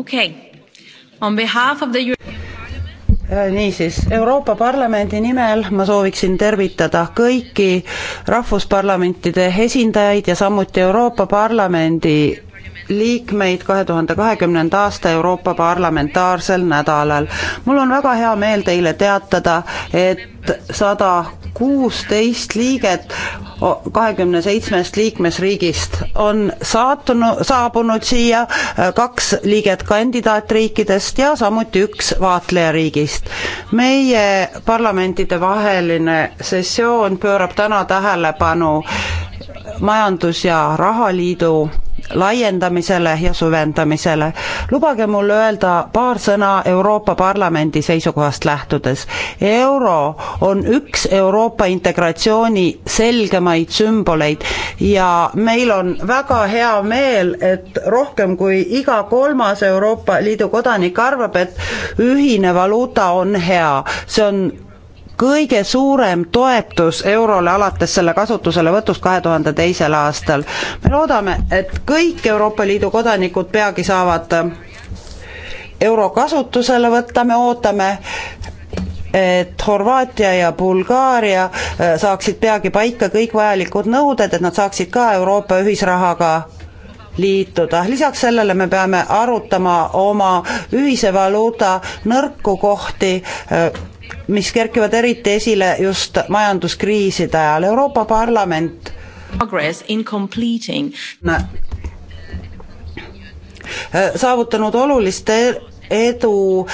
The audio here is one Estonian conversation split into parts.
okei okay., on behalf of the äh, niisiis, Euroopa Parlamendi nimel ma sooviksin tervitada kõiki rahvusparlamentide esindajaid ja samuti Euroopa Parlamendi liikmeid kahe tuhande kahekümnenda aasta Euroopa parlamentaarsel nädalal. mul on väga hea meel teile teatada, et sada kuusteist liiget kahekümne seitsmest liikmesriigist on saatunu, saabunud siia, kaks liiget kandidaatriikidest ja samuti üks vaatlejariigist. meie parlamentidevaheline sessioon pöörab täna tähelepanu majandus- ja rahaliidu laiendamisele ja süvendamisele. lubage mul öelda paar sõna Euroopa Parlamendi seisukohast lähtudes. euro on üks Euroopa integratsiooni selgemaid sümboleid ja meil on väga hea meel, et rohkem kui iga kolmas Euroopa Liidu kodanik arvab, et ühine valuuta on hea. see on kõige suurem toetus eurole alates selle kasutuselevõtust kahe tuhande teisel aastal. me loodame, et kõik Euroopa Liidu kodanikud peagi saavad euro kasutusele võtta, me ootame et Horvaatia ja Bulgaaria äh, saaksid peagi paika kõik vajalikud nõuded, et nad saaksid ka Euroopa ühisrahaga liituda, lisaks sellele me peame arutama oma ühise valuuta nõrku kohti äh, mis kerkivad eriti esile just majanduskriiside ajal. Euroopa Parlament äh, saavutanud olulist e-, edu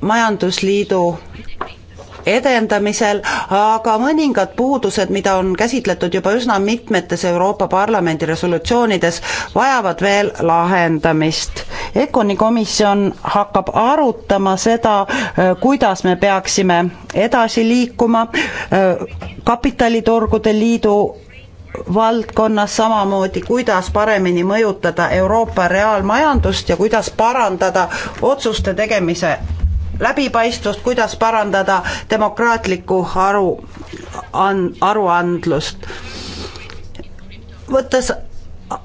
majandusliidu edendamisel, aga mõningad puudused, mida on käsitletud juba üsna mitmetes Euroopa Parlamendi resolutsioonides, vajavad veel lahendamist. ECONi komisjon hakkab arutama seda, äh, kuidas me peaksime edasi liikuma, äh, kapitaliturgude liidu valdkonnas samamoodi, kuidas paremini mõjutada Euroopa reaalmajandust ja kuidas parandada otsuste tegemise läbipaistvust, kuidas parandada demokraatlikku aru, an-, aruandlust. võttes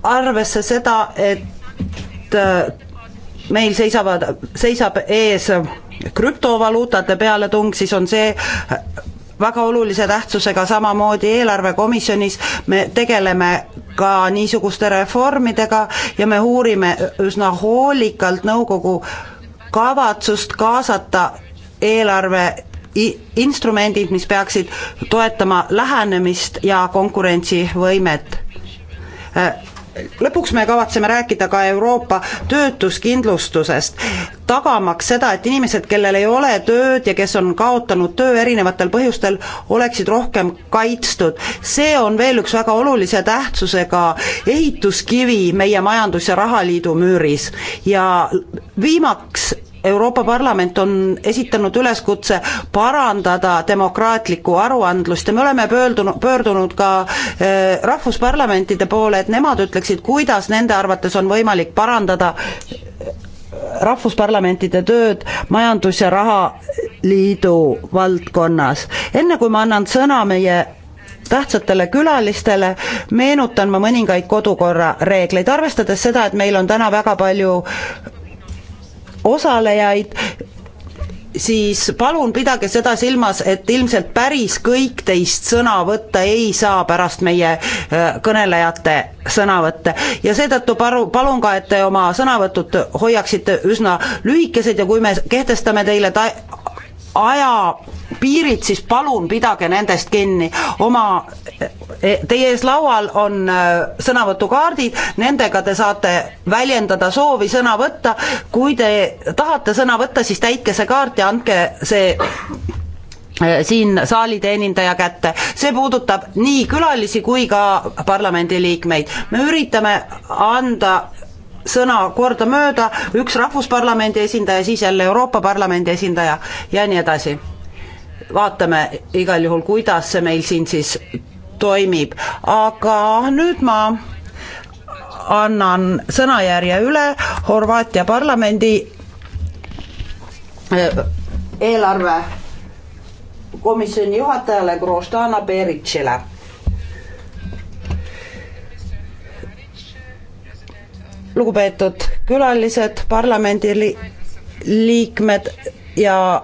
arvesse seda, et äh, meil seisavad, seisab ees krüptovaluutade pealetung, siis on see väga olulise tähtsusega, samamoodi eelarvekomisjonis me tegeleme ka niisuguste reformidega ja me uurime üsna hoolikalt nõukogu kavatsust kaasata eelarve instrumendid, mis peaksid toetama lähenemist ja konkurentsivõimet. Äh, lõpuks me kavatseme rääkida ka Euroopa töötuskindlustusest, tagamaks seda, et inimesed, kellel ei ole tööd ja kes on kaotanud töö erinevatel põhjustel, oleksid rohkem kaitstud. see on veel üks väga olulise tähtsusega ehituskivi meie majandus- ja rahaliidu müüris ja viimaks Euroopa Parlament on esitanud üleskutse parandada demokraatlikku aruandlust ja me oleme pöördunud, pöördunud ka eh, rahvusparlamentide poole, et nemad ütleksid, kuidas nende arvates on võimalik parandada eh, rahvusparlamentide tööd Majandus- ja Rahaliidu valdkonnas. enne kui ma annan sõna meie tähtsatele külalistele meenutan ma mõningaid kodukorra reegleid, arvestades seda, et meil on täna väga palju osalejaid, siis palun pidage seda silmas, et ilmselt päris kõik teist sõna võtta ei saa pärast meie äh, kõnelejate sõnavõtte. ja seetõttu paru, palun ka, et te oma sõnavõtud hoiaksite üsna lühikesed ja kui me kehtestame teile ta-, ajapiirid, siis palun pidage nendest kinni. oma, e, teie ees laual on e, sõnavõtukaardid, nendega te saate väljendada soovi sõna võtta, kui te tahate sõna võtta, siis täitke see kaart ja andke see e, siin saali teenindaja kätte, see puudutab nii külalisi kui ka parlamendiliikmeid. me üritame anda sõna kordamööda, üks Rahvusparlamendi esindaja, siis jälle Euroopa Parlamendi esindaja ja nii edasi. vaatame igal juhul, kuidas see meil siin siis toimib, aga nüüd ma annan sõnajärje üle Horvaatia parlamendi eh, eelarve komisjoni juhatajale Groždana Beritšile. lugupeetud külalised, parlamendi li-, liikmed ja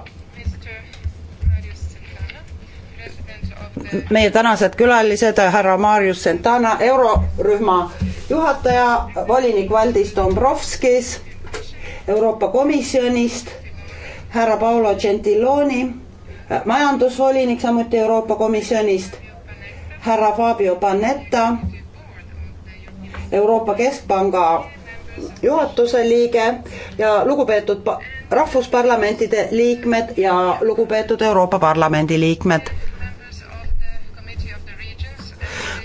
meie tänased külalised, härra Marius Sentana, eurorühma juhataja, volinik Valdis Dombrovskis, Euroopa Komisjonist, härra Paolo Gentiloni, majandusvolinik samuti Euroopa Komisjonist, härra Fabio Panetta, Euroopa Keskpanga juhatuse liige ja lugupeetud rahvusparlamentide liikmed ja lugupeetud Euroopa Parlamendi liikmed.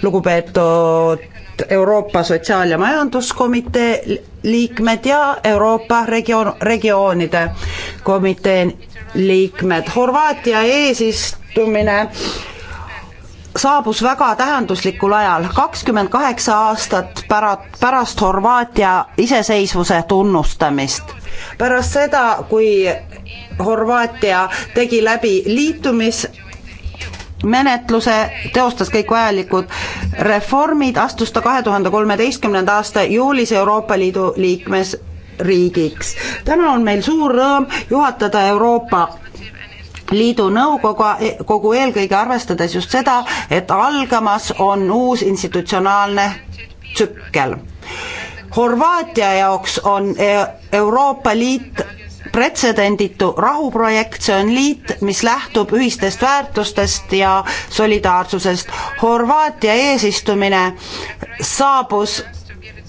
lugupeetud Euroopa Sotsiaal- ja Majanduskomitee liikmed ja Euroopa regioon, regioonide komitee liikmed. Horvaatia eesistumine saabus väga tähenduslikul ajal, kakskümmend kaheksa aastat pära-, pärast Horvaatia iseseisvuse tunnustamist. pärast seda, kui Horvaatia tegi läbi liitumis menetluse, teostas kõik vajalikud reformid, astus ta kahe tuhande kolmeteistkümnenda aasta juulis Euroopa Liidu liikmesriigiks. täna on meil suur rõõm juhatada Euroopa Liidu Nõukogu, kogu eelkõige arvestades just seda, et algamas on uus institutsionaalne tsükkel. Horvaatia jaoks on e-, Euroopa Liit pretsedenditu rahuprojekt, see on liit, mis lähtub ühistest väärtustest ja solidaarsusest. Horvaatia eesistumine saabus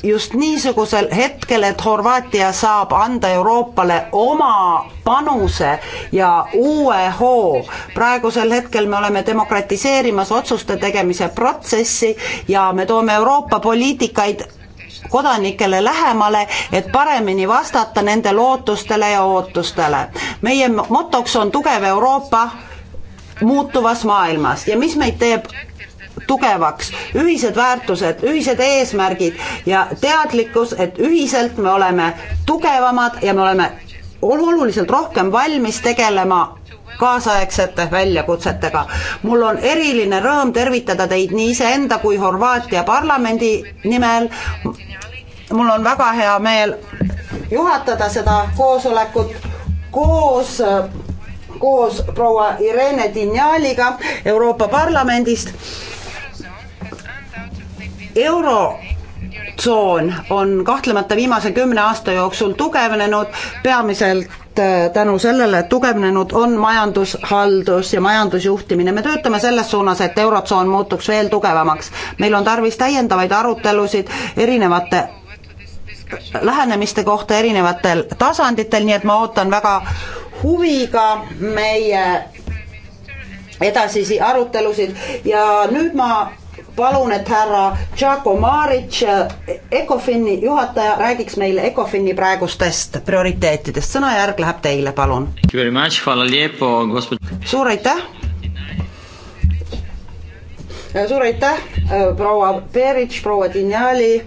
just niisugusel hetkel, et Horvaatia saab anda Euroopale oma panuse ja uue hoo. praegusel hetkel me oleme demokratiseerimas otsuste tegemise protsessi ja me toome Euroopa poliitikaid kodanikele lähemale, et paremini vastata nende lootustele ja ootustele. meie motoks on tugev Euroopa muutuvas maailmas ja mis meid teeb tugevaks, ühised väärtused, ühised eesmärgid ja teadlikkus, et ühiselt me oleme tugevamad ja me oleme oluliselt rohkem valmis tegelema kaasaegsete väljakutsetega. mul on eriline rõõm tervitada teid nii iseenda kui Horvaatia parlamendi nimel. mul on väga hea meel juhatada seda koosolekut koos koos proua Irene Dinjaliga Euroopa Parlamendist euro tsoon on kahtlemata viimase kümne aasta jooksul tugevnenud, peamiselt äh, tänu sellele, et tugevnenud on majandushaldus ja majandusjuhtimine. me töötame selles suunas, et Eurotsoon muutuks veel tugevamaks. meil on tarvis täiendavaid arutelusid erinevate lähenemiste kohta erinevatel tasanditel, nii et ma ootan väga huviga meie edasisi arutelusid ja nüüd ma palun, et härra Tšako Maric, eh, Ecofini juhataja, räägiks meile Ecofini praegustest prioriteetidest. sõnajärg läheb teile, palun. suur aitäh. Eh, suur aitäh, eh, proua Peric, proua Dinjali,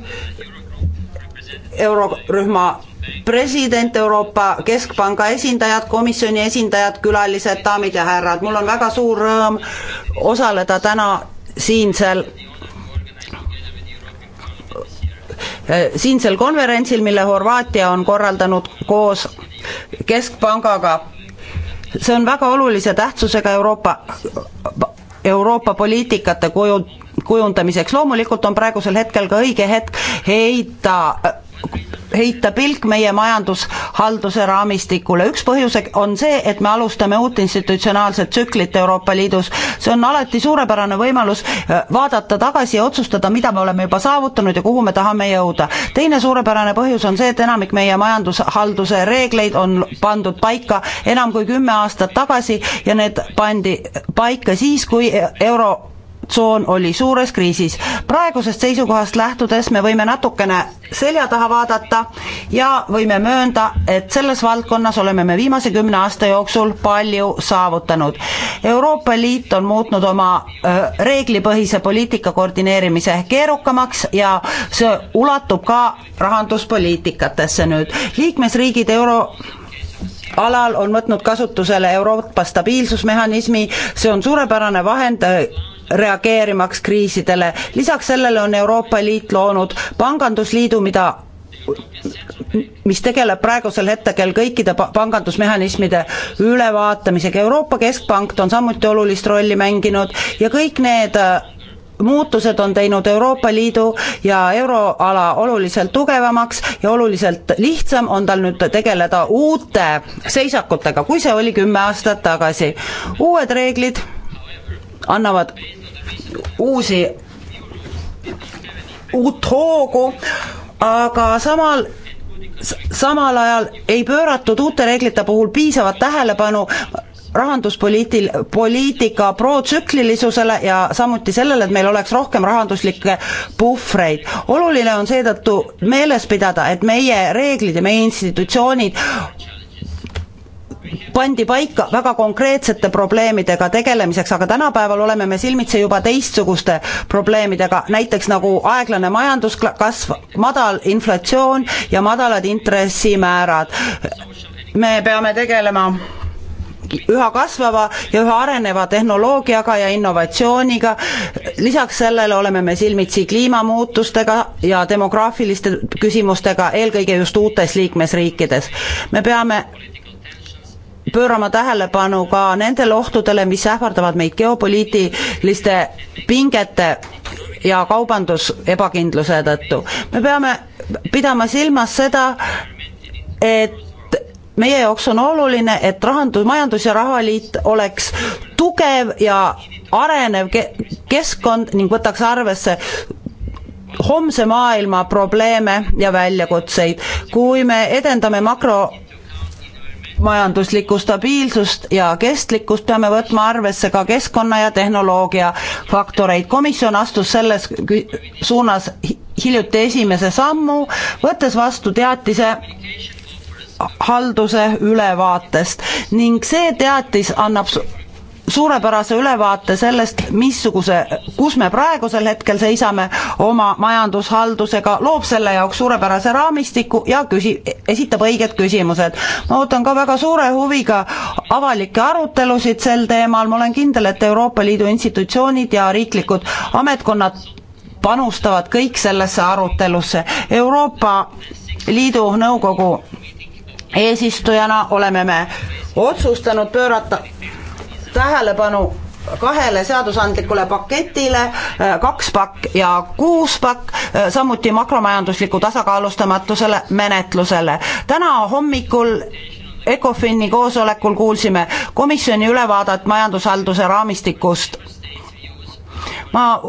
eurorühma president, Euroopa Keskpanga esindajad, komisjoni esindajad, külalised, daamid ja härrad, mul on väga suur rõõm osaleda täna siinsel äh, siinsel konverentsil, mille Horvaatia on korraldanud koos Keskpangaga. see on väga olulise tähtsusega Euroopa, Euroopa poliitikate kuju, kujundamiseks, loomulikult on praegusel hetkel ka õige hetk heita heita pilk meie majandushalduse raamistikule. üks põhjus on see, et me alustame uut institutsionaalset tsüklit Euroopa Liidus. see on alati suurepärane võimalus äh, vaadata tagasi ja otsustada, mida me oleme juba saavutanud ja kuhu me tahame jõuda. teine suurepärane põhjus on see, et enamik meie majandushalduse reegleid on pandud paika enam kui kümme aastat tagasi ja need pandi paika siis, kui euro tsoon oli suures kriisis. praegusest seisukohast lähtudes me võime natukene selja taha vaadata ja võime möönda, et selles valdkonnas oleme me viimase kümne aasta jooksul palju saavutanud. Euroopa Liit on muutnud oma reeglipõhise poliitika koordineerimise keerukamaks ja see ulatub ka rahanduspoliitikatesse nüüd. liikmesriigid euro alal on võtnud kasutusele Euroopa stabiilsusmehhanismi, see on suurepärane vahend reageerimaks kriisidele. lisaks sellele on Euroopa Liit loonud pangandusliidu, mida mis tegeleb praegusel hetkel kõikide pangandusmehhanismide ülevaatamisega, Euroopa Keskpank on samuti olulist rolli mänginud ja kõik need äh, muutused on teinud Euroopa Liidu ja euroala oluliselt tugevamaks ja oluliselt lihtsam on tal nüüd tegeleda uute seisakutega, kui see oli kümme aastat tagasi. uued reeglid annavad uusi, uut hoogu, aga samal samal ajal ei pööratud uute reeglite puhul piisavat tähelepanu rahanduspoliitil-, poliitika protsüklilisusele ja samuti sellele, et meil oleks rohkem rahanduslikke puhvreid. oluline on seetõttu meeles pidada, et meie reeglid ja meie institutsioonid pandi paika väga konkreetsete probleemidega tegelemiseks, aga tänapäeval oleme me silmitsi juba teistsuguste probleemidega, näiteks nagu aeglane majanduskasv, madal inflatsioon ja madalad intressimäärad. me peame tegelema üha kasvava ja üha areneva tehnoloogiaga ja innovatsiooniga. lisaks sellele oleme me silmitsi kliimamuutustega ja demograafiliste küsimustega, eelkõige just uutes liikmesriikides. me peame pöörama tähelepanu ka nendele ohtudele, mis ähvardavad meid geopoliitiliste pingete ja kaubandusebakindluse tõttu. me peame pidama silmas seda, et meie jaoks on oluline, et rahandus, majandus- ja rahaliit oleks tugev ja arenev ke-, keskkond ning võtaks arvesse homse maailma probleeme ja väljakutseid. kui me edendame makro majanduslikku stabiilsust ja kestlikkust peame võtma arvesse ka keskkonna ja tehnoloogia faktoreid. komisjon astus selles suunas hiljuti esimese sammu, võttes vastu teatise halduse ülevaatest ning see teatis annab suurepärase ülevaate sellest, missuguse, kus me praegusel hetkel seisame oma majandushaldusega, loob selle jaoks suurepärase raamistiku ja küsi-, esitab õiged küsimused. ma ootan ka väga suure huviga avalikke arutelusid sel teemal, ma olen kindel, et Euroopa Liidu institutsioonid ja riiklikud ametkonnad panustavad kõik sellesse arutelusse. Euroopa Liidu Nõukogu eesistujana oleme me otsustanud pöörata tähelepanu kahele seadusandlikule paketile, äh, kaks pakk ja kuus pakk, äh, samuti makromajandusliku tasakaalustamatusele menetlusele. täna hommikul ECOFIN-i koosolekul kuulsime komisjoni ülevaadet majandushalduse raamistikust. ma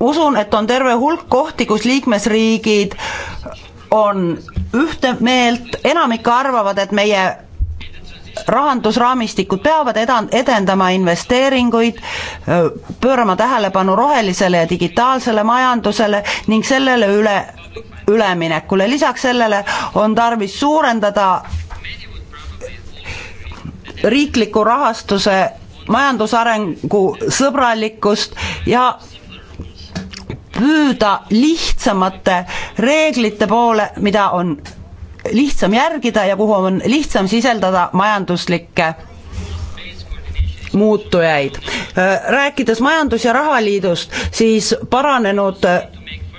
usun, et on terve hulk kohti, kus liikmesriigid on ühte meelt, enamik arvavad, et meie rahandusraamistikud peavad eda-, edendama investeeringuid, pöörama tähelepanu rohelisele ja digitaalsele majandusele ning sellele üle, üleminekule, lisaks sellele on tarvis suurendada riikliku rahastuse majandusarengu sõbralikkust ja püüda lihtsamate reeglite poole, mida on lihtsam järgida ja kuhu on lihtsam siseldada majanduslikke muutujaid. rääkides Majandus- ja Rahaliidust, siis paranenud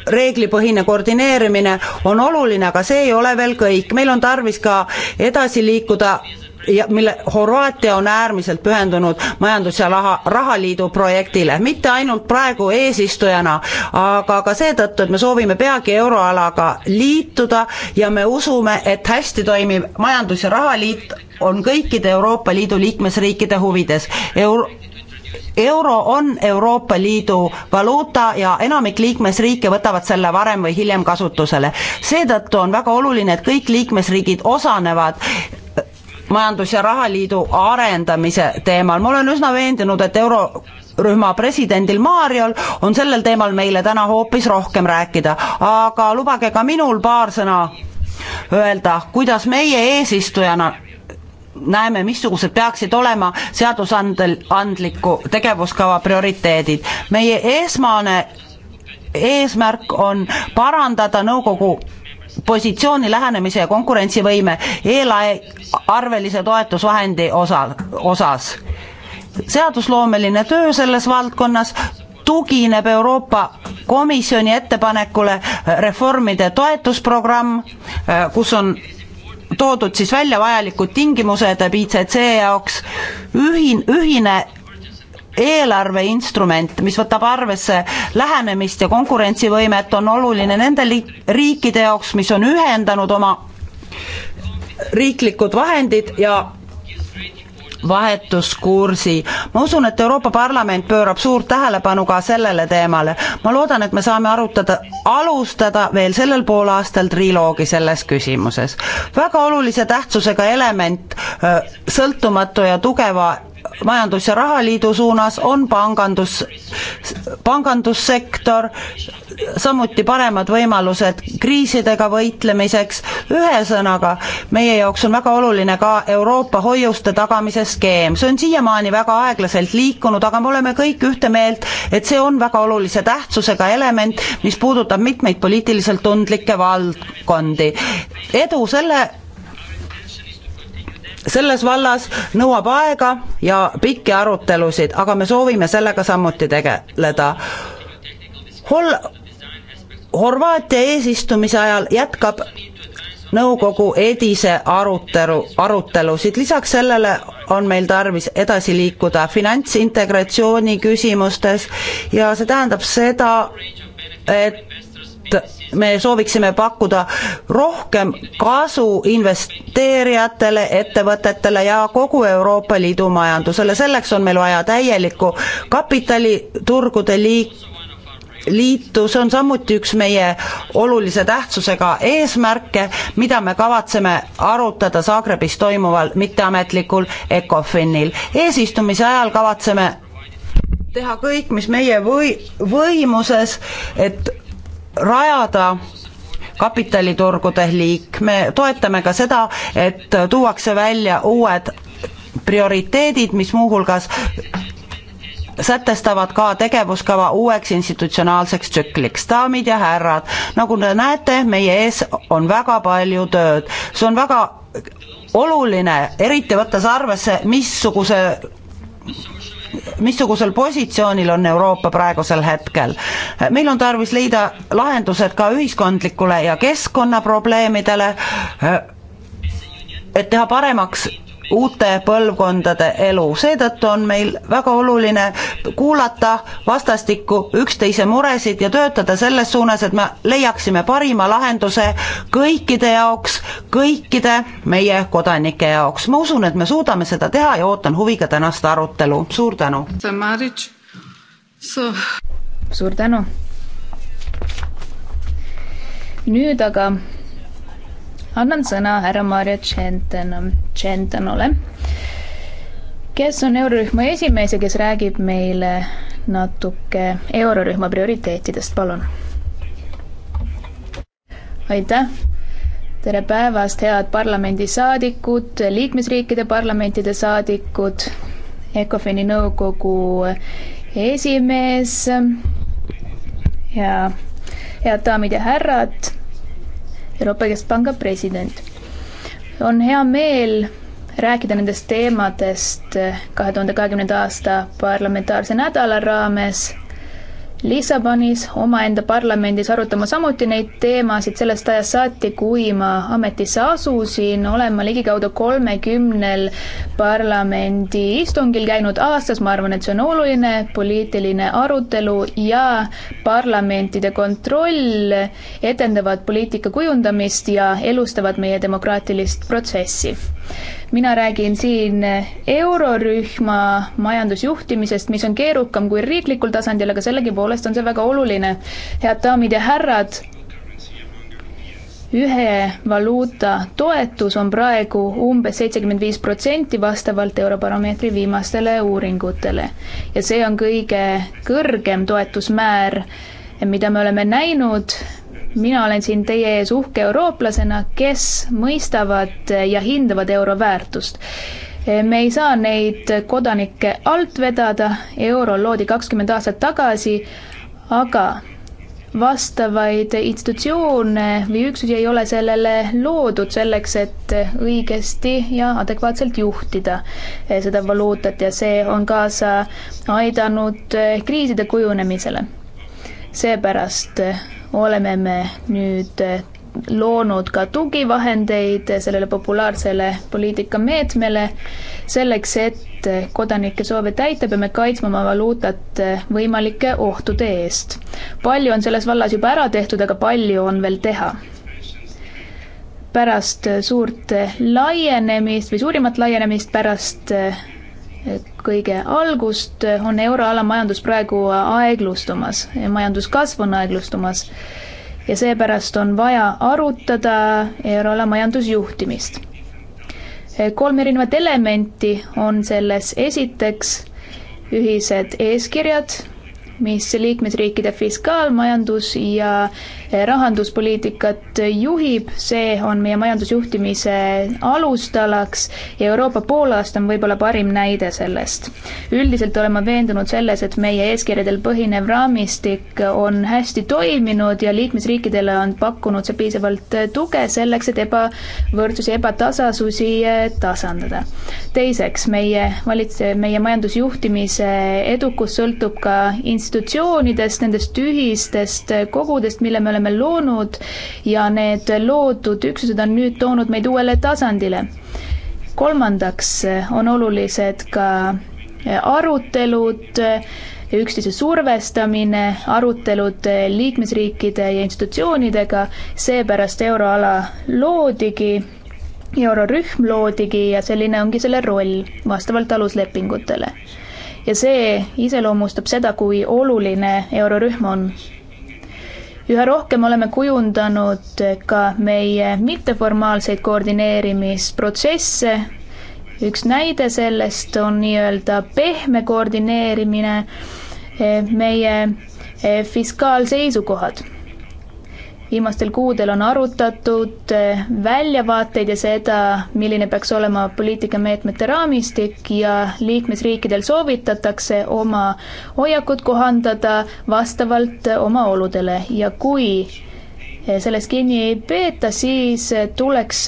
reeglipõhine koordineerimine on oluline, aga see ei ole veel kõik, meil on tarvis ka edasi liikuda ja mille Horvaatia on äärmiselt pühendunud majandus- ja raha, rahaliidu projektile, mitte ainult praegu eesistujana, aga ka seetõttu, et me soovime peagi euroalaga liituda ja me usume, et hästi toimiv majandus- ja rahaliit on kõikide Euroopa Liidu liikmesriikide huvides Euro. euro on Euroopa Liidu valuuta ja enamik liikmesriike võtavad selle varem või hiljem kasutusele. seetõttu on väga oluline, et kõik liikmesriigid osanevad majandus- ja rahaliidu arendamise teemal. ma olen üsna veendunud, et eurorühma presidendil Mariol on sellel teemal meile täna hoopis rohkem rääkida, aga lubage ka minul paar sõna öelda, kuidas meie eesistujana näeme, missugused peaksid olema seadusandel, andliku tegevuskava prioriteedid. meie esmane eesmärk on parandada nõukogu positsiooni, lähenemise ja konkurentsivõime eelarvelise toetusvahendi osa, osas. seadusloomeline töö selles valdkonnas tugineb Euroopa Komisjoni ettepanekule reformide toetusprogramm, kus on toodud siis välja vajalikud tingimused BCC jaoks, ühin-, ühine eelarveinstrument, mis võtab arvesse lähenemist ja konkurentsivõimet, on oluline nende riikide jaoks, mis on ühendanud oma riiklikud vahendid ja vahetuskursi. ma usun, et Euroopa Parlament pöörab suurt tähelepanu ka sellele teemale. ma loodan, et me saame arutada, alustada veel sellel poolaastal triloogi selles küsimuses. väga olulise tähtsusega element äh, sõltumatu ja tugeva majandus- ja rahaliidu suunas, on pangandus, pangandussektor, samuti paremad võimalused kriisidega võitlemiseks, ühesõnaga, meie jaoks on väga oluline ka Euroopa hoiuste tagamise skeem, see on siiamaani väga aeglaselt liikunud, aga me oleme kõik ühte meelt, et see on väga olulise tähtsusega element, mis puudutab mitmeid poliitiliselt tundlikke valdkondi. edu selle selles vallas nõuab aega ja pikki arutelusid, aga me soovime sellega samuti tegeleda. Hol-, Horvaatia eesistumise ajal jätkab nõukogu edise arutelu, arutelusid, lisaks sellele on meil tarvis edasi liikuda finantsintegratsiooni küsimustes ja see tähendab seda, et et me sooviksime pakkuda rohkem kasu investeerijatele, ettevõtetele ja kogu Euroopa Liidu majandusele, selleks on meil vaja täielikku kapitaliturgude liik-, liitu, see on samuti üks meie olulise tähtsusega eesmärke, mida me kavatseme arutada Zagrebis toimuval mitteametlikul ECOFINil. eesistumise ajal kavatseme teha kõik, mis meie või-, võimuses, et rajada kapitaliturgude liik, me toetame ka seda, et tuuakse välja uued prioriteedid, mis muuhulgas sätestavad ka tegevuskava uueks institutsionaalseks tsükliks. daamid ja härrad, nagu te näete, meie ees on väga palju tööd. see on väga oluline, eriti võttes arvesse, missuguse missugusel positsioonil on Euroopa praegusel hetkel. meil on tarvis leida lahendused ka ühiskondlikule ja keskkonnaprobleemidele, et teha paremaks uute põlvkondade elu, seetõttu on meil väga oluline kuulata vastastikku üksteise muresid ja töötada selles suunas, et me leiaksime parima lahenduse kõikide jaoks, kõikide meie kodanike jaoks. ma usun, et me suudame seda teha ja ootan huviga tänast arutelu, suur tänu! suur tänu! nüüd aga annan sõna härra Marja Tšentanole, kes on eurorühma esimees ja kes räägib meile natuke eurorühma prioriteetidest, palun. aitäh, tere päevast, head parlamendisaadikud, liikmesriikide parlamentide saadikud, ECOFIN-i nõukogu esimees ja head daamid ja härrad Euroopa Keskpanga president. on hea meel rääkida nendest teemadest kahe tuhande kahekümnenda aasta parlamentaarse nädala raames Lissabonis omaenda parlamendis arutama samuti neid teemasid sellest ajast saati, kui ma ametisse asusin, olen ma ligikaudu kolmekümnel parlamendi istungil käinud aastas, ma arvan, et see on oluline poliitiline arutelu ja parlamentide kontroll edendavad poliitika kujundamist ja elustavad meie demokraatilist protsessi mina räägin siin eurorühma majandusjuhtimisest, mis on keerukam kui riiklikul tasandil, aga sellegipoolest on see väga oluline. head daamid ja härrad, ühe valuuta toetus on praegu umbes seitsekümmend viis protsenti vastavalt Eurobaromeetri viimastele uuringutele. ja see on kõige kõrgem toetusmäär, mida me oleme näinud mina olen siin teie ees uhke eurooplasena, kes mõistavad ja hindavad euro väärtust eh, me ei saa neid kodanikke alt vedada, euro loodi kakskümmend aastat tagasi, aga vastavaid institutsioone või üksusi ei ole sellele loodud selleks, et õigesti ja adekvaatselt juhtida eh, seda valuutat ja see on kaasa aidanud eh, kriiside kujunemisele. seepärast oleme me nüüd eh, loonud ka tugivahendeid sellele populaarsele poliitikameetmele selleks, et eh, kodanike soove täita, peame kaitsma oma valuutat eh, võimalike ohtude eest. palju on selles vallas juba ära tehtud, aga palju on veel teha pärast suurt laienemist või suurimat laienemist pärast kõige algust on euroala majandus praegu aeglustumas, majanduskasv on aeglustumas ja seepärast on vaja arutada euroala majandusjuhtimist. kolm erinevat elementi on selles, esiteks ühised eeskirjad mis liikmesriikide fiskaalmajandus ja eh, rahanduspoliitikat juhib, see on meie majandusjuhtimise alustalaks ja Euroopa poolaasta on võib-olla parim näide sellest. üldiselt olen ma veendunud selles, et meie eeskirjadel põhinev raamistik on hästi toiminud ja liikmesriikidele on pakkunud see piisavalt eh, tuge selleks, et ebavõrdsusi, ebatasasusi eh, tasandada. teiseks, meie valits-, meie majandusjuhtimise edukus sõltub ka inst-, institutsioonidest, nendest ühistest kogudest, mille me oleme loonud ja need loodud üksused on nüüd toonud meid uuele tasandile. kolmandaks on olulised ka arutelud, üksteise survestamine, arutelud liikmesriikide ja institutsioonidega, seepärast euroala loodigi eurorühm loodigi ja selline ongi selle roll vastavalt aluslepingutele ja see iseloomustab seda, kui oluline eurorühm on. üha rohkem oleme kujundanud ka meie mitteformaalseid koordineerimisprotsesse, üks näide sellest on nii-öelda pehme koordineerimine, eh, meie eh, fiskaalseisukohad viimastel kuudel on arutatud eh, väljavaateid ja seda, milline peaks olema poliitikameetmete raamistik ja liikmesriikidel soovitatakse oma hoiakud kohandada vastavalt oma oludele ja kui eh, sellest kinni ei peeta, siis eh, tuleks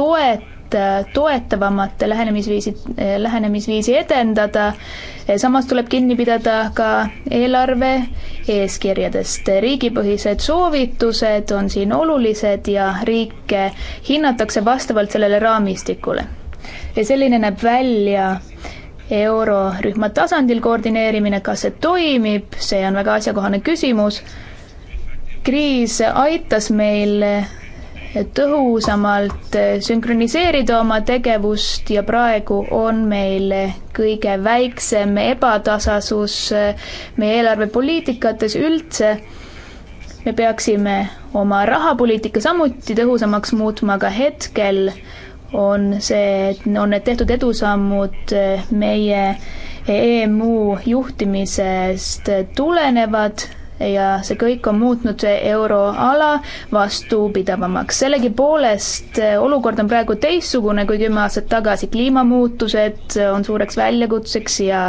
toetada Äh, toetavamat lähenemisviisi, äh, lähenemisviisi edendada. Äh, samas tuleb kinni pidada ka eelarve eeskirjadest. riigipõhised soovitused on siin olulised ja riike hinnatakse vastavalt sellele raamistikule. ja selline näeb välja eurorühma tasandil koordineerimine, kas see toimib, see on väga asjakohane küsimus. kriis aitas meil tõhusamalt eh, sünkroniseerida oma tegevust ja praegu on meil kõige väiksem ebatasasus eh, meie eelarvepoliitikates üldse. me peaksime oma rahapoliitika samuti tõhusamaks muutma, aga hetkel on see, on need tehtud edusammud eh, meie EMU juhtimisest tulenevad ja see kõik on muutnud euroala vastupidavamaks. sellegipoolest eh, olukord on praegu teistsugune kui kümme aastat tagasi, kliimamuutused on suureks väljakutseks ja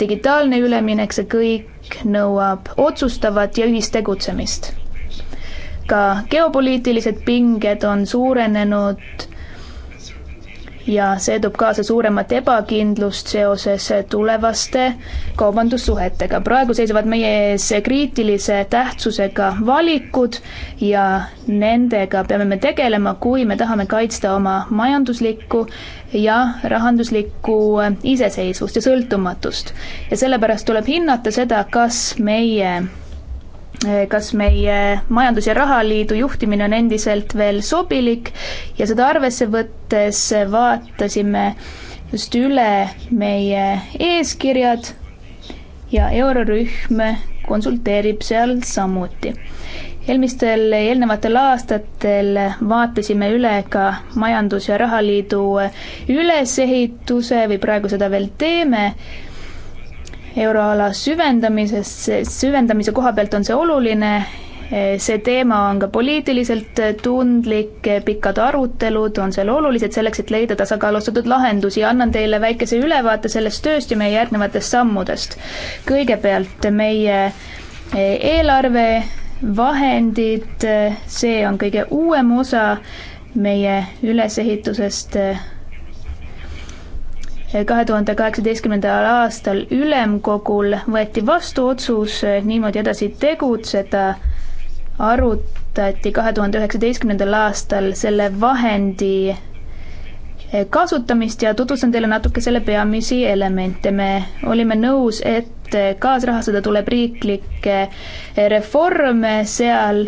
digitaalne üleminek, see kõik nõuab otsustavat ja ühistegutsemist. ka geopoliitilised pinged on suurenenud ja see toob kaasa suuremat ebakindlust seoses tulevaste kaubandussuhetega. praegu seisavad meie ees kriitilise tähtsusega valikud ja nendega peame me tegelema, kui me tahame kaitsta oma majanduslikku ja rahanduslikku iseseisvust ja sõltumatust. ja sellepärast tuleb hinnata seda, kas meie Eh, kas meie Majandus- ja Rahaliidu juhtimine on endiselt veel sobilik ja seda arvesse võttes vaatasime just üle meie eeskirjad ja eurorühm konsulteerib seal samuti. eelmistel, eelnevatel aastatel vaatasime üle ka Majandus- ja Rahaliidu ülesehituse või praegu seda veel teeme euroala süvendamisest, süvendamise koha pealt on see oluline, see teema on ka poliitiliselt tundlik, pikad arutelud on seal olulised selleks, et leida tasakaalustatud lahendusi. annan teile väikese ülevaate sellest tööst ja meie järgnevatest sammudest. kõigepealt meie eelarve vahendid, see on kõige uuem osa meie ülesehitusest kahe tuhande kaheksateistkümnendal aastal ülemkogul võeti vastu otsus niimoodi edasi tegutseda, arutati kahe tuhande üheksateistkümnendal aastal selle vahendi kasutamist ja tutvustan teile natuke selle peamisi elemente. me olime nõus, et kaasrahastada tuleb riiklikke reforme seal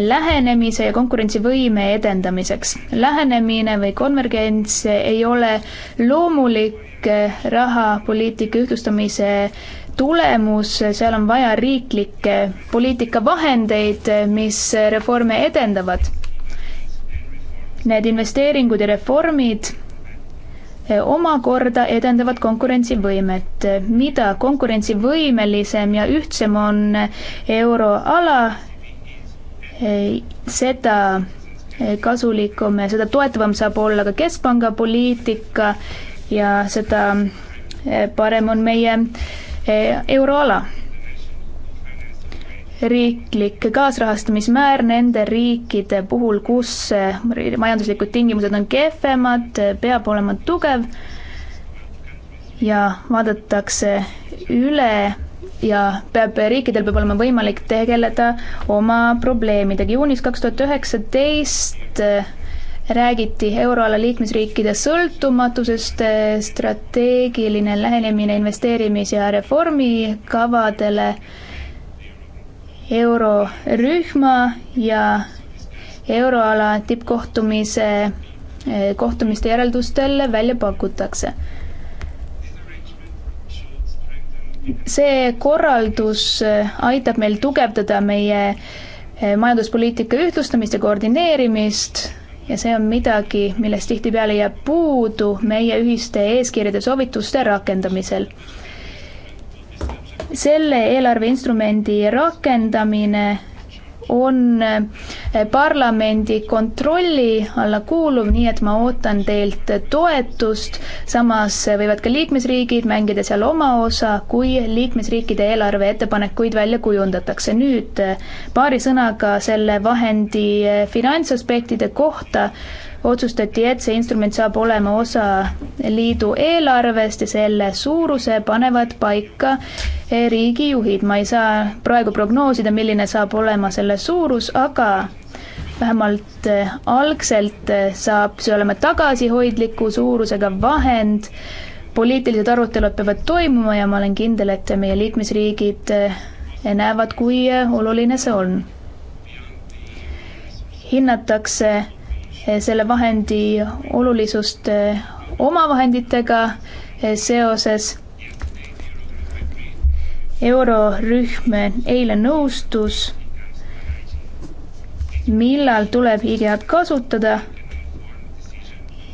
lähenemise ja konkurentsivõime edendamiseks. lähenemine või konvergents ei ole loomulik rahapoliitika ühtlustamise tulemus, seal on vaja riiklikke poliitikavahendeid, mis reforme edendavad. Need investeeringud ja reformid omakorda edendavad konkurentsivõimet. mida konkurentsivõimelisem ja ühtsem on euroala, seda eh, kasulikum ja seda toetavam saab olla ka keskpanga poliitika ja seda eh, parem on meie eh, euroala. riiklik kaasrahastamismäär nende riikide puhul, kus majanduslikud tingimused on kehvemad, peab olema tugev ja vaadatakse üle ja peab, riikidel peab olema võimalik tegeleda oma probleemidega. juunis kaks tuhat üheksateist räägiti euroala liikmesriikide sõltumatusest, strateegiline lähenemine investeerimis- ja reformikavadele, eurorühma ja euroala tippkohtumise kohtumiste järeldustel välja pakutakse see korraldus äh, aitab meil tugevdada meie äh, majanduspoliitika ühtlustamist ja koordineerimist ja see on midagi, millest tihtipeale jääb puudu meie ühiste eeskirjade soovituste rakendamisel. selle eelarveinstrumendi rakendamine on eh, parlamendi kontrolli alla kuuluv, nii et ma ootan teilt toetust. samas eh, võivad ka liikmesriigid mängida seal oma osa, kui liikmesriikide eelarve ettepanekuid välja kujundatakse. nüüd eh, paari sõnaga selle vahendi finantsaspektide kohta otsustati, et see instrument saab olema osa liidu eelarvest ja selle suuruse panevad paika riigijuhid. ma ei saa praegu prognoosida, milline saab olema selle suurus, aga vähemalt eh, algselt eh, saab see olema tagasihoidliku suurusega vahend, poliitilised arutelud peavad toimuma ja ma olen kindel, et meie liikmesriigid eh, näevad, kui oluline see on. hinnatakse selle vahendi olulisust eh, omavahenditega eh, seoses. eurorühm eile nõustus, millal tuleb IGA-d kasutada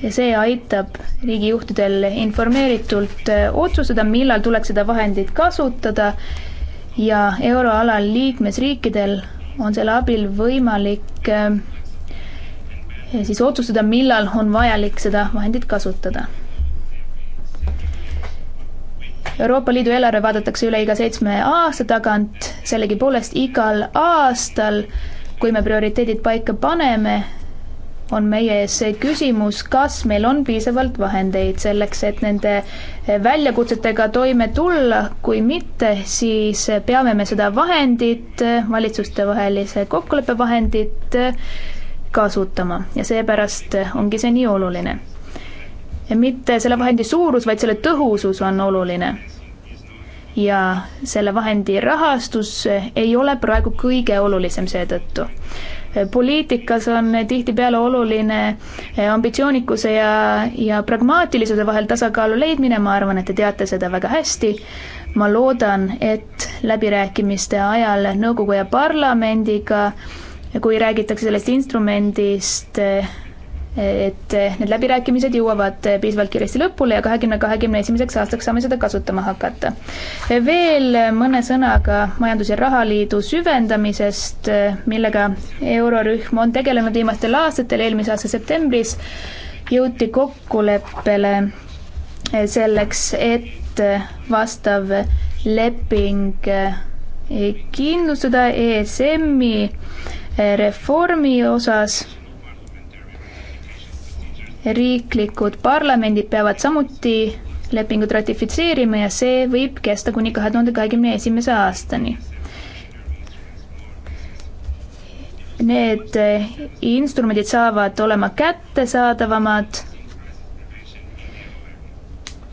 ja see aitab riigijuhtidel informeeritult eh, otsustada, millal tuleks seda vahendit kasutada ja euroala liikmesriikidel on selle abil võimalik äh, siis otsustada, millal on vajalik seda vahendit kasutada. Euroopa Liidu eelarve vaadatakse üle iga seitsme aasta tagant, sellegipoolest igal aastal, kui me prioriteedid paika paneme, on meie ees see küsimus, kas meil on piisavalt vahendeid selleks, et nende väljakutsetega toime tulla, kui mitte, siis peame me seda vahendit, valitsustevahelise kokkuleppe vahendit, kasutama ja seepärast ongi see nii oluline. mitte selle vahendi suurus, vaid selle tõhusus on oluline. ja selle vahendi rahastus ei ole praegu kõige olulisem seetõttu poliitikas on tihtipeale oluline ambitsioonikuse ja, ja pragmaatilisuse vahel tasakaalu leidmine, ma arvan, et te teate seda väga hästi. ma loodan, et läbirääkimiste ajal nõukogu ja parlamendiga ja kui räägitakse sellest instrumendist, et need läbirääkimised jõuavad piisavalt kiiresti lõpule ja kahekümne, kahekümne esimeseks aastaks saame seda kasutama hakata. veel mõne sõnaga Majandus- ja Rahaliidu süvendamisest, millega eurorühm on tegelenud viimastel aastatel, eelmise aasta septembris jõuti kokkuleppele selleks, et vastav leping kindlustada ESM-i reformi osas riiklikud parlamendid peavad samuti lepingut ratifitseerima ja see võib kesta kuni kahe tuhande kahekümne esimese aastani. Need instrumendid saavad olema kättesaadavamad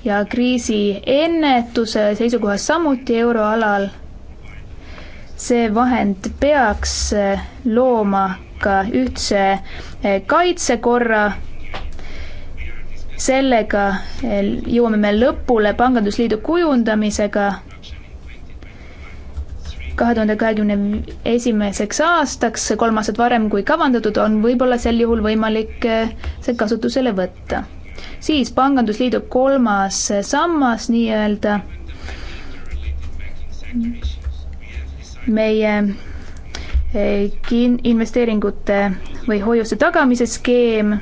ja kriisi ennetuse seisukohast samuti euroalal see vahend peaks eh, looma ka ühtse eh, kaitsekorra. sellega eh, jõuame me lõpule pangandusliidu kujundamisega kahe tuhande kahekümne esimeseks aastaks, kolm aastat varem kui kavandatud, on võib-olla sel juhul võimalik see kasutusele võtta. siis pangandusliidu kolmas sammas nii-öelda meie eh, investeeringute või hoiuste tagamise skeem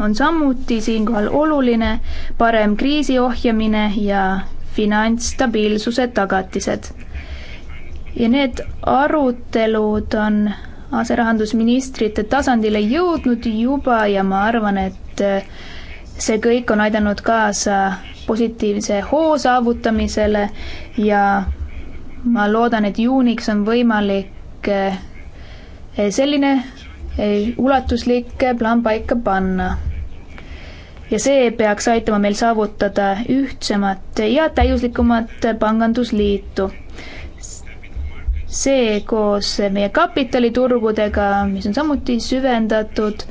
on samuti siinkohal oluline, parem kriisi ohjamine ja finantsstabiilsuse tagatised. ja need arutelud on aserahandusministrite tasandile jõudnud juba ja ma arvan, et eh, see kõik on aidanud kaasa positiivse hoo saavutamisele ja ma loodan, et juuniks on võimalik eh, selline eh, ulatuslik plaan paika panna. ja see peaks aitama meil saavutada ühtsemat ja täiuslikumat pangandusliitu. see koos meie kapitaliturgudega, mis on samuti süvendatud,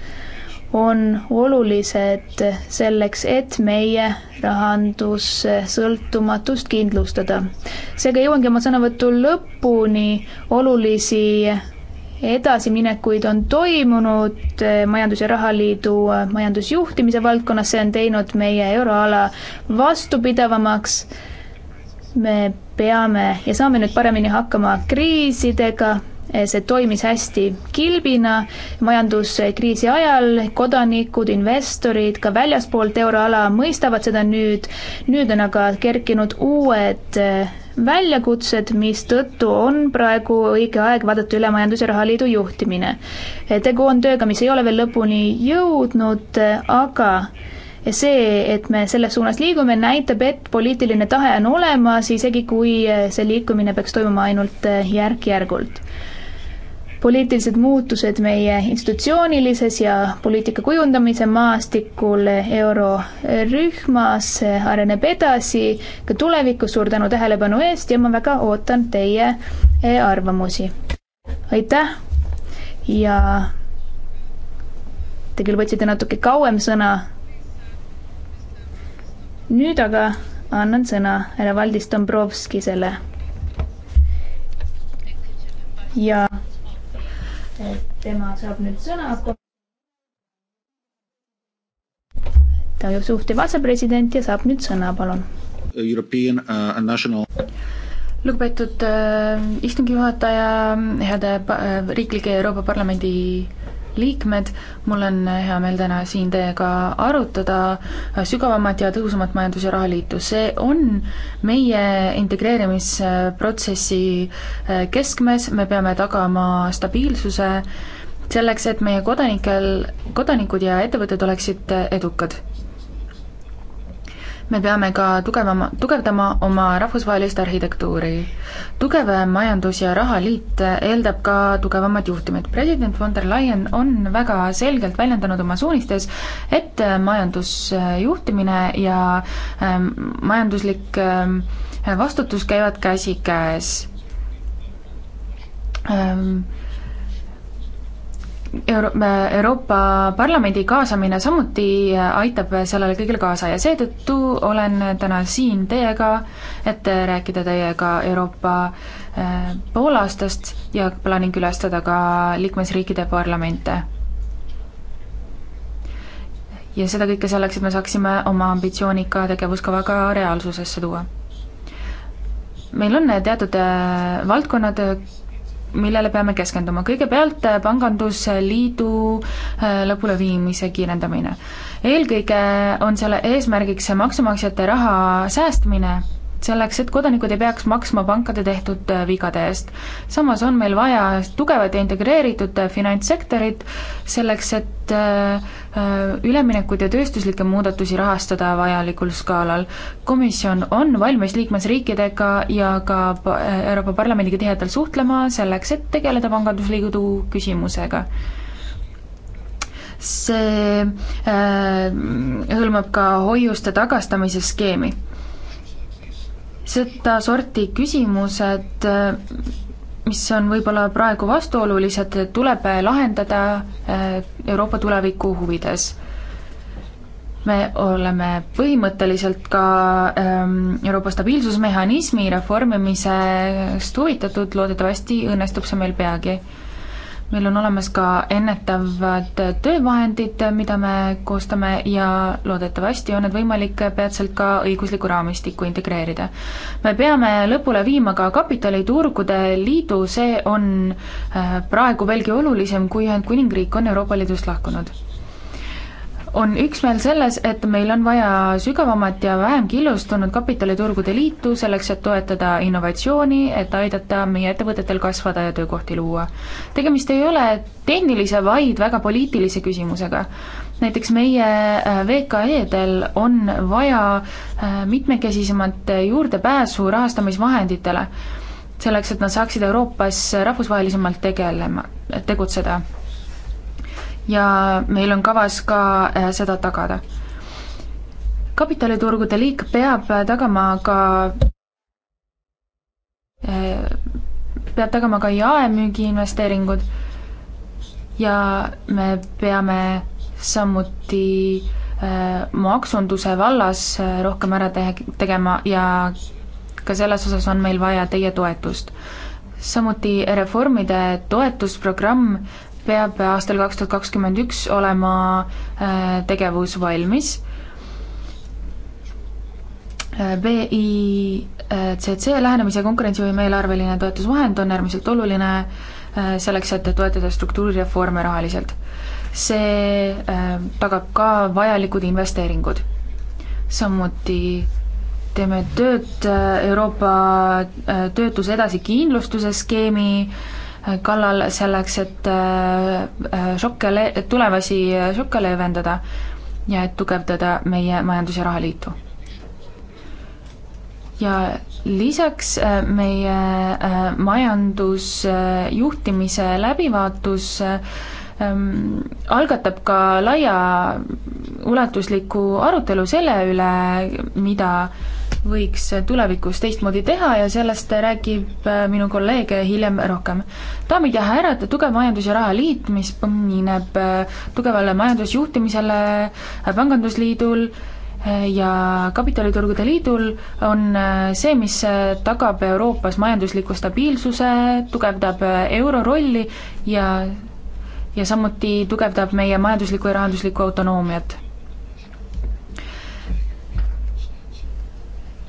on olulised selleks, et meie rahandussõltumatust kindlustada. seega jõuangi oma sõnavõtu lõpuni, olulisi edasiminekuid on toimunud Majandus- ja Rahaliidu majandusjuhtimise valdkonnas, see on teinud meie euroala vastupidavamaks. me peame ja saame nüüd paremini hakkama kriisidega Eh, see toimis hästi kilbina majanduskriisi ajal, kodanikud, investorid ka väljaspoolt euroala mõistavad seda nüüd, nüüd on aga kerkinud uued eh, väljakutsed, mistõttu on praegu õige aeg vaadata üle Majandus- ja Rahaliidu juhtimine. Eh, tegu on tööga, mis ei ole veel lõpuni jõudnud, aga see, et me selles suunas liigume, näitab, et poliitiline tahe on olemas, isegi kui see liikumine peaks toimuma ainult järk-järgult poliitilised muutused meie institutsioonilises ja poliitika kujundamise maastikul eurorühmas areneb edasi ka tulevikus. suur tänu tähelepanu eest ja ma väga ootan teie eh, arvamusi. aitäh ja te küll võtsite natuke kauem sõna. nüüd aga annan sõna härra Valdis Dombrovskisele. ja et tema saab nüüd sõna. ta on suhtiv asepresident ja saab nüüd sõna, palun. European uh, National lugupeetud äh, istungi juhataja, head äh, riiklike Euroopa Parlamendi liikmed, mul on hea meel täna siin teiega arutada sügavamat ja tõhusamat majandus- ja rahaliitu. see on meie integreerimisprotsessi äh, keskmes, me peame tagama stabiilsuse selleks, et meie kodanikel, kodanikud ja ettevõtted oleksid edukad me peame ka tugevama, tugevdama oma rahvusvahelist arhitektuuri. tugev majandus- ja rahaliit eeldab ka tugevamat juhtimit. president von der Leyen on väga selgelt väljendanud oma suunistes, et majandusjuhtimine ja ähm, majanduslik ähm, vastutus käivad käsikäes ähm, Euro-, Euroopa Parlamendi kaasamine samuti äh, aitab sellele kõigile kaasa ja seetõttu olen täna siin teiega, et rääkida teiega Euroopa äh, poolaastast ja plaanin külastada ka liikmesriikide parlamente. ja seda kõike selleks, et me saaksime oma ambitsioonika tegevuskavaga reaalsusesse tuua. meil on teatud äh, valdkonnad, millele peame keskenduma. kõigepealt äh, Pangandusliidu äh, lõpuleviimise kiirendamine. eelkõige on selle eesmärgiks maksumaksjate raha säästmine selleks, et kodanikud ei peaks maksma pankade tehtud äh, vigade eest. samas on meil vaja tugevat ja integreeritud äh, finantssektorit, selleks et äh, üleminekuid ja tööstuslikke muudatusi rahastada vajalikul skaalal. komisjon on valmis liikmesriikidega ja ka Euroopa Parlamendiga tihedalt suhtlema, selleks et tegeleda pangandusliidu küsimusega see äh, hõlmab ka hoiuste tagastamise skeemi sedasorti küsimused, mis on võib-olla praegu vastuolulised, tuleb lahendada eh, Euroopa tuleviku huvides. me oleme põhimõtteliselt ka eh, Euroopa stabiilsusmehhanismi reformimisest huvitatud, loodetavasti õnnestub see meil peagi meil on olemas ka ennetavad töövahendid, mida me koostame ja loodetavasti on need võimalik peatselt ka õigusliku raamistikku integreerida. me peame lõpule viima ka kapitaliturgude liidu, see on äh, praegu veelgi olulisem, kui Ühendkuningriik on Euroopa Liidust lahkunud on üksmeel selles, et meil on vaja sügavamat ja vähem killustunud kapitaliturgude liitu selleks, et toetada innovatsiooni, et aidata meie ettevõtetel kasvada ja töökohti luua. tegemist ei ole tehnilise, vaid väga poliitilise küsimusega. näiteks meie äh, VKE-del on vaja äh, mitmekesisemat juurdepääsu rahastamisvahenditele, selleks et nad saaksid Euroopas rahvusvahelisemalt tegelema, tegutseda ja meil on kavas ka äh, seda tagada. kapitaliturgude liik peab äh, tagama ka äh, peab tagama ka jaemüügi investeeringud ja me peame samuti maksunduse vallas rohkem ära te-, tegema ja ka selles osas on meil vaja teie toetust. samuti reformide toetusprogramm peab aastal kaks tuhat kakskümmend üks olema äh, tegevus valmis. Äh, BICC lähenemise konkurentsivõime eelarveline toetusvahend on äärmiselt oluline äh, selleks, et toetada struktuurireforme rahaliselt. see tagab ka vajalikud investeeringud. samuti teeme tööd Euroopa töötuse edasikindlustuse skeemi äh, kallal selleks, et äh, äh, šokke le-, tulevasi šokke leevendada ja et tugevdada meie majandus- ja rahaliitu. ja lisaks äh, meie majandusjuhtimise läbivaatus Ehm, algatab ka laiaulatusliku arutelu selle üle, mida võiks tulevikus teistmoodi teha ja sellest räägib äh, minu kolleeg hiljem rohkem. daamid ja härrad, tugev majandus- ja rahaliit, mis põhineb äh, tugevale majandusjuhtimisele, äh, pangandusliidul ja kapitaliturgude liidul, on see, mis tagab Euroopas majandusliku stabiilsuse, tugevdab euro rolli ja ja samuti tugevdab meie majanduslikku ja rahanduslikku autonoomiat.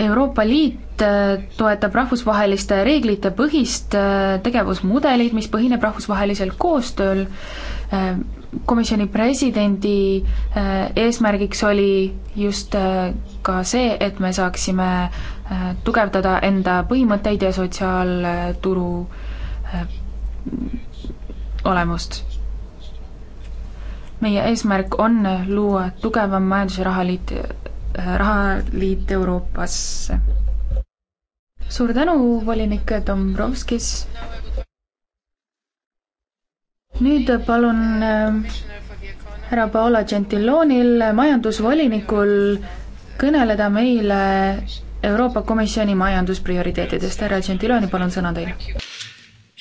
Euroopa Liit äh, toetab rahvusvaheliste reeglite põhist äh, tegevusmudelit, mis põhineb rahvusvahelisel koostööl. Äh, komisjoni presidendi eesmärgiks oli just ka see, et me saaksime tugevdada enda põhimõtteid ja sotsiaalturu olemust meie eesmärk on luua tugevam majandus- ja rahaliit, äh, rahaliit Euroopasse. suur tänu, volinik Dombrovskis. nüüd palun äh, härra Paolo Gentilonil, majandusvolinikul, kõneleda meile Euroopa Komisjoni majandusprioriteetidest. härra Gentiloni, palun sõna teile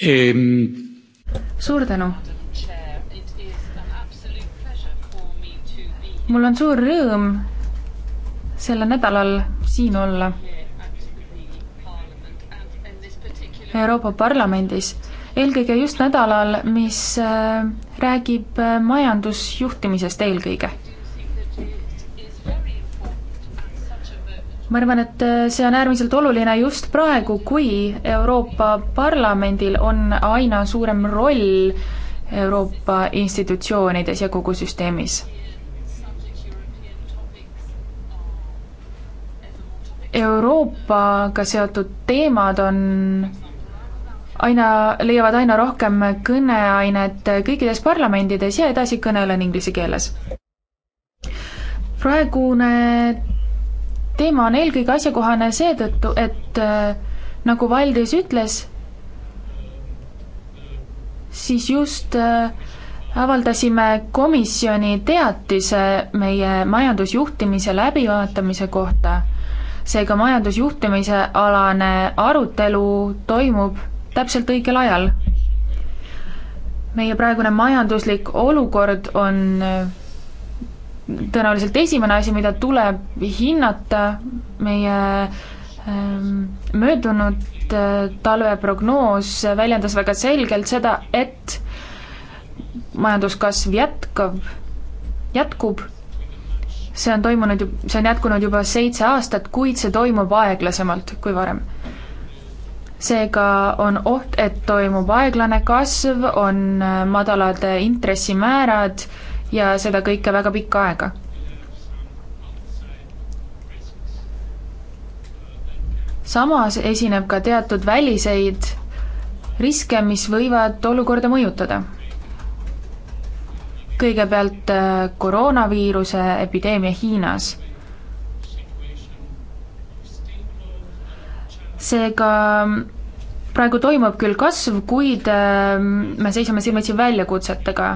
ehm.. suur tänu mul on suur rõõm sellel nädalal siin olla Euroopa Parlamendis, eelkõige just nädalal, mis äh, räägib äh, majandusjuhtimisest eelkõige. ma arvan, et äh, see on äärmiselt oluline just praegu, kui Euroopa Parlamendil on aina suurem roll Euroopa institutsioonides ja kogu süsteemis Euroopaga seotud teemad on aina, leiavad aina rohkem kõneainet kõikides parlamendides ja edasi kõnelen inglise keeles. praegune teema on eelkõige asjakohane seetõttu, et äh, nagu Valdis ütles, siis just äh, avaldasime komisjoni teatise meie majandusjuhtimise läbivaatamise kohta seega majandusjuhtimise alane arutelu toimub täpselt õigel ajal. meie praegune majanduslik olukord on äh, tõenäoliselt esimene asi, mida tuleb hinnata, meie ähm, möödunud äh, talveprognoos väljendas väga selgelt seda, et majanduskasv jätkab, jätkub see on toimunud ju, see on jätkunud juba seitse aastat, kuid see toimub aeglasemalt kui varem. seega on oht, et toimub aeglane kasv, on äh, madalad intressimäärad ja seda kõike väga pikka aega. samas esineb ka teatud väliseid riske, mis võivad olukorda mõjutada kõigepealt äh, koroonaviiruse epideemia Hiinas. seega mm, praegu toimub küll kasv, kuid ähm, me seisame silmitsi väljakutsetega.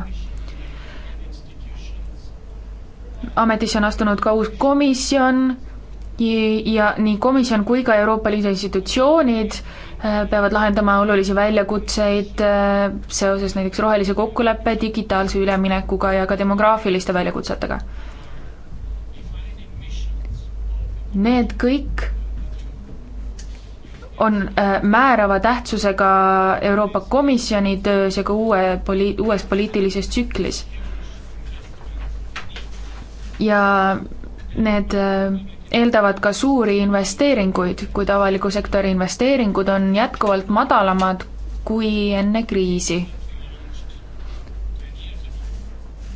ametisse on astunud ka uus komisjon ja nii komisjon kui ka Euroopa Liidu institutsioonid Äh, peavad lahendama olulisi väljakutseid äh, seoses näiteks rohelise kokkuleppe, digitaalse üleminekuga ja ka demograafiliste väljakutsetega. Need kõik on äh, määrava tähtsusega Euroopa Komisjoni töös ja ka uue poli-, uues poliitilises tsüklis. ja need eeldavad ka suuri investeeringuid, kuid avaliku sektori investeeringud on jätkuvalt madalamad kui enne kriisi.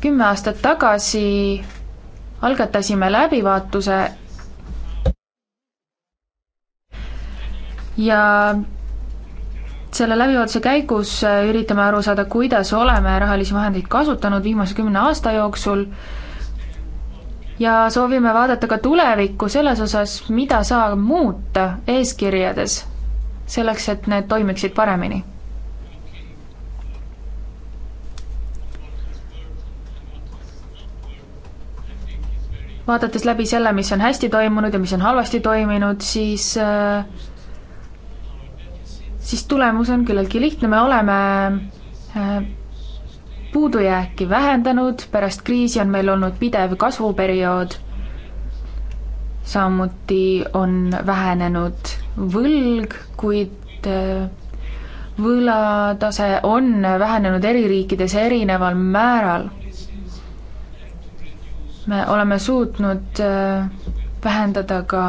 kümme aastat tagasi algatasime läbivaatuse ja selle läbivaatuse käigus üritame aru saada, kuidas oleme rahalisi vahendeid kasutanud viimase kümne aasta jooksul ja soovime vaadata ka tulevikku selles osas, mida saab muuta eeskirjades, selleks et need toimiksid paremini. vaadates läbi selle, mis on hästi toimunud ja mis on halvasti toiminud, siis äh, siis tulemus on küllaltki lihtne, me oleme äh, puudujääki vähendanud, pärast kriisi on meil olnud pidev kasvuperiood. samuti on vähenenud võlg, kuid äh, võlatase on vähenenud eri riikides erineval määral. me oleme suutnud äh, vähendada ka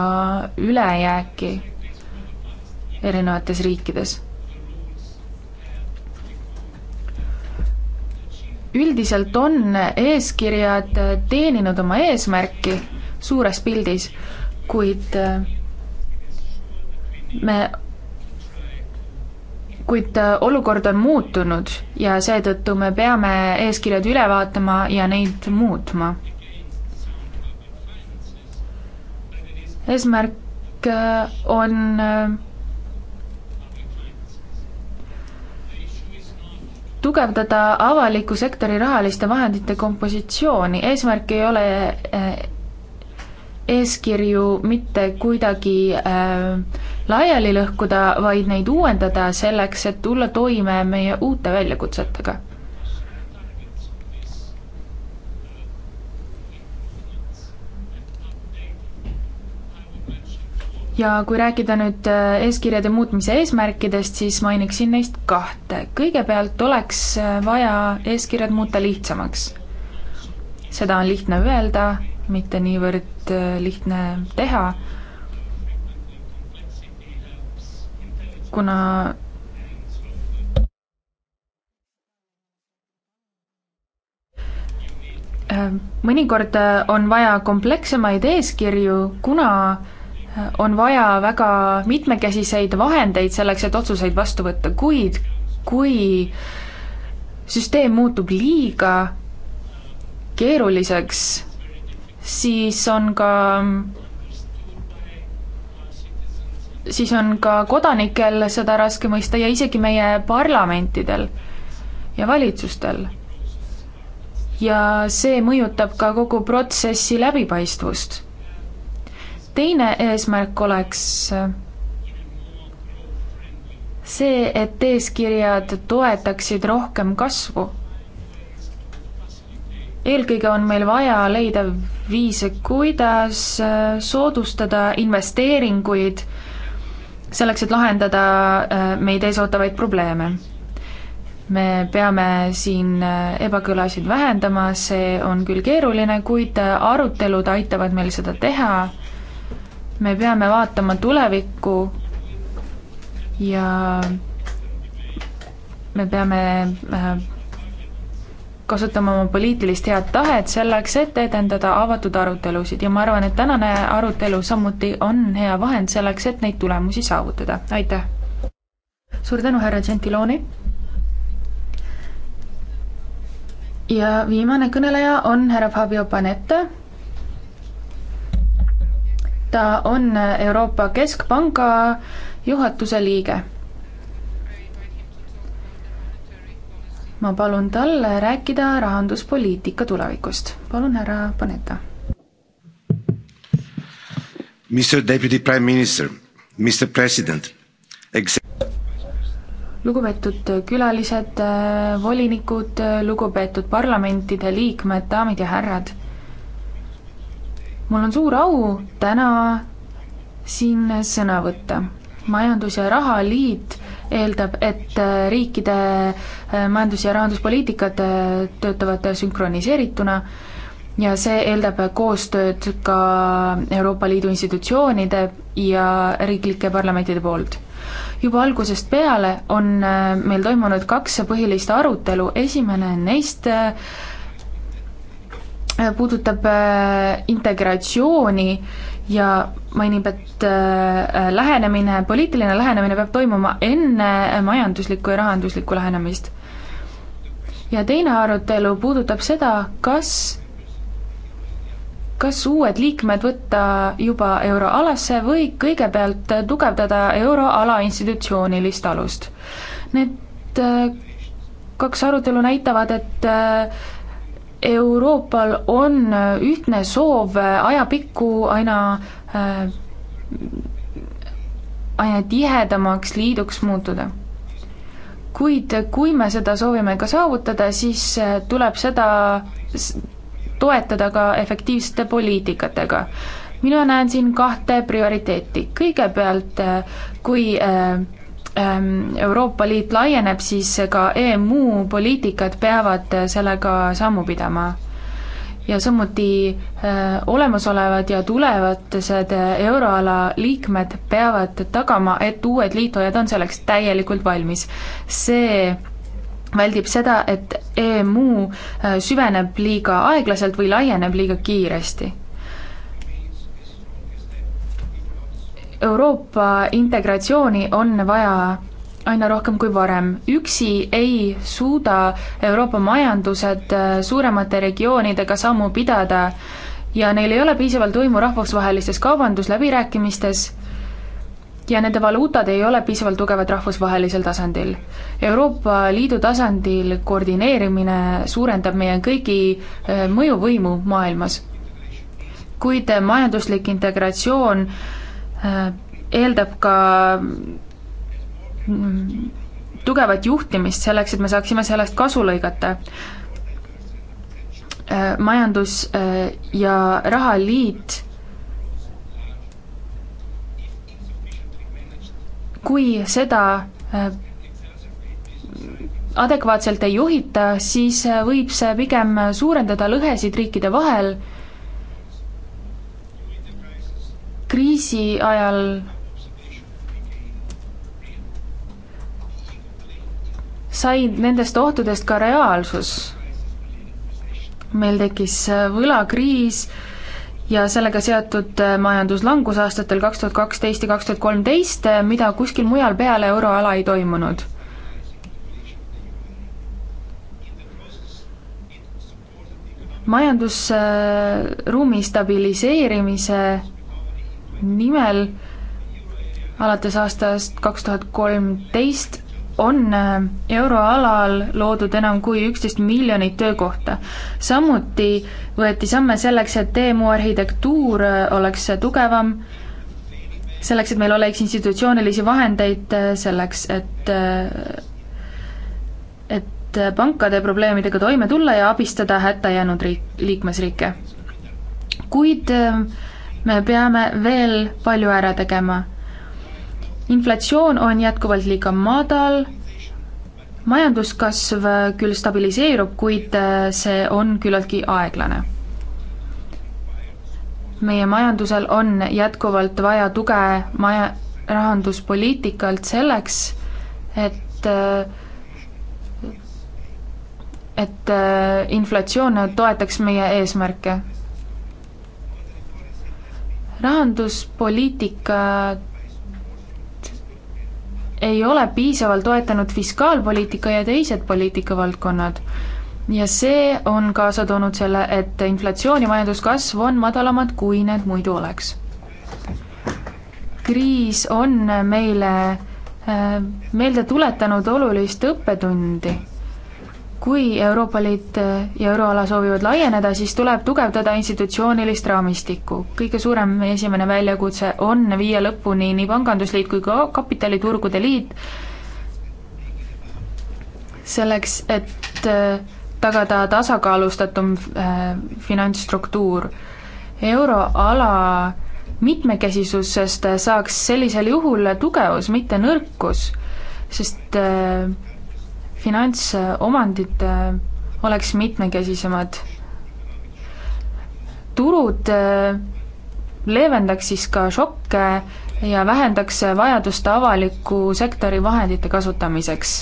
ülejääki erinevates riikides üldiselt on eeskirjad teeninud oma eesmärki suures pildis, kuid äh, me, kuid äh, olukord on muutunud ja seetõttu me peame eeskirjad üle vaatama ja neid muutma. eesmärk äh, on tugevdada avaliku sektori rahaliste vahendite kompositsiooni, eesmärk ei ole eh, eeskirju mitte kuidagi eh, laiali lõhkuda, vaid neid uuendada selleks, et tulla toime meie uute väljakutsetega ja kui rääkida nüüd äh, eeskirjade muutmise eesmärkidest, siis mainiksin neist kahte. kõigepealt oleks äh, vaja eeskirjad muuta lihtsamaks. seda on lihtne öelda, mitte niivõrd äh, lihtne teha, kuna mõnikord on vaja komplekssemaid eeskirju, kuna on vaja väga mitmekesiseid vahendeid selleks, et otsuseid vastu võtta, kuid kui süsteem muutub liiga keeruliseks, siis on ka siis on ka kodanikel seda raske mõista ja isegi meie parlamentidel ja valitsustel. ja see mõjutab ka kogu protsessi läbipaistvust teine eesmärk oleks see, et eeskirjad toetaksid rohkem kasvu. eelkõige on meil vaja leida viise, kuidas soodustada investeeringuid selleks, et lahendada äh, meid ees ootavaid probleeme. me peame siin äh, ebakõlasid vähendama, see on küll keeruline, kuid äh, arutelud aitavad meil seda teha me peame vaatama tulevikku ja me peame äh, kasutama oma poliitilist head tahet selleks, et edendada avatud arutelusid ja ma arvan, et tänane arutelu samuti on hea vahend selleks, et neid tulemusi saavutada, aitäh! suur tänu, härra Gentiloni! ja viimane kõneleja on härra Fabio Panetta ta on Euroopa Keskpanga juhatuse liige. ma palun tal rääkida rahanduspoliitika tulevikust. palun, härra Paneta. Mr Deputy Prime Minister, Mr President lugupeetud külalised, volinikud, lugupeetud parlamentide liikmed, daamid ja härrad mul on suur au täna siin sõna võtta. majandus- ja rahaliit eeldab, et riikide äh, majandus- ja rahanduspoliitikad äh, töötavad sünkroniseerituna ja see eeldab koostööd ka Euroopa Liidu institutsioonide ja riiklike parlamentide poolt. juba algusest peale on äh, meil toimunud kaks põhilist arutelu, esimene neist äh, Äh, puudutab äh, integratsiooni ja mainib, et äh, lähenemine, poliitiline lähenemine peab toimuma enne majanduslikku ja rahanduslikku lähenemist. ja teine arutelu puudutab seda, kas kas uued liikmed võtta juba euroalasse või kõigepealt tugevdada euroala institutsioonilist alust. Need kaks arutelu näitavad, et Euroopal on ühtne soov ajapikku aina äh, aina tihedamaks liiduks muutuda. kuid kui me seda soovime ka saavutada, siis äh, tuleb seda toetada ka efektiivsete poliitikatega. mina näen siin kahte prioriteeti, kõigepealt äh, kui äh, Ähm, Euroopa Liit laieneb, siis ka EMU poliitikad peavad äh, sellega sammu pidama ja samuti äh, olemasolevad ja tulevased äh, euroala liikmed peavad tagama, et uued liitujad on selleks täielikult valmis. see väldib seda, et EMU süveneb liiga aeglaselt või laieneb liiga kiiresti. Euroopa integratsiooni on vaja aina rohkem kui varem. üksi ei suuda Euroopa majandused äh, suuremate regioonidega sammu pidada ja neil ei ole piisavalt võimu rahvusvahelistes kaubandusläbirääkimistes ja nende valuutad ei ole piisavalt tugevad rahvusvahelisel tasandil. Euroopa Liidu tasandil koordineerimine suurendab meie kõigi äh, mõjuvõimu maailmas. kuid äh, majanduslik integratsioon äh, Äh, eeldab ka mm, tugevat juhtimist selleks, et me saaksime sellest kasu lõigata äh, majandus- äh, ja rahaliit, kui seda adekvaatselt ei juhita, siis võib see pigem suurendada lõhesid riikide vahel kriisi ajal sai nendest ohtudest ka reaalsus. meil tekkis äh, võlakriis ja sellega seotud äh, majanduslangus aastatel kaks tuhat kaksteist ja kaks tuhat kolmteist, äh, mida kuskil mujal peale euroala ei toimunud. majandusruumi stabiliseerimise nimel alates aastast kaks tuhat kolmteist on äh, euroalal loodud enam kui üksteist miljonit töökohta. samuti võeti samme selleks, et EMU arhitektuur äh, oleks äh, tugevam, selleks, et meil oleks institutsioonilisi vahendeid selleks, et et pankade probleemidega toime tulla ja abistada hätta jäänud riik, liikmesriike. kuid äh, me peame veel palju ära tegema. inflatsioon on jätkuvalt liiga madal, majanduskasv küll stabiliseerub, kuid äh, see on küllaltki aeglane. meie majandusel on jätkuvalt vaja tuge maja, rahanduspoliitikalt selleks, et äh, et äh, inflatsioon toetaks meie eesmärke rahanduspoliitika ei ole piisavalt toetanud fiskaalpoliitika ja teised poliitikavaldkonnad. ja see on kaasa toonud selle, et inflatsioon ja majanduskasv on madalamad, kui need muidu oleks. kriis on meile äh, meelde tuletanud olulist õppetundi kui Euroopa Liit ja euroala soovivad laieneda, siis tuleb tugevdada institutsioonilist raamistikku. kõige suurem esimene väljakutse on viia lõpuni nii Pangandusliit kui ka Kapitaliturgude Liit, selleks et äh, tagada tasakaalustatum äh, finantsstruktuur. euroala mitmekesisusest saaks sellisel juhul tugevus, mitte nõrkus, sest äh, finantsomandid oleks mitmekesisemad. turud äh, leevendaks siis ka šokke ja vähendaks vajadust avaliku sektori vahendite kasutamiseks.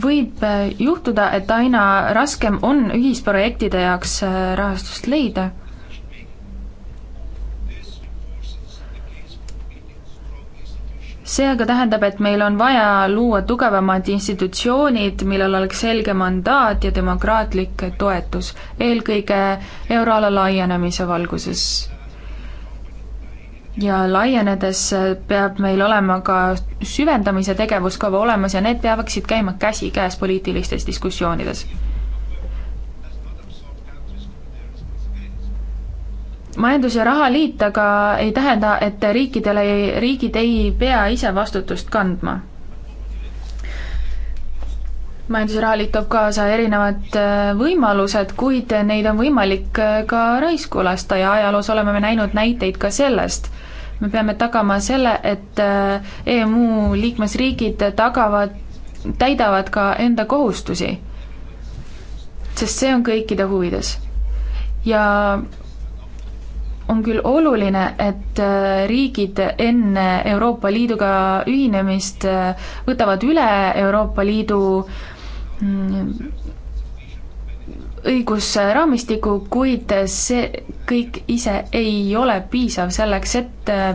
võib äh, juhtuda, et aina raskem on ühisprojektide jaoks äh, rahastust leida see aga tähendab, et meil on vaja luua tugevamad institutsioonid, millel oleks selge mandaat ja demokraatlik toetus, eelkõige euroala laienemise valguses. ja laienedes peab meil olema ka süvendamise tegevuskava olemas ja need peaksid käima käsikäes poliitilistes diskussioonides majandus- ja rahaliit aga ei tähenda, et riikidele, riigid ei pea ise vastutust kandma. majandus- ja rahaliit toob kaasa erinevad äh, võimalused, kuid neid on võimalik äh, ka raisku lasta ja ajaloos oleme me näinud näiteid ka sellest. me peame tagama selle, et äh, EMU liikmesriigid tagavad, täidavad ka enda kohustusi. sest see on kõikide huvides. ja on küll oluline, et äh, riigid enne Euroopa Liiduga ühinemist äh, võtavad üle Euroopa Liidu mm, õigusraamistiku, kuid see kõik ise ei ole piisav selleks, et äh,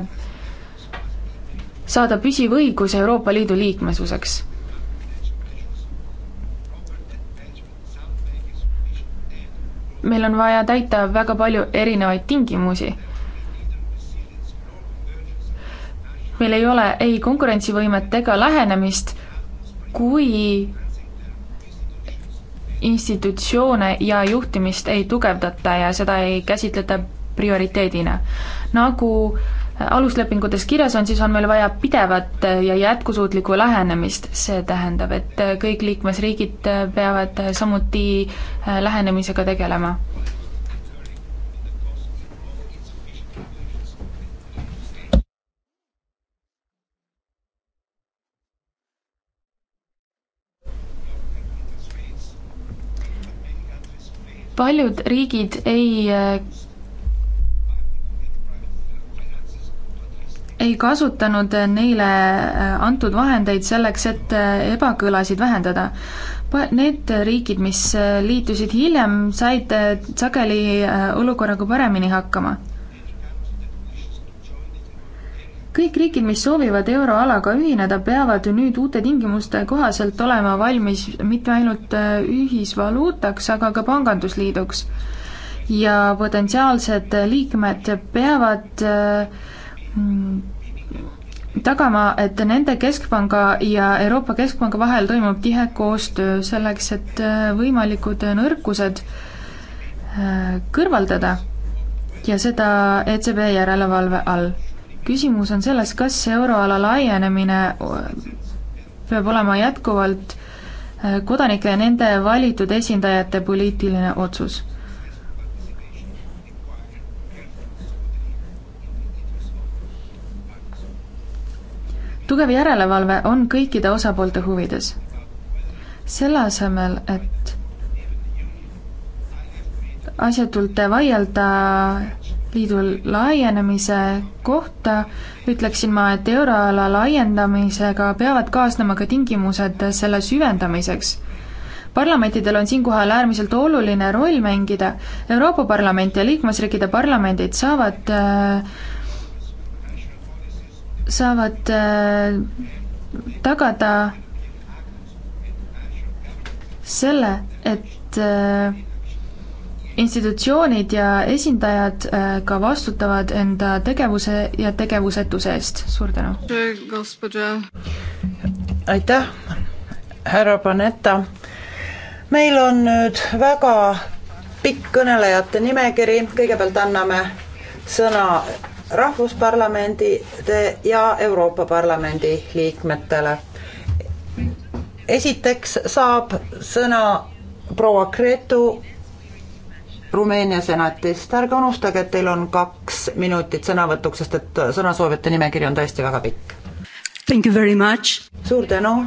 saada püsiv õigus Euroopa Liidu liikmesuseks meil on vaja täita väga palju erinevaid tingimusi. meil ei ole ei konkurentsivõimet ega lähenemist, kui institutsioone ja juhtimist ei tugevdata ja seda ei käsitleta prioriteedina. nagu äh, aluslepingutes kirjas on, siis on meil vaja pidevat ja jätkusuutlikku lähenemist, see tähendab, et kõik liikmesriigid peavad samuti äh, lähenemisega tegelema. paljud riigid ei äh, ei kasutanud neile äh, antud vahendeid selleks, et äh, ebakõlasid vähendada. Need riigid, mis äh, liitusid hiljem, said sageli olukorraga paremini hakkama. kõik riigid, mis soovivad euroalaga ühineda, peavad nüüd uute tingimuste kohaselt olema valmis mitte ainult ühisvaluutaks, aga ka pangandusliiduks. ja potentsiaalsed liikmed peavad äh, Mm, tagama, et nende keskpanga ja Euroopa Keskpanga vahel toimub tihe koostöö selleks, et äh, võimalikud nõrkused äh, kõrvaldada ja seda ECB järelevalve all. küsimus on selles, kas euroala laienemine äh, peab olema jätkuvalt kodanike ja nende valitud esindajate poliitiline otsus tugev järelevalve on kõikide osapoolte huvides. selle asemel, et asjatult vaielda liidu laienemise kohta, ütleksin ma, et euroala laiendamisega peavad kaasnema ka tingimused selle süvendamiseks. parlamentidel on siinkohal äärmiselt oluline roll mängida, Euroopa Parlament ja liikmesriikide parlamendid saavad äh, saavad äh, tagada selle, et äh, institutsioonid ja esindajad äh, ka vastutavad enda tegevuse ja tegevusetuse eest. suur tänu! aitäh, härra Panetta! meil on nüüd väga pikk kõnelejate nimekiri, kõigepealt anname sõna rahvusparlamentide ja Euroopa Parlamendi liikmetele. esiteks saab sõna proua Gretu Rumeenia senatist, ärge unustage, et teil on kaks minutit sõnavõtuks, sest et sõnasoovijate nimekiri on tõesti väga pikk. Thank you very much. suur tänu.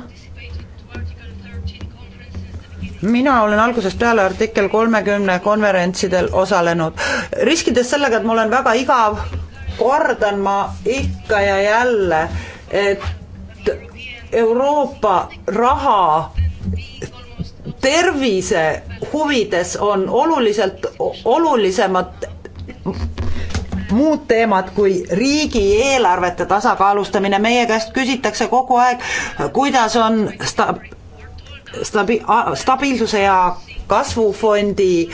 mina olen algusest peale artikkel kolmekümne konverentsidel osalenud, riskides sellega, et ma olen väga igav kordan ma ikka ja jälle, et Euroopa raha tervise huvides on oluliselt olulisemad muud teemad kui riigieelarvete tasakaalustamine, meie käest küsitakse kogu aeg, kuidas on sta-, stabi-, stabiilsuse ja kasvufondi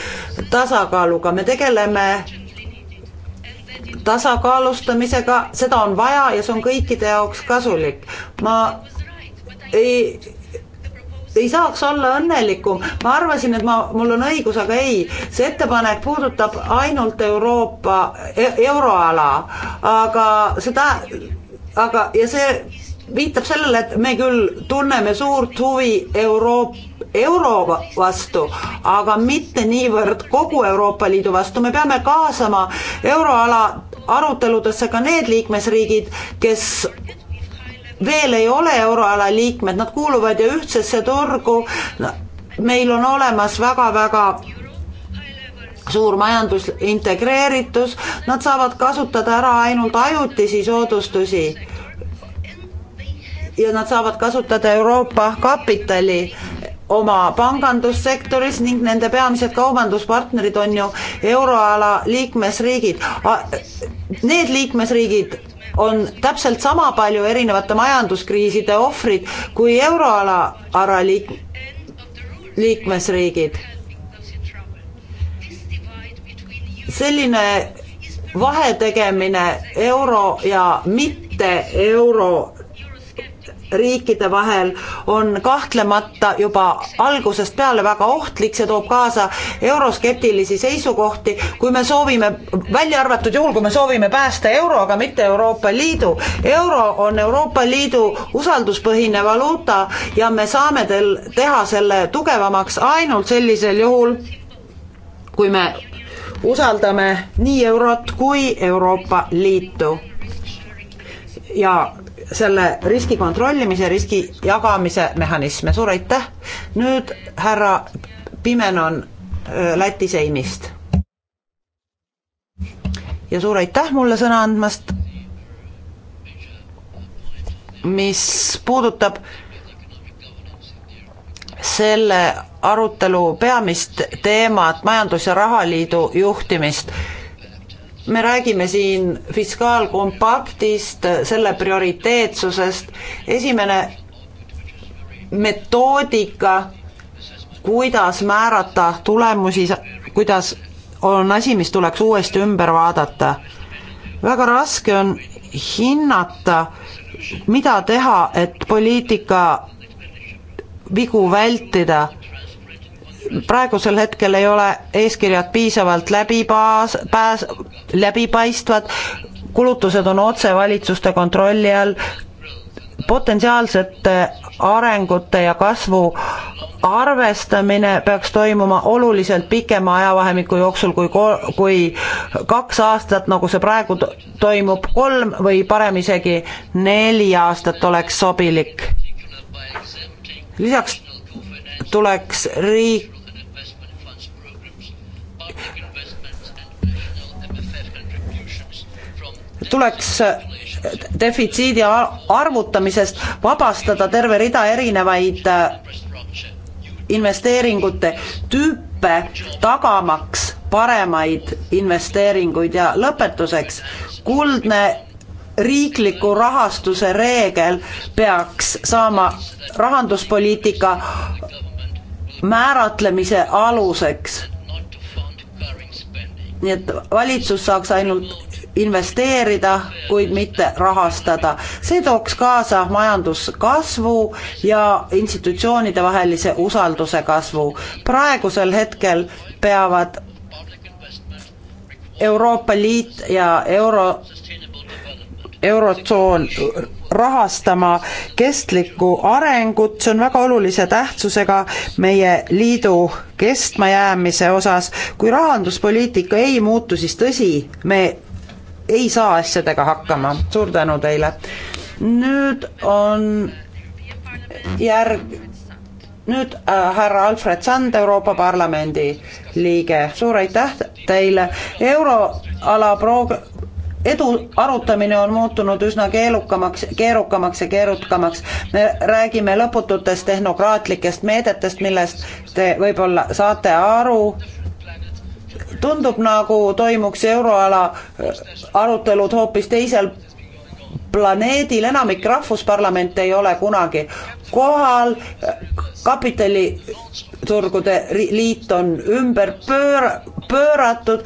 tasakaaluga, me tegeleme tasakaalustamisega, seda on vaja ja see on kõikide jaoks kasulik. ma ei ei saaks olla õnnelikum, ma arvasin, et ma, mul on õigus, aga ei, see ettepanek puudutab ainult Euroopa e, euroala, aga seda, aga, ja see viitab sellele, et me küll tunneme suurt huvi Euroopa euro vastu, aga mitte niivõrd kogu Euroopa Liidu vastu, me peame kaasama euroala aruteludesse ka need liikmesriigid, kes veel ei ole euroala liikmed, nad kuuluvad ju ühtsesse turgu, meil on olemas väga-väga suur majandusintegreeritus, nad saavad kasutada ära ainult ajutisi soodustusi. ja nad saavad kasutada Euroopa kapitali oma pangandussektoris ning nende peamised kaubanduspartnerid on ju euroala liikmesriigid. Need liikmesriigid on täpselt sama palju erinevate majanduskriiside ohvrid kui euroala ara liik-, liikmesriigid. selline vahetegemine euro ja mitte euro riikide vahel on kahtlemata juba algusest peale väga ohtlik, see toob kaasa euroskeptilisi seisukohti, kui me soovime, välja arvatud juhul, kui me soovime päästa euro, aga mitte Euroopa Liidu. euro on Euroopa Liidu usalduspõhine valuuta ja me saame tel-, teha selle tugevamaks ainult sellisel juhul, kui me usaldame nii eurot kui Euroopa Liitu. ja selle riski kontrollimise, riski jagamise mehhanisme, suur aitäh. nüüd härra Pimenon äh, Läti seimist. ja suur aitäh mulle sõna andmast. mis puudutab selle arutelu peamist teemat, majandus- ja rahaliidu juhtimist me räägime siin fiskaalkompaktist, selle prioriteetsusest, esimene metoodika, kuidas määrata tulemusi, kuidas on asi, mis tuleks uuesti ümber vaadata. väga raske on hinnata, mida teha, et poliitika vigu vältida praegusel hetkel ei ole eeskirjad piisavalt läbipaas-, pääs-, läbipaistvad, kulutused on otse valitsuste kontrolli all, potentsiaalsete arengute ja kasvu arvestamine peaks toimuma oluliselt pikema ajavahemiku jooksul kui ko-, kui kaks aastat, nagu see praegu toimub, kolm või parem isegi neli aastat oleks sobilik. lisaks tuleks riik tuleks äh, defitsiidi arvutamisest vabastada terve rida erinevaid äh, investeeringute tüüpe, tagamaks paremaid investeeringuid ja lõpetuseks, kuldne riikliku rahastuse reegel peaks saama rahanduspoliitika määratlemise aluseks. nii et valitsus saaks ainult investeerida, kuid mitte rahastada. see tooks kaasa majanduskasvu ja institutsioonide vahelise usalduse kasvu. praegusel hetkel peavad Euroopa Liit ja euro, eurotsoon rahastama kestlikku arengut, see on väga olulise tähtsusega meie liidu kestmajäämise osas. kui rahanduspoliitika ei muutu, siis tõsi, me ei saa asjadega hakkama. suur tänu teile. nüüd on järg, nüüd äh, härra Alfred Sand, Euroopa Parlamendi liige, suur aitäh teile, euroala pro-, edu arutamine on muutunud üsna keelukamaks, keerukamaks ja keerukamaks. me räägime lõpututest tehnokraatlikest meedetest, millest te võib-olla saate aru. tundub, nagu toimuks euroala arutelud hoopis teisel planeedil enamik rahvusparlamente ei ole kunagi kohal, kapitaliturgude liit on ümber pööra-, pööratud,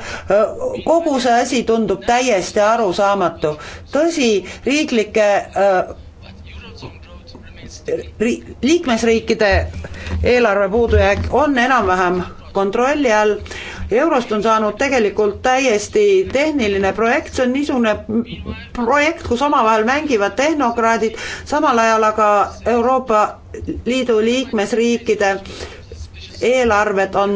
kogu see asi tundub täiesti arusaamatu. tõsi, riiklike ri-, liikmesriikide eelarve puudujääk on enam-vähem kontrolli all, eurost on saanud tegelikult täiesti tehniline projekt, see on niisugune projekt, kus omavahel mängivad tehnokraadid, samal ajal aga Euroopa Liidu liikmesriikide eelarved on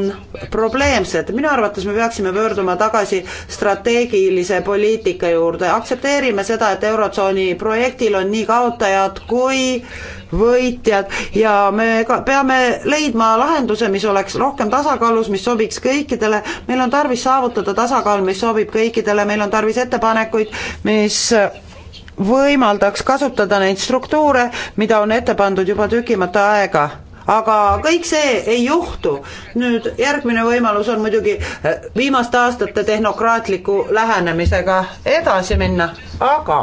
probleemsed, minu arvates me peaksime pöörduma tagasi strateegilise poliitika juurde, aktsepteerime seda, et Eurotsooni projektil on nii kaotajad kui äh, võitjad ja me ka peame leidma lahenduse, mis oleks rohkem tasakaalus, mis sobiks kõikidele, meil on tarvis saavutada tasakaal, mis sobib kõikidele, meil on tarvis ettepanekuid, mis võimaldaks kasutada neid struktuure, mida on ette pandud juba tükimata aega aga kõik see ei juhtu. nüüd järgmine võimalus on muidugi eh, viimaste aastate tehnokraatliku lähenemisega edasi minna, aga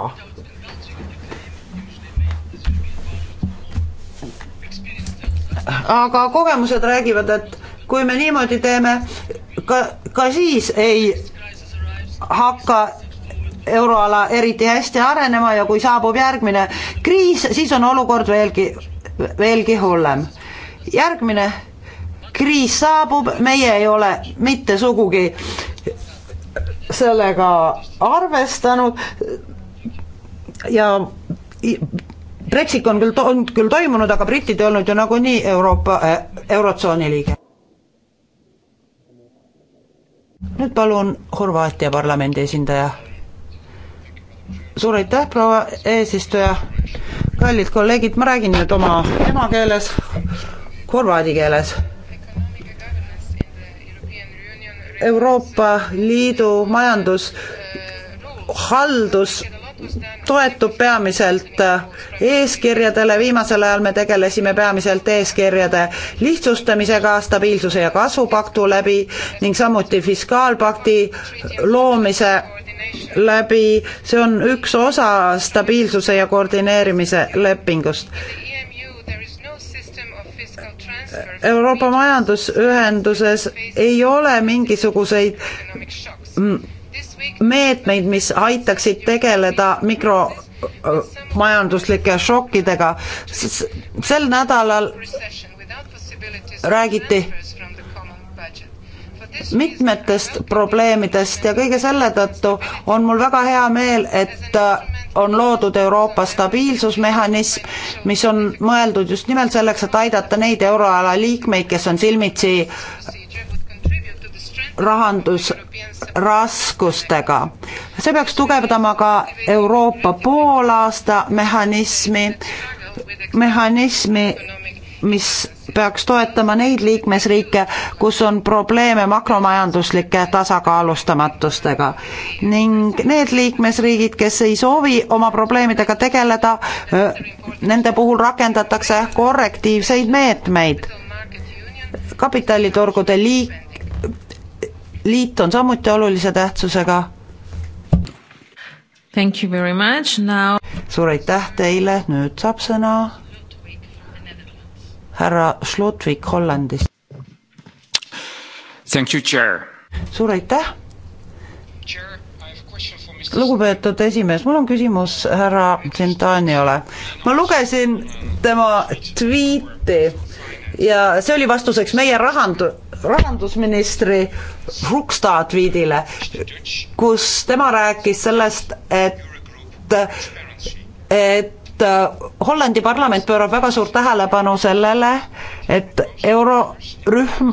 aga kogemused räägivad, et kui me niimoodi teeme, ka, ka siis ei hakka euroala eriti hästi arenema ja kui saabub järgmine kriis, siis on olukord veelgi, veelgi hullem. järgmine kriis saabub, meie ei ole mitte sugugi sellega arvestanud ja Brexit on küll, on küll toimunud, aga britid ei olnud ju nagunii Euroopa äh,, Eurotsooni liige. nüüd palun Horvaatia parlamendi esindaja. suur aitäh, proua eesistuja. kallid kolleegid, ma räägin nüüd oma emakeeles, horvaadi keeles Euroopa Liidu majandus haldus toetub peamiselt äh, eeskirjadele, viimasel ajal me tegelesime peamiselt eeskirjade lihtsustamisega stabiilsuse ja kasvupaktu läbi ning samuti fiskaalpakti loomise läbi, see on üks osa stabiilsuse ja koordineerimise lepingust. Euroopa Majandusühenduses ei ole mingisuguseid mm, meetmeid, mis aitaksid tegeleda mikro majanduslike šokkidega. sel nädalal räägiti mitmetest probleemidest ja kõige selle tõttu on mul väga hea meel, et äh, on loodud Euroopa stabiilsusmehhanism, mis on mõeldud just nimelt selleks, et aidata neid euroala liikmeid, kes on silmitsi rahandusraskustega. see peaks tugevdama ka Euroopa poolaasta mehhanismi, mehhanismi, mis peaks toetama neid liikmesriike, kus on probleeme makromajanduslike tasakaalustamatustega. ning need liikmesriigid, kes ei soovi oma probleemidega tegeleda, nende puhul rakendatakse korrektiivseid meetmeid kapitaliturgude liik-, liit on samuti olulise tähtsusega. Thank you very much, now suur aitäh teile, nüüd saab sõna härra Schlotwig Hollandist. Thank you, chair. suur aitäh. lugupeetud esimees, mul on küsimus härra Tsentaniole. ma lugesin tema tweet'i ja see oli vastuseks meie rahandu-, rahandusministri Rukstadvidile, kus tema rääkis sellest, et, et Hollandi parlament pöörab väga suurt tähelepanu sellele, et eurorühm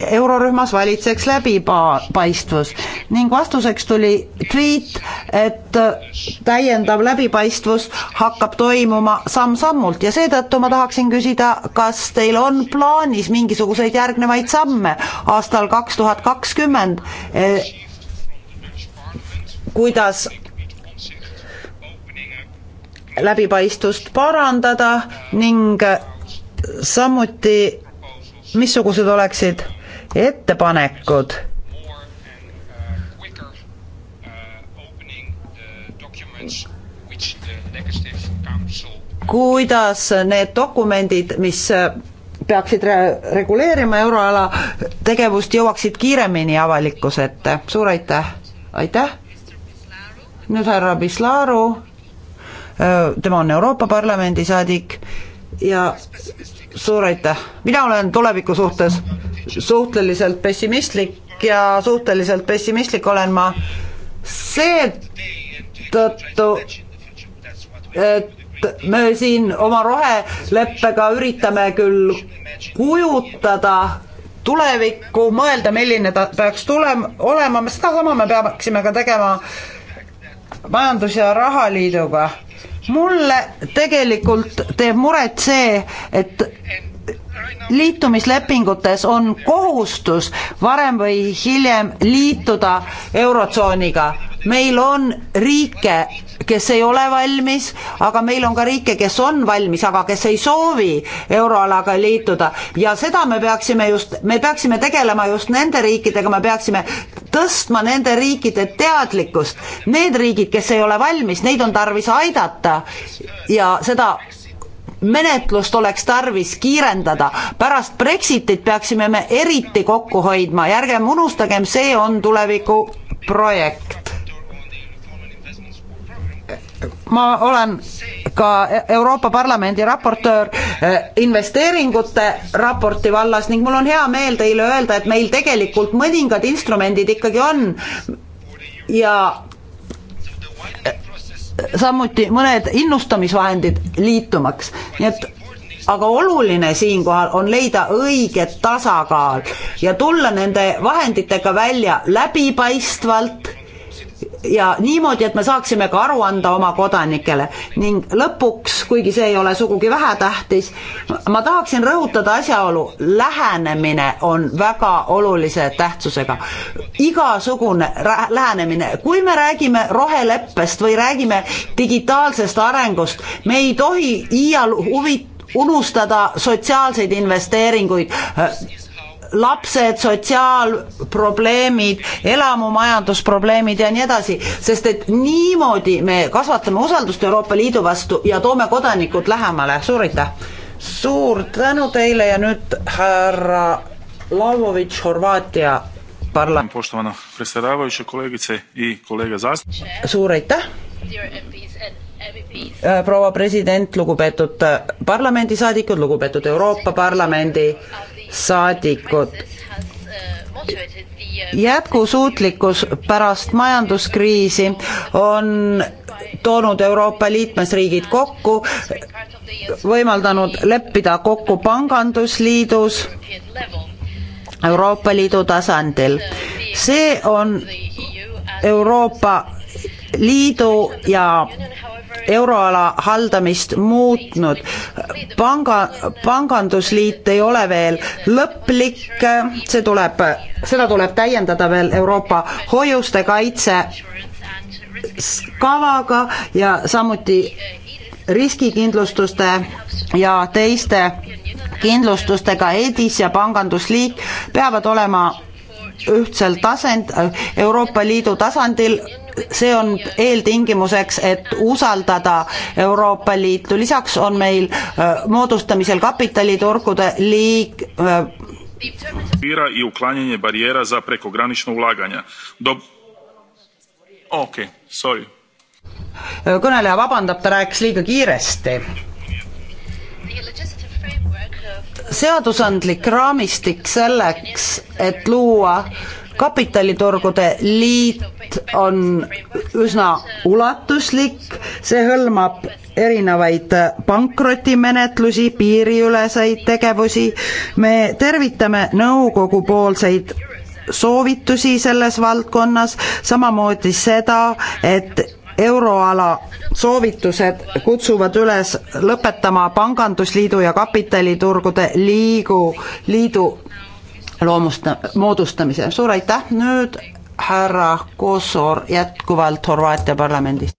eurorühmas valitseks läbipaistvus ning vastuseks tuli tweet, et äh, täiendav läbipaistvus hakkab toimuma samm-sammult ja seetõttu ma tahaksin küsida, kas teil on plaanis mingisuguseid järgnevaid samme aastal kaks tuhat kakskümmend, äh, kuidas läbipaistvust parandada ning äh, samuti missugused oleksid ettepanekud uh, uh, kuidas need dokumendid, mis uh, peaksid re-, reguleerima euroala tegevust, jõuaksid kiiremini avalikkuse ette, suur aitäh! aitäh! nüüd härra Pislaru, tema on Euroopa Parlamendi saadik ja suur aitäh, mina olen tuleviku suhtes suhteliselt pessimistlik ja suhteliselt pessimistlik olen ma seetõttu, et me siin oma roheleppega üritame küll kujutada tulevikku, mõelda, milline ta peaks tulema, olema, sedasama me peaksime ka tegema majandus- ja rahaliiduga mulle tegelikult teeb muret see, et liitumislepingutes on kohustus varem või hiljem liituda Eurotsooniga. meil on riike, kes ei ole valmis, aga meil on ka riike, kes on valmis, aga kes ei soovi euroalaga liituda ja seda me peaksime just, me peaksime tegelema just nende riikidega, me peaksime tõstma nende riikide teadlikkust. Need riigid, kes ei ole valmis, neid on tarvis aidata ja seda menetlust oleks tarvis kiirendada. pärast Brexitit peaksime me eriti kokku hoidma ja ärgem unustagem, see on tuleviku projekt ma olen ka Euroopa Parlamendi raportöör eh, investeeringute raporti vallas ning mul on hea meel teile öelda, et meil tegelikult mõningad instrumendid ikkagi on ja eh, samuti mõned innustamisvahendid liitumaks, nii et aga oluline siinkohal on leida õige tasakaal ja tulla nende vahenditega välja läbipaistvalt ja niimoodi, et me saaksime ka aru anda oma kodanikele ning lõpuks, kuigi see ei ole sugugi vähetähtis, ma tahaksin rõhutada asjaolu, lähenemine on väga olulise tähtsusega. igasugune lähenemine, kui me räägime roheleppest või räägime digitaalsest arengust, me ei tohi iial huvi unustada sotsiaalseid investeeringuid lapsed, sotsiaalprobleemid, elamumajandusprobleemid ja nii edasi, sest et niimoodi me kasvatame usaldust Euroopa Liidu vastu ja toome kodanikud lähemale, suur aitäh! suur tänu teile ja nüüd härra Lavovitš, Horvaatia parla-. suur aitäh! Äh, proua president, lugupeetud äh, parlamendisaadikud, lugupeetud Euroopa Parlamendi saadikut. jätkusuutlikkus pärast majanduskriisi on toonud Euroopa liikmesriigid kokku, võimaldanud leppida kokku pangandusliidus Euroopa Liidu tasandil. see on Euroopa Liidu ja euroala haldamist muutnud. panga, pangandusliit ei ole veel lõplik, see tuleb, seda tuleb täiendada veel Euroopa hoiuste kaitse kavaga ja samuti riskikindlustuste ja teiste kindlustustega EDIS ja pangandusliik peavad olema ühtsel tasand, Euroopa Liidu tasandil, see on eeltingimuseks, et usaldada Euroopa Liitu, lisaks on meil äh, moodustamisel kapitaliturgude liik-, äh, i uklanjanje barijera za prekogranično ulaganja. Do... okei okay,, sorry. kõneleja vabandab, ta rääkis liiga kiiresti seadusandlik raamistik selleks, et luua kapitaliturgude liit on üsna ulatuslik, see hõlmab erinevaid pankrotimenetlusi, piiriüleseid tegevusi, me tervitame nõukogu poolseid soovitusi selles valdkonnas, samamoodi seda, et euroala soovitused kutsuvad üles lõpetama pangandusliidu ja kapitaliturgude liigu, liidu loomusta-, moodustamise. suur aitäh, nüüd härra Kosor jätkuvalt Horvaatia parlamendist.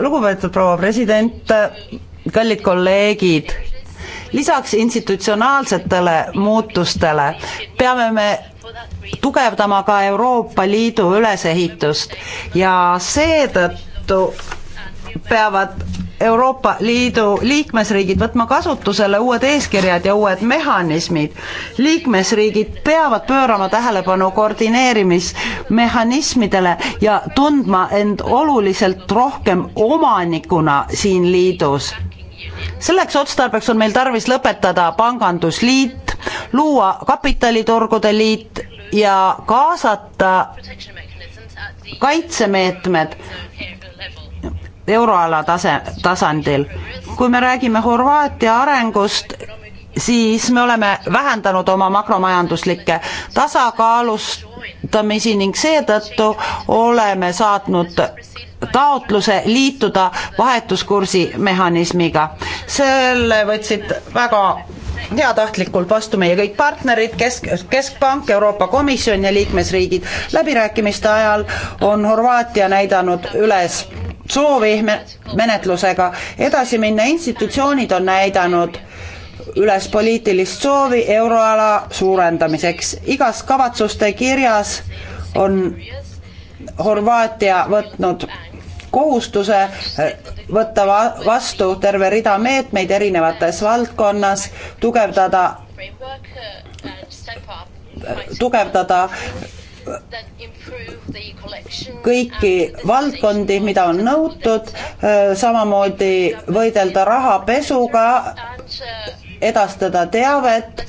lugupeetud proua president, kallid kolleegid lisaks institutsionaalsetele muutustele peame me tugevdama ka Euroopa Liidu ülesehitust ja seetõttu peavad Euroopa Liidu liikmesriigid võtma kasutusele uued eeskirjad ja uued mehhanismid. liikmesriigid peavad pöörama tähelepanu koordineerimismehhanismidele ja tundma end oluliselt rohkem omanikuna siin liidus selleks otstarbeks on meil tarvis lõpetada pangandusliit, luua kapitaliturgude liit ja kaasata kaitsemeetmed euroala tase, tasandil. kui me räägime Horvaatia arengust, siis me oleme vähendanud oma makromajanduslikke tasakaalustamisi ning seetõttu oleme saatnud taotluse liituda vahetuskursi mehhanismiga. selle võtsid väga heatahtlikult vastu meie kõik partnerid, kesk, Keskpank, Euroopa Komisjon ja liikmesriigid. läbirääkimiste ajal on Horvaatia näidanud üles soovi me menetlusega edasi minna, institutsioonid on näidanud üles poliitilist soovi euroala suurendamiseks. igas kavatsuste kirjas on Horvaatia võtnud kohustuse eh, võtta vastu terve rida meetmeid erinevates valdkonnas, tugevdada, eh, tugevdada eh, kõiki valdkondi, mida on nõutud, samamoodi võidelda rahapesuga, edastada teavet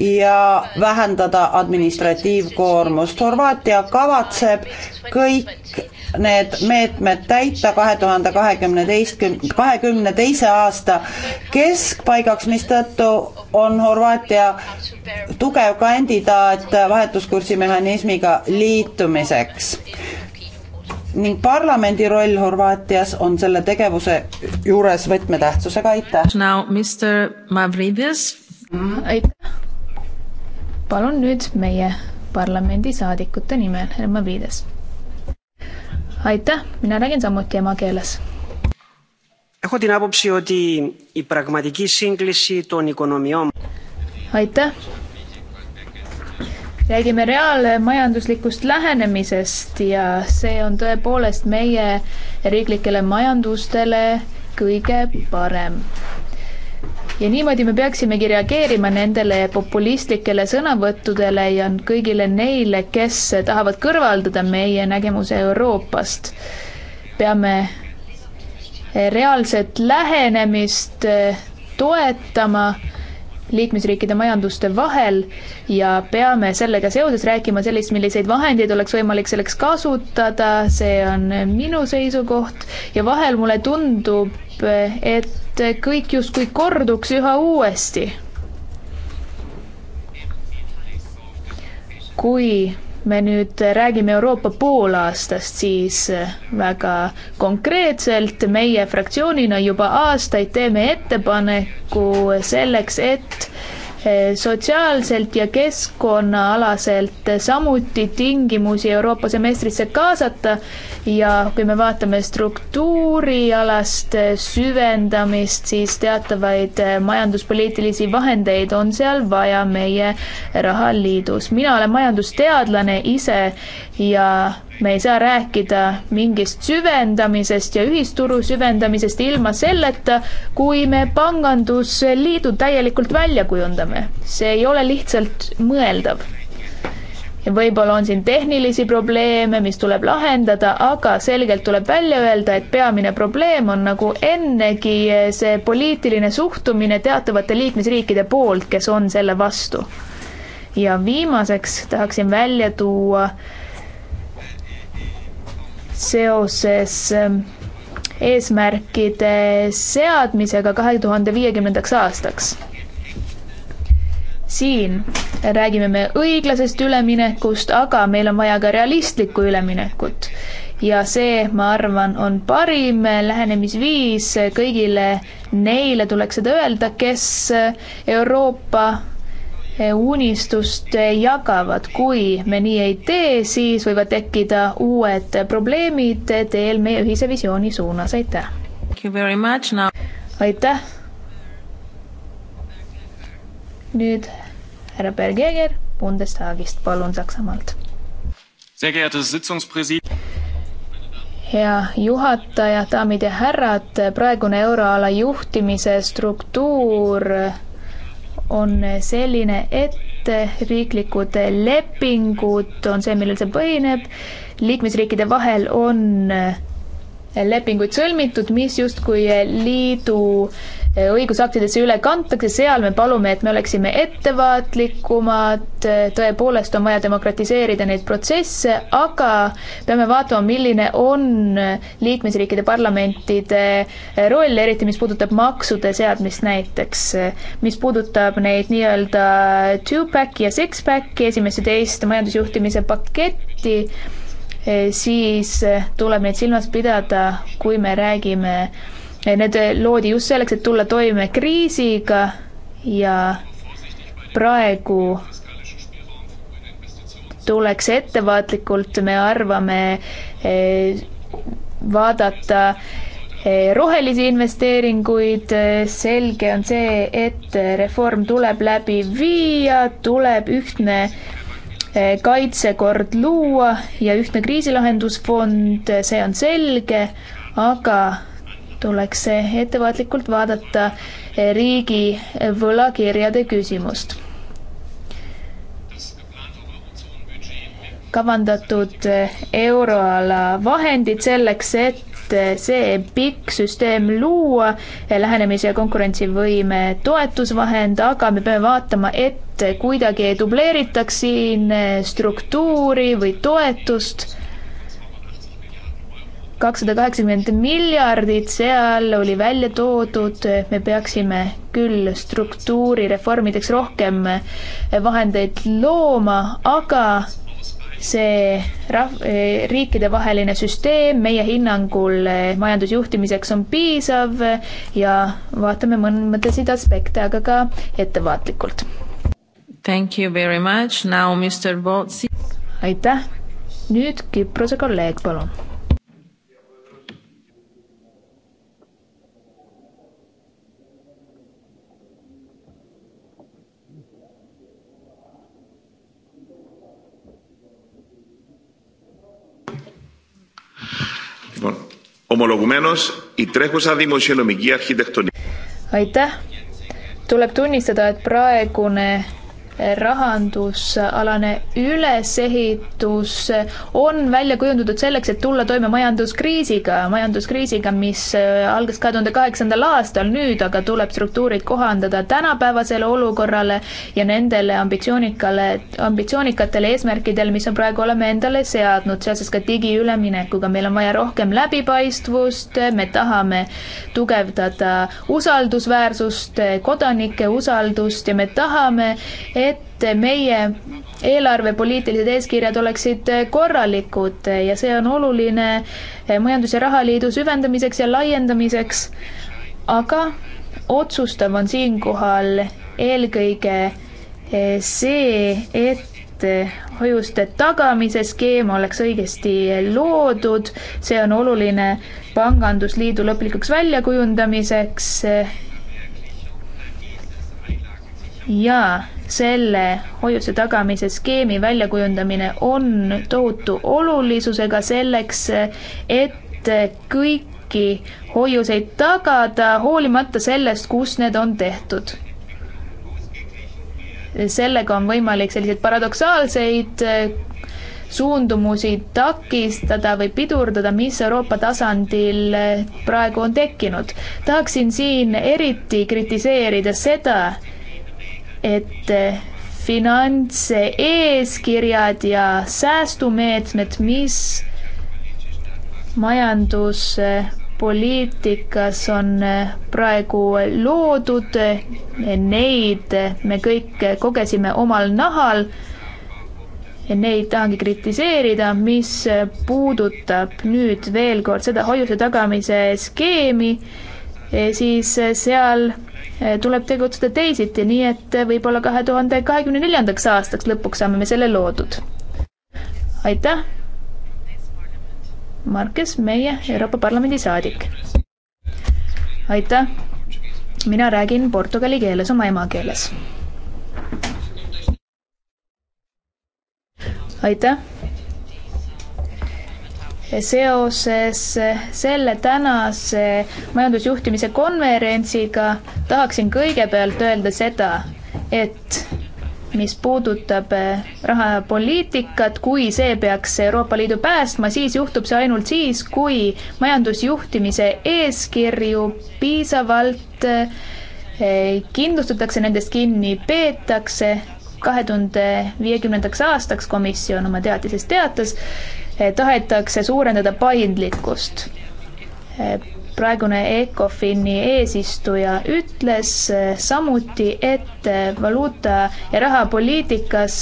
ja vähendada administratiivkoormust. Horvaatia kavatseb kõik need meetmed täita kahe tuhande kahekümne teistkümne, kahekümne teise aasta keskpaigaks, mistõttu on Horvaatia tugev kandidaat vahetuskursi mehhanismiga liitumiseks ning parlamendi roll Horvaatias on selle tegevuse juures võtmetähtsusega, aitäh. Now Mr Mavridis. aitäh. palun nüüd meie parlamendisaadikute nimel, Mavridis aitäh, mina räägin samuti emakeeles. Έχω την άποψη ότι η πραγματική σύγκληση των οικονομιών. Aitäh. räägime reaalmajanduslikust lähenemisest ja see on tõepoolest meie riiklikele majandustele kõige parem ja niimoodi me peaksimegi reageerima nendele populistlikele sõnavõttudele ja kõigile neile, kes tahavad kõrvaldada meie nägemuse Euroopast. peame reaalset lähenemist eh, toetama liikmesriikide majanduste vahel ja peame sellega seoses rääkima sellist, milliseid vahendeid oleks võimalik selleks kasutada, see on minu seisukoht ja vahel mulle tundub, eh, et et kõik justkui korduks üha uuesti. kui me nüüd räägime Euroopa poolaastast, siis väga konkreetselt meie fraktsioonina juba aastaid teeme ettepaneku selleks, et Eh, sotsiaalselt ja keskkonnaalaselt samuti tingimusi Euroopa semestrisse kaasata ja kui me vaatame struktuurialast süvendamist, siis teatavaid eh, majanduspoliitilisi vahendeid on seal vaja meie rahaliidus. mina olen majandusteadlane ise ja me ei saa rääkida mingist süvendamisest ja ühisturu süvendamisest ilma selleta, kui me pangandusliidu täielikult välja kujundame. see ei ole lihtsalt mõeldav. ja võib-olla on siin tehnilisi probleeme, mis tuleb lahendada, aga selgelt tuleb välja öelda, et peamine probleem on nagu ennegi see poliitiline suhtumine teatavate liikmesriikide poolt, kes on selle vastu. ja viimaseks tahaksin välja tuua äh, seoses ähm, eesmärkide seadmisega kahe tuhande viiekümnendaks aastaks. siin räägime me õiglasest üleminekust, aga meil on vaja ka realistlikku üleminekut ja see, ma arvan, on parim lähenemisviis kõigile neile, tuleks seda öelda, kes Euroopa unistust jagavad. kui me nii ei tee, siis võivad tekkida uued probleemid teel meie ühise visiooni suunas, aitäh! aitäh! nüüd härra Bergeger Bundestagist, palun Saksamaalt. hea juhataja, daamid ja härrad, praegune euroala juhtimise struktuur on selline, et riiklikud lepingud on see, millel see põhineb, liikmesriikide vahel on lepinguid sõlmitud, mis justkui liidu äh, Eh, õigusaktidesse üle kantakse, seal me palume, et me oleksime ettevaatlikumad, eh, tõepoolest on vaja demokratiseerida neid protsesse, aga peame vaatama, milline on eh, liikmesriikide parlamentide roll, eriti mis puudutab maksude seadmist näiteks. mis puudutab neid nii-öelda two-pack'i ja six-pack'i, esimest ja teist majandusjuhtimise paketti, siis tuleb neid silmas pidada, kui me räägime Need loodi just selleks, et tulla toime kriisiga ja praegu tuleks ettevaatlikult, me arvame, eh, vaadata eh, rohelisi investeeringuid, selge on see, et reform tuleb läbi viia, tuleb ühtne eh, kaitsekord luua ja ühtne kriisilahendusfond, see on selge, aga tuleks ettevaatlikult vaadata eh, riigi eh, võlakirjade küsimust. kavandatud eh, euroala vahendid selleks, et see pikk süsteem luua, lähenemise ja konkurentsivõime toetusvahend, aga me peame vaatama, et kuidagi ei dubleeritaks siin struktuuri või toetust kakssada kaheksakümmend miljardit, seal oli välja toodud, et me peaksime küll struktuurireformideks rohkem vahendeid looma, aga see rahv-, riikidevaheline süsteem meie hinnangul majandusjuhtimiseks on piisav ja vaatame mõndasid aspekte, aga ka ettevaatlikult. Thank you very much, now Mr Bootsi. aitäh, nüüd Küprose kolleeg, palun ομολογουμένως η τρέχουσα δημοσιονομική αρχιτεκτονική. Aitäh! Tuleb tunnistada, et praegune rahandusalane ülesehitus on välja kujundatud selleks, et tulla toime majanduskriisiga, majanduskriisiga, mis äh, algas kahe tuhande kaheksandal aastal, nüüd aga tuleb struktuurid kohandada tänapäevasele olukorrale ja nendele ambitsioonikale, ambitsioonikatele eesmärkidele, mis on praegu oleme endale seadnud, sealses ka digiüleminekuga, meil on vaja rohkem läbipaistvust, me tahame tugevdada usaldusväärsust, kodanike usaldust ja me tahame, et et meie eelarvepoliitilised eeskirjad oleksid korralikud ja see on oluline eh, majandus- ja rahaliidu süvendamiseks ja laiendamiseks. aga otsustav on siinkohal eelkõige eh, see, et hoiuste tagamise skeem oleks õigesti loodud, see on oluline pangandusliidu lõplikuks väljakujundamiseks. jaa selle hoiuse tagamise skeemi väljakujundamine on tohutu olulisusega selleks, et kõiki hoiuseid tagada, hoolimata sellest, kus need on tehtud. sellega on võimalik selliseid paradoksaalseid äh, suundumusi takistada või pidurdada, mis Euroopa tasandil äh, praegu on tekkinud. tahaksin siin eriti kritiseerida seda, et eh, finantseeskirjad ja säästumeetmed, mis majanduspoliitikas on eh, praegu loodud, eh, neid me kõik kogesime omal nahal. Neid tahangi kritiseerida, mis puudutab nüüd veel kord seda hoiuse tagamise skeemi Eh, siis eh, seal eh, tuleb tegutseda teisiti, nii et võib-olla kahe tuhande kahekümne neljandaks aastaks lõpuks saame me selle loodud. aitäh. Markes, meie Euroopa Parlamendi saadik. aitäh. mina räägin portugali keeles, oma emakeeles. aitäh seoses selle tänase majandusjuhtimise konverentsiga tahaksin kõigepealt öelda seda, et mis puudutab eh, rahapoliitikat, kui see peaks Euroopa Liidu päästma, siis juhtub see ainult siis, kui majandusjuhtimise eeskirju piisavalt eh, kindlustatakse, nendest kinni peetakse. kahe tuhande viiekümnendaks aastaks komisjon oma teatises teatas, Eh, tahetakse suurendada paindlikkust. Eh, praegune ECOFIN-i eesistuja ütles eh, samuti, et valuuta- ja rahapoliitikas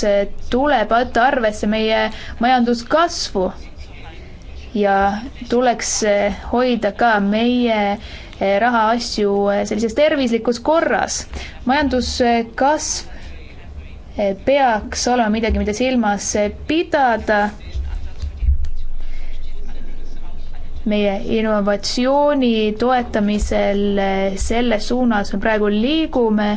tuleb võtta arvesse meie majanduskasvu ja tuleks hoida ka meie rahaasju sellises tervislikus korras. majanduskasv peaks olema midagi, mida silmas pidada meie innovatsiooni toetamisel selles suunas me praegu liigume.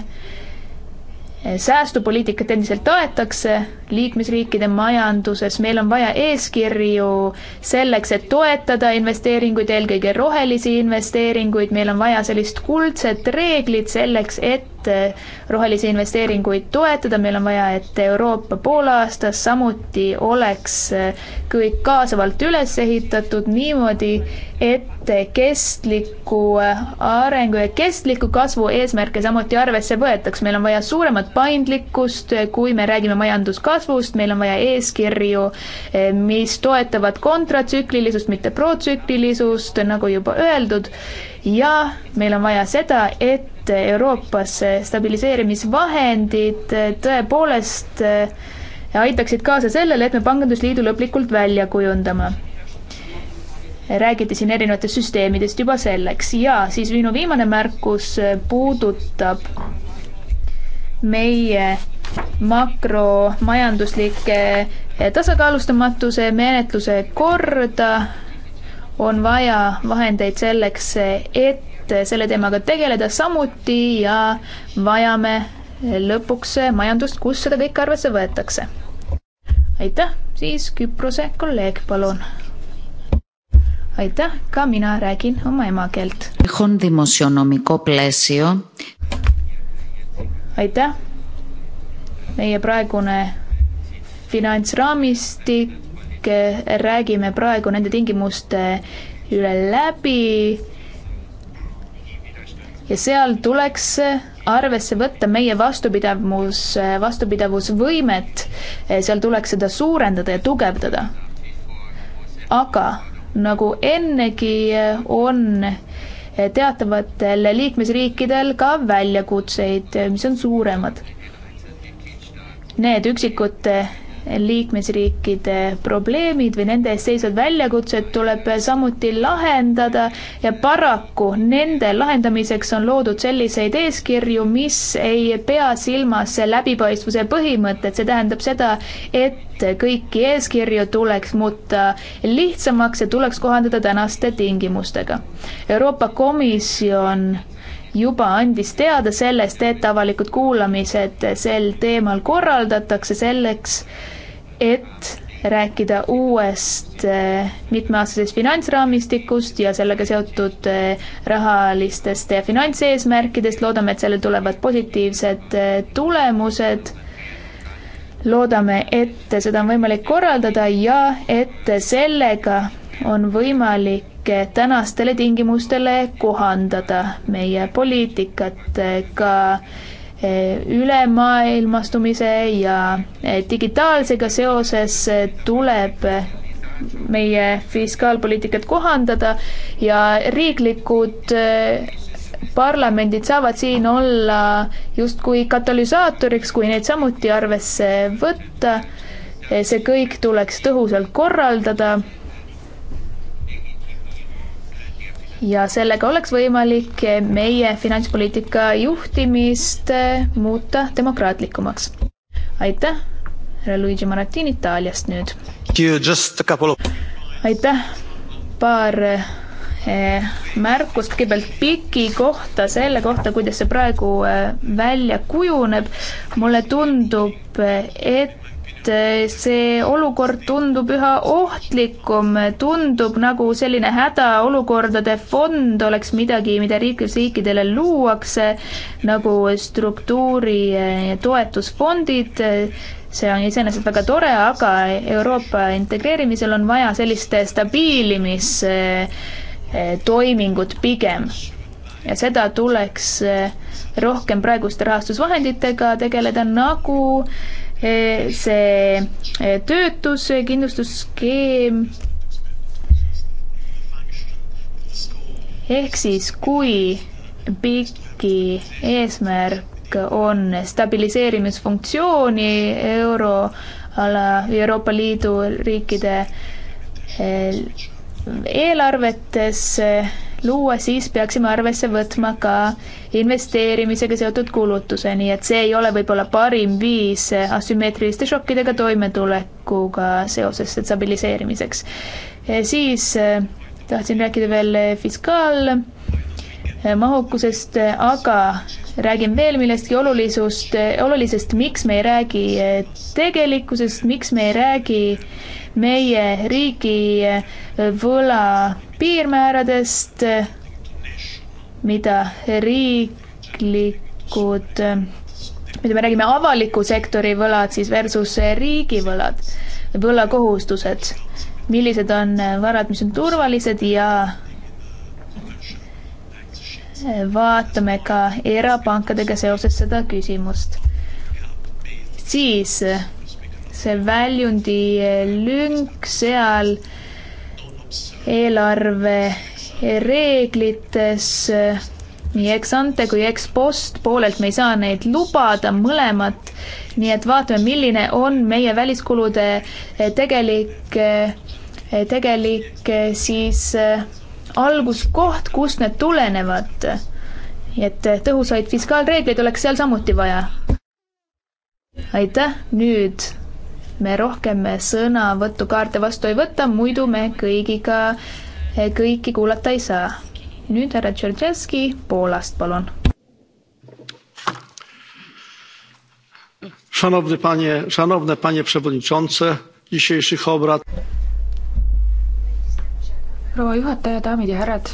säästupoliitikat endiselt toetakse liikmesriikide majanduses, meil on vaja eeskirju selleks, et toetada investeeringuid, eelkõige rohelisi investeeringuid, meil on vaja sellist kuldset reeglit selleks, et et eh, rohelisi investeeringuid toetada, meil on vaja, et Euroopa poolaastas samuti oleks eh, kõik kaasavalt üles ehitatud niimoodi, et kestliku eh, arengu ja kestliku kasvu eesmärke samuti arvesse võetaks. meil on vaja suuremat paindlikkust, kui me räägime majanduskasvust, meil on vaja eeskirju, mis toetavad kontratsüklilisust, mitte protsüklilisust, nagu juba öeldud, ja meil on vaja seda, et et Euroopas stabiliseerimisvahendid eh, tõepoolest eh, aitaksid kaasa sellele, et me pangandusliidu lõplikult välja kujundame. räägiti siin erinevatest süsteemidest juba selleks ja siis minu viimane märkus eh, puudutab meie makromajanduslike tasakaalustamatuse menetluse korda on vaja vahendeid selleks, et et selle teemaga tegeleda samuti ja vajame lõpuks majandust, kus seda kõike arvesse võetakse. aitäh, siis Küprose kolleeg, palun. aitäh, ka mina räägin oma emakeelt. aitäh, meie praegune finantsraamistik, räägime praegu nende tingimuste üle läbi ja seal tuleks arvesse võtta meie vastupidavus, vastupidavusvõimet, seal tuleks seda suurendada ja tugevdada. aga nagu ennegi on teatavatel liikmesriikidel ka väljakutseid, mis on suuremad. Need üksikute liikmesriikide probleemid või nende ees seisvad väljakutsed tuleb samuti lahendada ja paraku nende lahendamiseks on loodud selliseid eeskirju, mis ei pea silmas läbipaistvuse põhimõtet, see tähendab seda, et kõiki eeskirju tuleks muuta lihtsamaks ja tuleks kohandada tänaste tingimustega. Euroopa Komisjon juba andis teada sellest, et avalikud kuulamised sel teemal korraldatakse selleks, et rääkida uuest eh, mitmeaastasest finantsraamistikust ja sellega seotud eh, rahalistest ja finantseesmärkidest, loodame, et sellel tulevad positiivsed eh, tulemused loodame, et seda on võimalik korraldada ja et sellega on võimalik kõike tänastele tingimustele kohandada, meie poliitikat ka eh, ülemaailmastumise ja eh, digitaalsega seoses eh, tuleb meie fiskaalpoliitikat kohandada ja riiklikud parlamendid saavad siin olla justkui katalüsaatoriks, kui neid samuti arvesse võtta. see kõik tuleks tõhusalt korraldada ja sellega oleks võimalik meie finantspoliitika juhtimist äh, muuta demokraatlikumaks. aitäh, härra Luigi Maratin Itaaliast nüüd. aitäh, paar äh, märkust kõigepealt PIK-i kohta, selle kohta, kuidas see praegu äh, välja kujuneb. mulle tundub, et Eh, see olukord tundub üha ohtlikum, tundub nagu selline hädaolukordade fond oleks midagi, mida liikmesriikidele luuakse, nagu struktuuri toetusfondid, see on iseenesest väga tore, aga Euroopa integreerimisel on vaja sellist stabiilimistoimingut eh, pigem. ja seda tuleks eh, rohkem praeguste rahastusvahenditega tegeleda, nagu Eh, see eh, töötuskindlustusskeem. Eh, ehk siis, kui pikki eesmärk on stabiliseerimisfunktsiooni euroala Euroopa Liidu riikide eelarvetes luua, siis peaksime arvesse võtma ka investeerimisega seotud kulutuse, nii et see ei ole võib-olla parim viis asümmeetriliste šokkidega toimetulekuga seoses stabiliseerimiseks. siis eh, tahtsin rääkida veel fiskaal mahukusest, aga räägin veel millestki olulisust, eh, olulisest, miks me ei räägi eh, tegelikkusest, miks me ei räägi meie riigi eh, võla piirmääradest, eh, mida riiklikud, eh, mida me räägime avaliku sektori võlad siis versus riigivõlad, võlakohustused, millised on varad, mis on turvalised ja vaatame ka erapankadega seoses seda küsimust. siis see väljundi lünk seal eelarve reeglites nii ex-ante kui ex-post poolelt me ei saa neid lubada mõlemat. nii et vaatame, milline on meie väliskulude tegelik, tegelik siis äh, alguskoht, kust need tulenevad. et äh, tõhusaid fiskaalreegleid oleks seal samuti vaja. aitäh, nüüd me rohkem sõnavõtukaarte vastu ei võta, muidu me kõigiga, kõiki kuulata ei saa. nüüd härra Tšertšenski Poolast, palun. Szanowny panie, szanowne panie przewodniczące dzisiejszych obrad. proua juhataja, daamid ja härrad.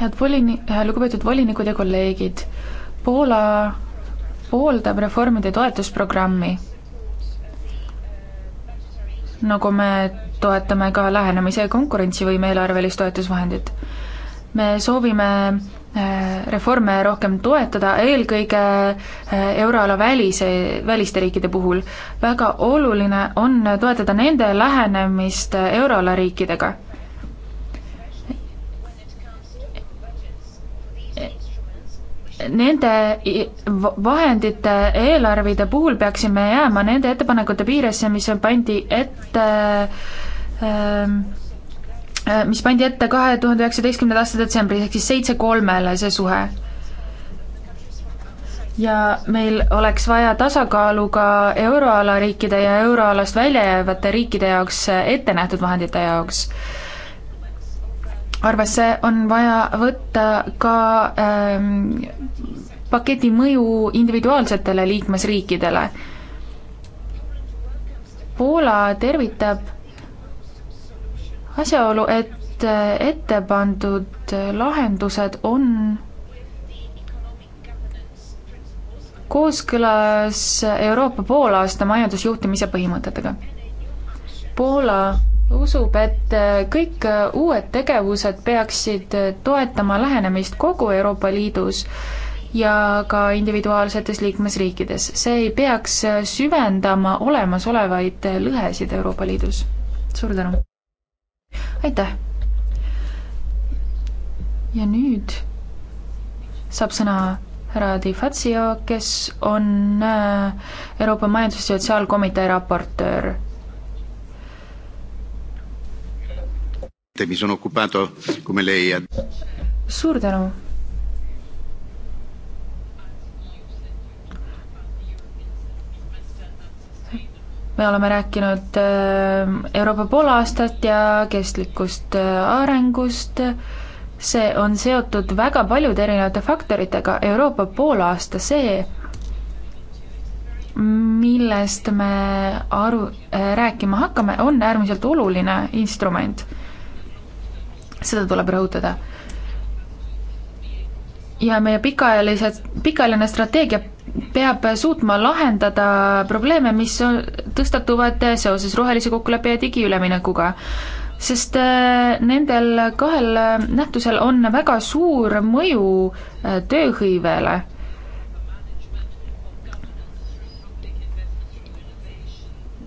head volini-, äh, lugupeetud volinikud ja kolleegid. Poola pooldab reformide toetusprogrammi. nagu me toetame ka lähenemise konkurentsivõime eelarvelist toetusvahendit. me soovime äh, reforme rohkem toetada, eelkõige äh, euroala välise, väliste riikide puhul. väga oluline on toetada nende lähenemist euroala riikidega nende vahendite eelarvide puhul peaksime jääma nende ettepanekute piiresse, mis on pandi ette ähm, äh, mis pandi ette kahe tuhande üheksateistkümnenda aasta detsembris, ehk siis seitse kolmele see suhe. ja meil oleks vaja tasakaalu ka euroala riikide ja euroalast välja jäävate riikide jaoks ette nähtud vahendite jaoks arvesse on vaja võtta ka ähm, paketi mõju individuaalsetele liikmesriikidele. Poola tervitab asjaolu, et äh, ette pandud lahendused on kooskõlas Euroopa poolaasta majandusjuhtimise põhimõtetega. Poola usub, et äh, kõik äh, uued tegevused peaksid äh, toetama lähenemist kogu Euroopa Liidus ja ka individuaalsetes liikmesriikides. see ei peaks süvendama olemasolevaid lõhesid Euroopa Liidus. suur tänu! aitäh! ja nüüd saab sõna härra Di Fazio, kes on Euroopa Majandus- ja Sotsiaalkomitee raportöör mi sono occupato, come lei ha... suur tänu. me oleme rääkinud äh, Euroopa poolaastat ja kestlikust äh, arengust, see on seotud väga paljude erinevate faktoritega, Euroopa poolaasta, see, millest me aru äh,, rääkima hakkame, on äärmiselt oluline instrument seda tuleb rõhutada. ja meie pikaajalised, pikaajaline strateegia peab suutma lahendada probleeme, mis tõstatuvad seoses rohelise kokkuleppe ja digiüleminekuga sest äh, nendel kahel äh, nähtusel on väga suur mõju äh, tööhõivele.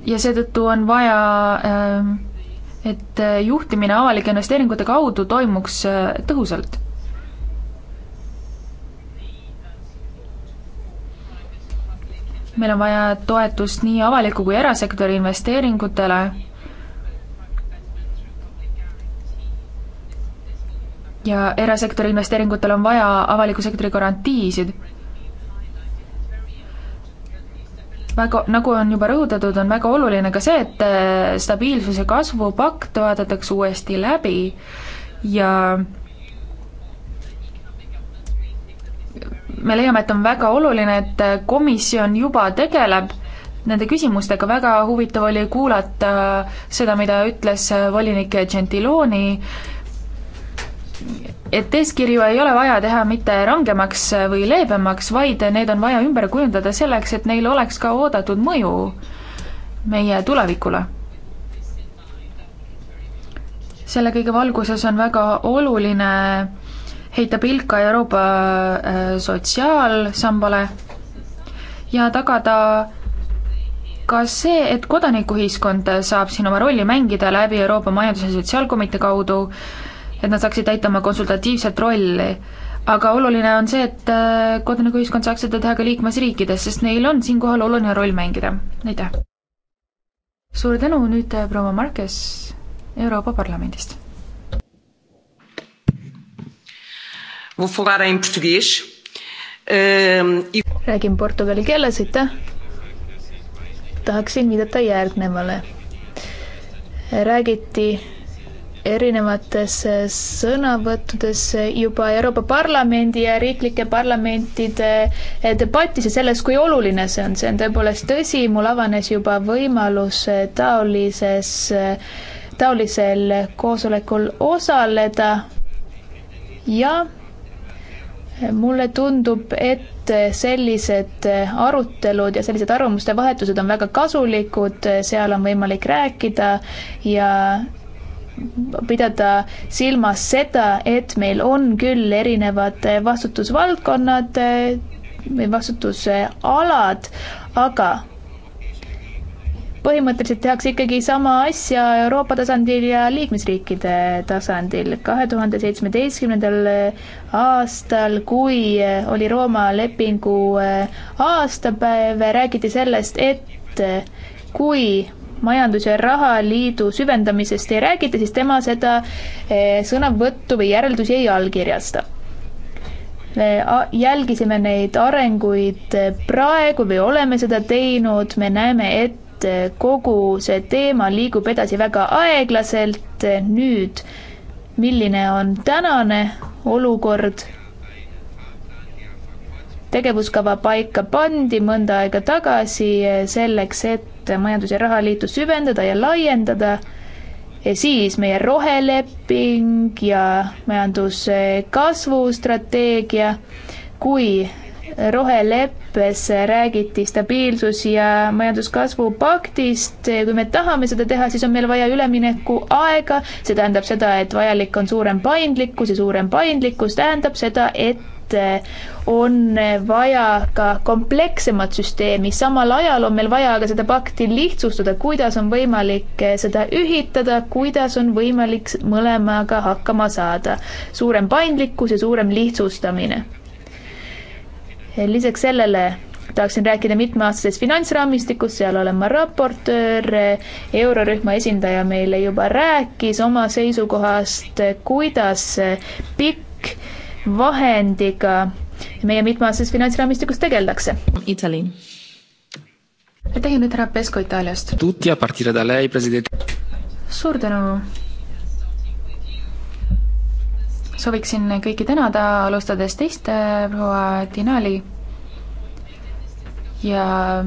ja seetõttu on vaja äh, et äh, juhtimine avalike investeeringute kaudu toimuks äh, tõhusalt. meil on vaja toetust nii avaliku kui erasektori investeeringutele ja erasektori investeeringutel on vaja avaliku sektori garantiisid väga, nagu on juba rõhutatud, on väga oluline ka see, et äh, stabiilsuse kasvupakt vaadatakse uuesti läbi ja me leiame, et on väga oluline, et äh, komisjon juba tegeleb nende küsimustega, väga huvitav oli kuulata äh, seda, mida ütles volinik Gentiloni, et eeskirju ei ole vaja teha mitte rangemaks või leebemaks, vaid need on vaja ümber kujundada selleks, et neil oleks ka oodatud mõju meie tulevikule. selle kõige valguses on väga oluline heita pilka Euroopa äh, sotsiaalsambale ja tagada ka see, et kodanikuühiskond saab siin oma rolli mängida läbi Euroopa Majandus- ja Sotsiaalkomitee kaudu äh, et nad saaksid täita oma konsultatiivset rolli. aga oluline on see, et äh, kodanikuühiskond saaks seda teha ka liikmesriikides, sest neil on siinkohal oluline roll mängida. aitäh! suur tänu, nüüd äh, proua Markes Euroopa Parlamendist. Ehm, e räägin portugali keeles, aitäh! tahaksin viidata järgnevale. räägiti erinevates eh, sõnavõttudes eh, juba Euroopa Parlamendi ja riiklike parlamentide eh, debatis ja selles, kui oluline see on, see on tõepoolest tõsi, mul avanes juba võimalus taolises, taolisel koosolekul osaleda ja mulle tundub, et sellised arutelud ja sellised arvamuste vahetused on väga kasulikud, seal on võimalik rääkida ja pidada silmas seda, et meil on küll erinevad eh, vastutusvaldkonnad eh, või vastutusalad, aga põhimõtteliselt tehakse ikkagi sama asja Euroopa tasandil ja liikmesriikide tasandil. kahe tuhande seitsmeteistkümnendal eh, aastal, kui oli Rooma lepingu aastapäev, räägiti sellest, et kui majandus- ja rahaliidu süvendamisest ei räägita, siis tema seda eh, sõnavõttu või järeldusi ei allkirjasta. me jälgisime neid arenguid eh, praegu või oleme seda teinud, me näeme, et eh, kogu see teema liigub edasi väga aeglaselt, nüüd milline on tänane olukord tegevuskava paika pandi mõnda aega tagasi selleks, et majandus- ja rahaliitu süvendada ja laiendada, siis meie roheleping ja majanduskasvu strateegia, kui roheleppes räägiti stabiilsus- ja majanduskasvu paktist, kui me tahame seda teha, siis on meil vaja üleminekuaega, see tähendab seda, et vajalik on suurem paindlikkus ja suurem paindlikkus tähendab seda, et et eh, on vaja ka komplekssemat süsteemi, samal ajal on meil vaja ka seda pakti lihtsustada, kuidas on võimalik eh, seda ühitada, kuidas on võimalik mõlemaga hakkama saada. suurem paindlikkus ja suurem lihtsustamine. Eh, lisaks sellele tahaksin rääkida mitmeaastasest finantsraamistikust, seal olen ma raportöör, eurorühma esindaja meile juba rääkis oma seisukohast, kuidas pikk vahendiga meie mitmeaastases finantsraamistikus tegeldakse. Itali. aitäh ja nüüd härra Pesko Itaaliast. suur tänu. sooviksin kõiki tänada, alustades teist proua Dinali ja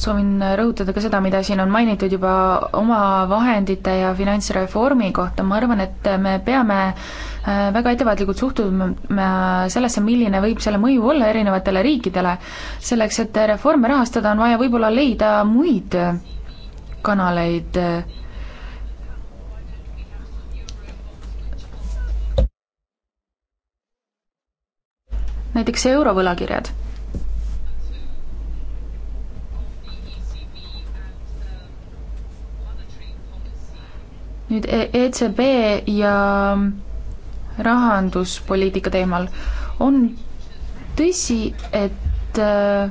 soovin rõhutada ka seda, mida siin on mainitud juba oma vahendite ja finantsreformi kohta, ma arvan, et me peame äh, väga ettevaatlikult suhtuma sellesse, milline võib selle mõju olla erinevatele riikidele. selleks, et reforme rahastada, on vaja võib-olla leida muid kanaleid näiteks eurovõlakirjad nüüd ECB e ja rahanduspoliitika teemal. on tõsi, et äh,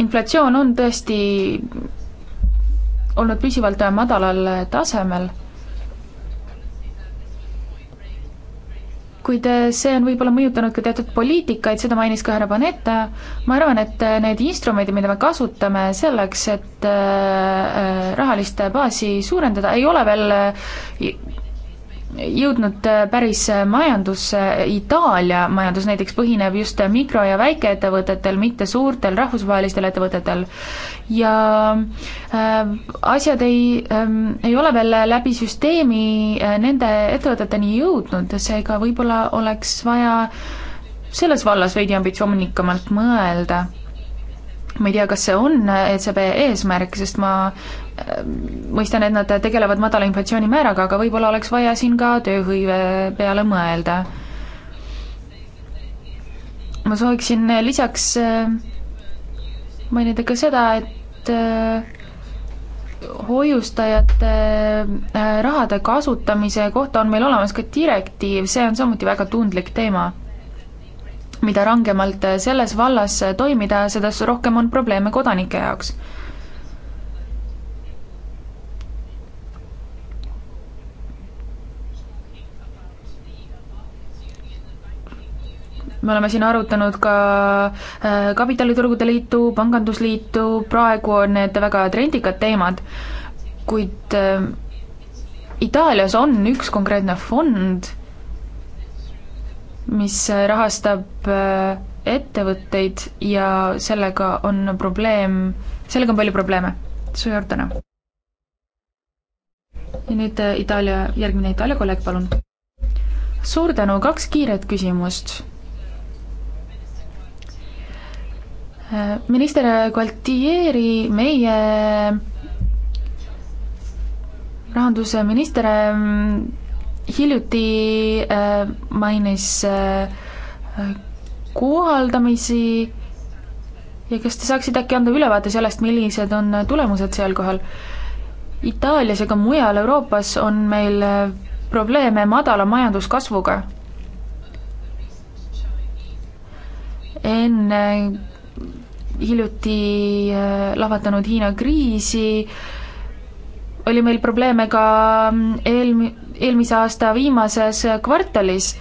inflatsioon on tõesti olnud püsivalt madalal tasemel kuid eh, see on võib-olla mõjutanud ka teatud poliitikaid, seda mainis ka härra Panetta, ma arvan, et eh, need instrumendid, mida me kasutame selleks, et eh, rahalist baasi suurendada, ei ole veel jõudnud äh, päris äh, majandusse, Itaalia majandus näiteks põhineb just äh, mikro- ja väikeettevõtetel, mitte suurtel rahvusvahelistel ettevõtetel. ja äh, asjad ei äh,, ei ole veel läbi süsteemi äh, nende ettevõteteni jõudnud, seega võib-olla oleks vaja selles vallas veidi ambitsioonikamalt mõelda ma ei tea, kas see on ECB eesmärk, sest ma Äh, mõistan, et nad tegelevad madala inflatsioonimääraga, aga võib-olla oleks vaja siin ka tööhõive peale mõelda. ma sooviksin lisaks äh, mainida ka seda, et äh, hoiustajate rahade kasutamise kohta on meil olemas ka direktiiv, see on samuti väga tundlik teema. mida rangemalt selles vallas toimida, seda rohkem on probleeme kodanike jaoks me oleme siin arutanud ka äh, kapitaliturgude liitu, pangandusliitu, praegu on need väga trendikad teemad, kuid äh, Itaalias on üks konkreetne fond, mis rahastab äh, ettevõtteid ja sellega on probleem, sellega on palju probleeme. su Jordana. ja nüüd Itaalia, järgmine Itaalia kolleeg, palun. suur tänu, kaks kiiret küsimust minister Gualtieri, meie rahandusminister hiljuti äh, mainis äh, kohaldamisi ja kas te saaksite äkki anda ülevaate sellest, millised on tulemused seal kohal? Itaalias ja ka mujal Euroopas on meil äh, probleeme madala majanduskasvuga. enne hiljuti äh, lahvatanud Hiina kriisi, oli meil probleeme ka mm, eelm-, eelmise aasta viimases kvartalis.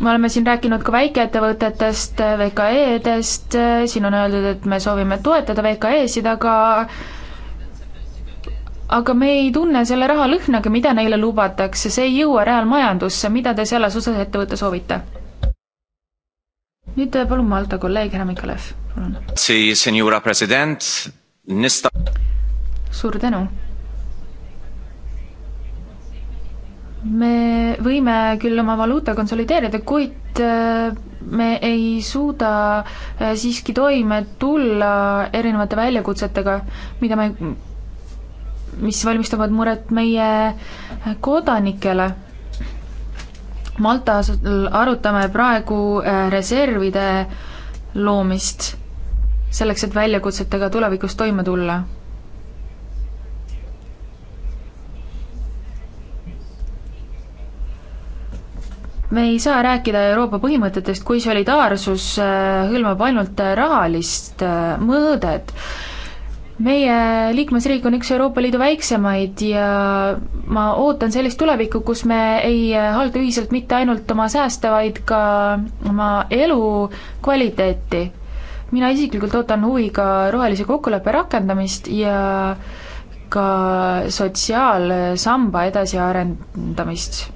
me oleme siin rääkinud ka väikeettevõtetest, VKE-dest, siin on öeldud, et me soovime toetada VKE-sid, aga aga me ei tunne selle raha lõhnaga, mida neile lubatakse, see ei jõua reaalmajandusse, mida te selles osas ette võtta soovite? nüüd äh, palun Malta kolleeg härra Mikalev, palun. Senora president, Nista. suur tänu. me võime küll oma valuuta konsolideerida, kuid äh, me ei suuda äh, siiski toime tulla erinevate väljakutsetega, mida me, mis valmistavad muret meie kodanikele Maltas arutame praegu äh, reservide loomist selleks, et väljakutsetega tulevikus toime tulla. me ei saa rääkida Euroopa põhimõtetest, kui solidaarsus äh, hõlmab ainult äh, rahalist mõõdet meie liikmesriik on üks Euroopa Liidu väiksemaid ja ma ootan sellist tulevikku, kus me ei halda ühiselt mitte ainult oma sääste, vaid ka oma elukvaliteeti. mina isiklikult ootan huviga rohelise kokkuleppe rakendamist ja ka sotsiaalsamba edasiarendamist.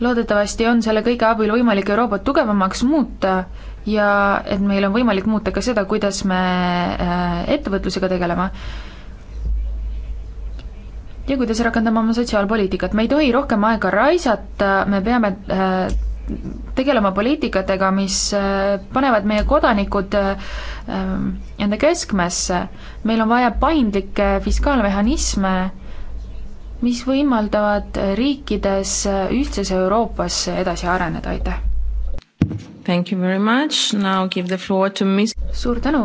loodetavasti on selle kõige abil võimalik Euroopat tugevamaks muuta ja et meil on võimalik muuta ka seda, kuidas me äh, ettevõtlusega tegeleme ja kuidas rakendame oma sotsiaalpoliitikat, me ei tohi rohkem aega raisata, me peame äh, tegelema poliitikatega, mis äh, panevad meie kodanikud enda keskmesse. meil on vaja paindlikke fiskaalmehhanisme, mis võimaldavad riikides ühtses Euroopas edasi areneda, aitäh! Thank you very much, now give the floor to Miss. suur tänu.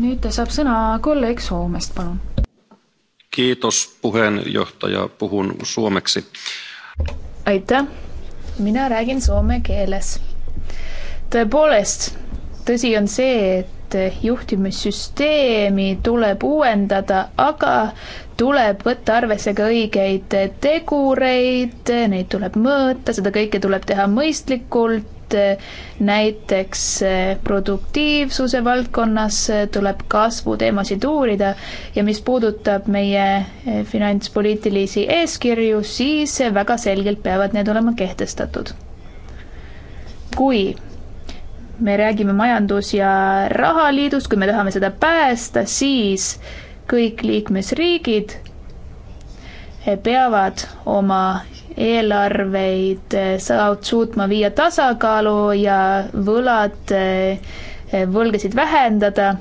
nüüd saab sõna kolleeg Soomest, palun. Kiitos puheenjohtaja, puhun suomeksi. aitäh, mina räägin soome keeles. tõepoolest, tõsi on see, et et juhtimissüsteemi tuleb uuendada, aga tuleb võtta arvesse ka õigeid tegureid, neid tuleb mõõta, seda kõike tuleb teha mõistlikult, näiteks produktiivsuse valdkonnas tuleb kasvuteemasid uurida ja mis puudutab meie finantspoliitilisi eeskirju, siis väga selgelt peavad need olema kehtestatud. kui me räägime Majandus- ja Rahaliidust, kui me tahame seda päästa, siis kõik liikmesriigid peavad oma eelarveid eh, saavad suutma viia tasakaalu ja võlad, eh, eh, võlgasid vähendada.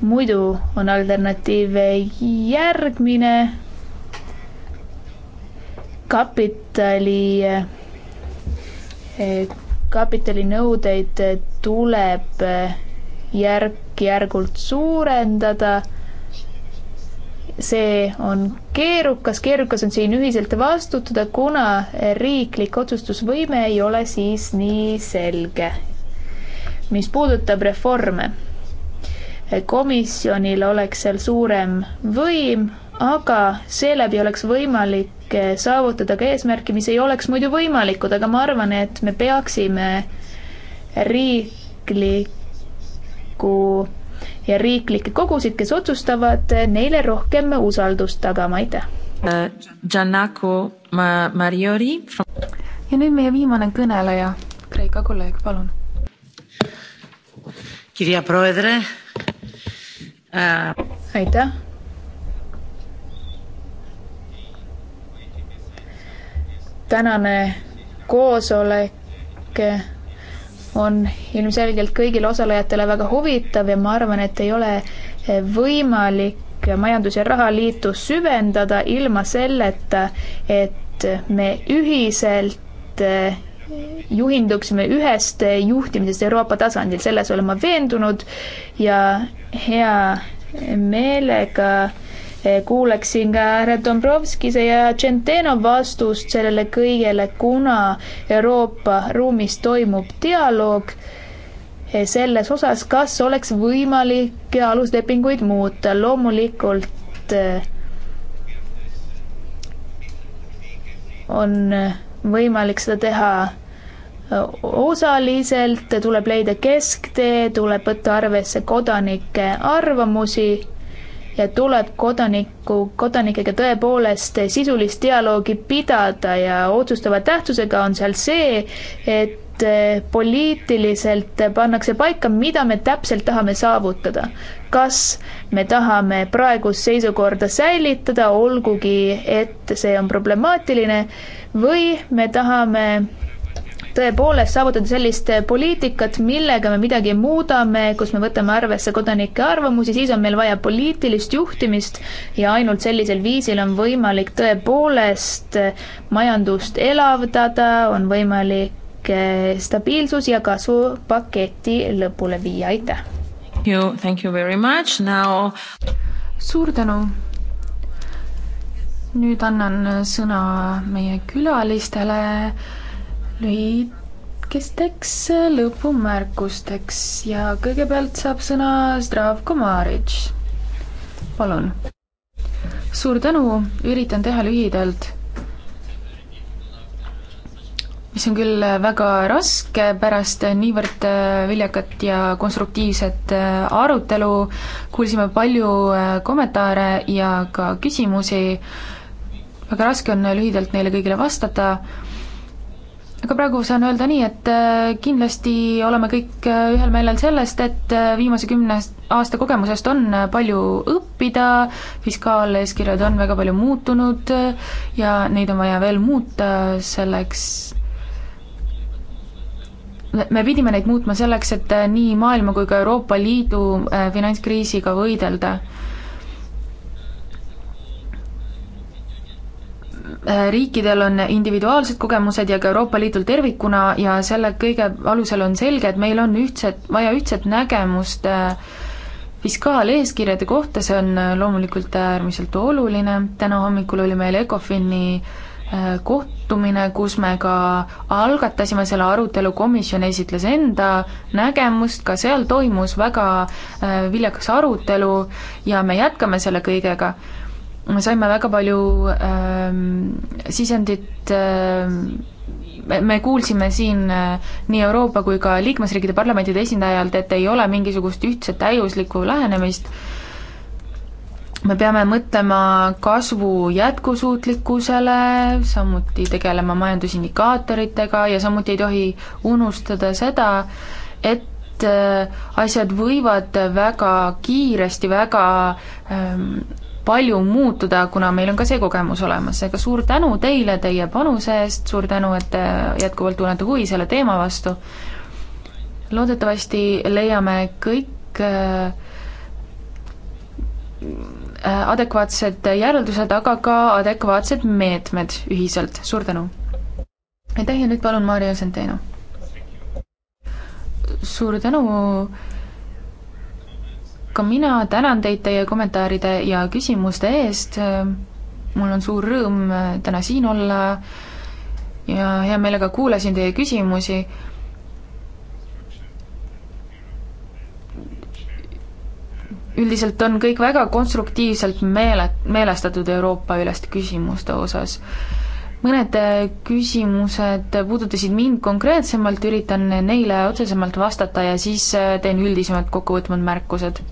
muidu on alternatiiv järgmine. kapitali kapitalinõudeid tuleb eh, järk-järgult suurendada. see on keerukas, keerukas on siin ühiselt vastutada, kuna riiklik otsustusvõime ei ole siis nii selge. mis puudutab reforme, eh, komisjonil oleks seal suurem võim, aga seeläbi oleks võimalik võimalik saavutada ka eesmärki, mis ei oleks muidu võimalikud, aga ma arvan, et me peaksime riikliku ja riiklikke kogusid, kes otsustavad, neile rohkem usaldust tagama, aitäh uh,! Giannaku Ma-, Mariori from... ja nüüd meie viimane kõneleja, Kreeka kolleeg, palun. kirja proedre uh.... aitäh! tänane koosolek on ilmselgelt kõigile osalejatele väga huvitav ja ma arvan, et ei ole võimalik majandus- ja rahaliitu süvendada ilma selleta, et me ühiselt eh, juhinduksime ühest juhtimisest Euroopa tasandil, selles olen ma veendunud ja hea meelega Eh, kuuleksin ka härra Dombrovskise ja Centeno vastust sellele kõigele, kuna Euroopa ruumis toimub dialoog eh, selles osas, kas oleks võimalik aluslepinguid muuta. loomulikult eh, on võimalik seda teha osaliselt, tuleb leida kesktee, tuleb võtta arvesse kodanike arvamusi ja tuleb kodaniku, kodanikega tõepoolest sisulist dialoogi pidada ja otsustava tähtsusega on seal see, et eh, poliitiliselt pannakse paika, mida me täpselt tahame saavutada. kas me tahame praegust seisukorda säilitada, olgugi et see on problemaatiline, või me tahame tõepoolest saavutada sellist eh, poliitikat, millega me midagi muudame, kus me võtame arvesse kodanike arvamusi, siis on meil vaja poliitilist juhtimist ja ainult sellisel viisil on võimalik tõepoolest eh, majandust elavdada, on võimalik eh, stabiilsus ja kasvupaketi lõpule viia, aitäh! Thank you very much, now suur tänu! nüüd annan sõna meie külalistele lühikesteks lõpumärkusteks ja kõigepealt saab sõna Zdravko Maric. palun. suur tänu, üritan teha lühidalt mis on küll väga raske pärast niivõrd viljakat ja konstruktiivset arutelu, kuulsime palju kommentaare ja ka küsimusi, väga raske on lühidalt neile kõigile vastata, aga praegu saan öelda nii, et äh, kindlasti oleme kõik äh, ühel meelel sellest, et äh, viimase kümne aasta kogemusest on palju õppida, fiskaaleeskirjad on väga palju muutunud ja neid on vaja veel muuta selleks, me pidime neid muutma selleks, et nii maailma kui ka Euroopa Liidu finantskriisiga võidelda Äh, riikidel on individuaalsed kogemused ja ka Euroopa Liidul tervikuna ja selle kõige alusel on selge, et meil on ühtset, vaja ühtset nägemust äh, fiskaaleeskirjade kohta, see on äh, loomulikult äärmiselt oluline, täna hommikul oli meil ECOFIN-i kohtumine, kus me ka algatasime selle arutelu, komisjon esitles enda nägemust, ka seal toimus väga viljakas arutelu ja me jätkame selle kõigega saime väga palju ähm, sisendit ähm, me kuulsime siin äh, nii Euroopa kui ka liikmesriikide parlamentide esindajalt, et ei ole mingisugust ühtset täiuslikku lähenemist, me peame mõtlema kasvu jätkusuutlikkusele, samuti tegelema majandusindikaatoritega ja samuti ei tohi unustada seda, et äh, asjad võivad väga kiiresti, väga ähm, palju muutuda, kuna meil on ka see kogemus olemas, seega suur tänu teile teie panuse eest, suur tänu, et te jätkuvalt tunnete huvi selle teema vastu. loodetavasti leiame kõik äh, äh, adekvaatsed järeldused, aga ka adekvaatsed meetmed ühiselt, suur tänu! aitäh ja nüüd palun Maarja Centeno. suur tänu ka mina tänan teid teie kommentaaride ja küsimuste eest, mul on suur rõõm täna siin olla ja hea meelega kuulasin teie küsimusi. üldiselt on kõik väga konstruktiivselt meele, meelestatud Euroopa ülest küsimuste osas. mõned küsimused puudutasid mind konkreetsemalt, üritan neile otsesemalt vastata ja siis teen üldisemad kokkuvõtvad märkused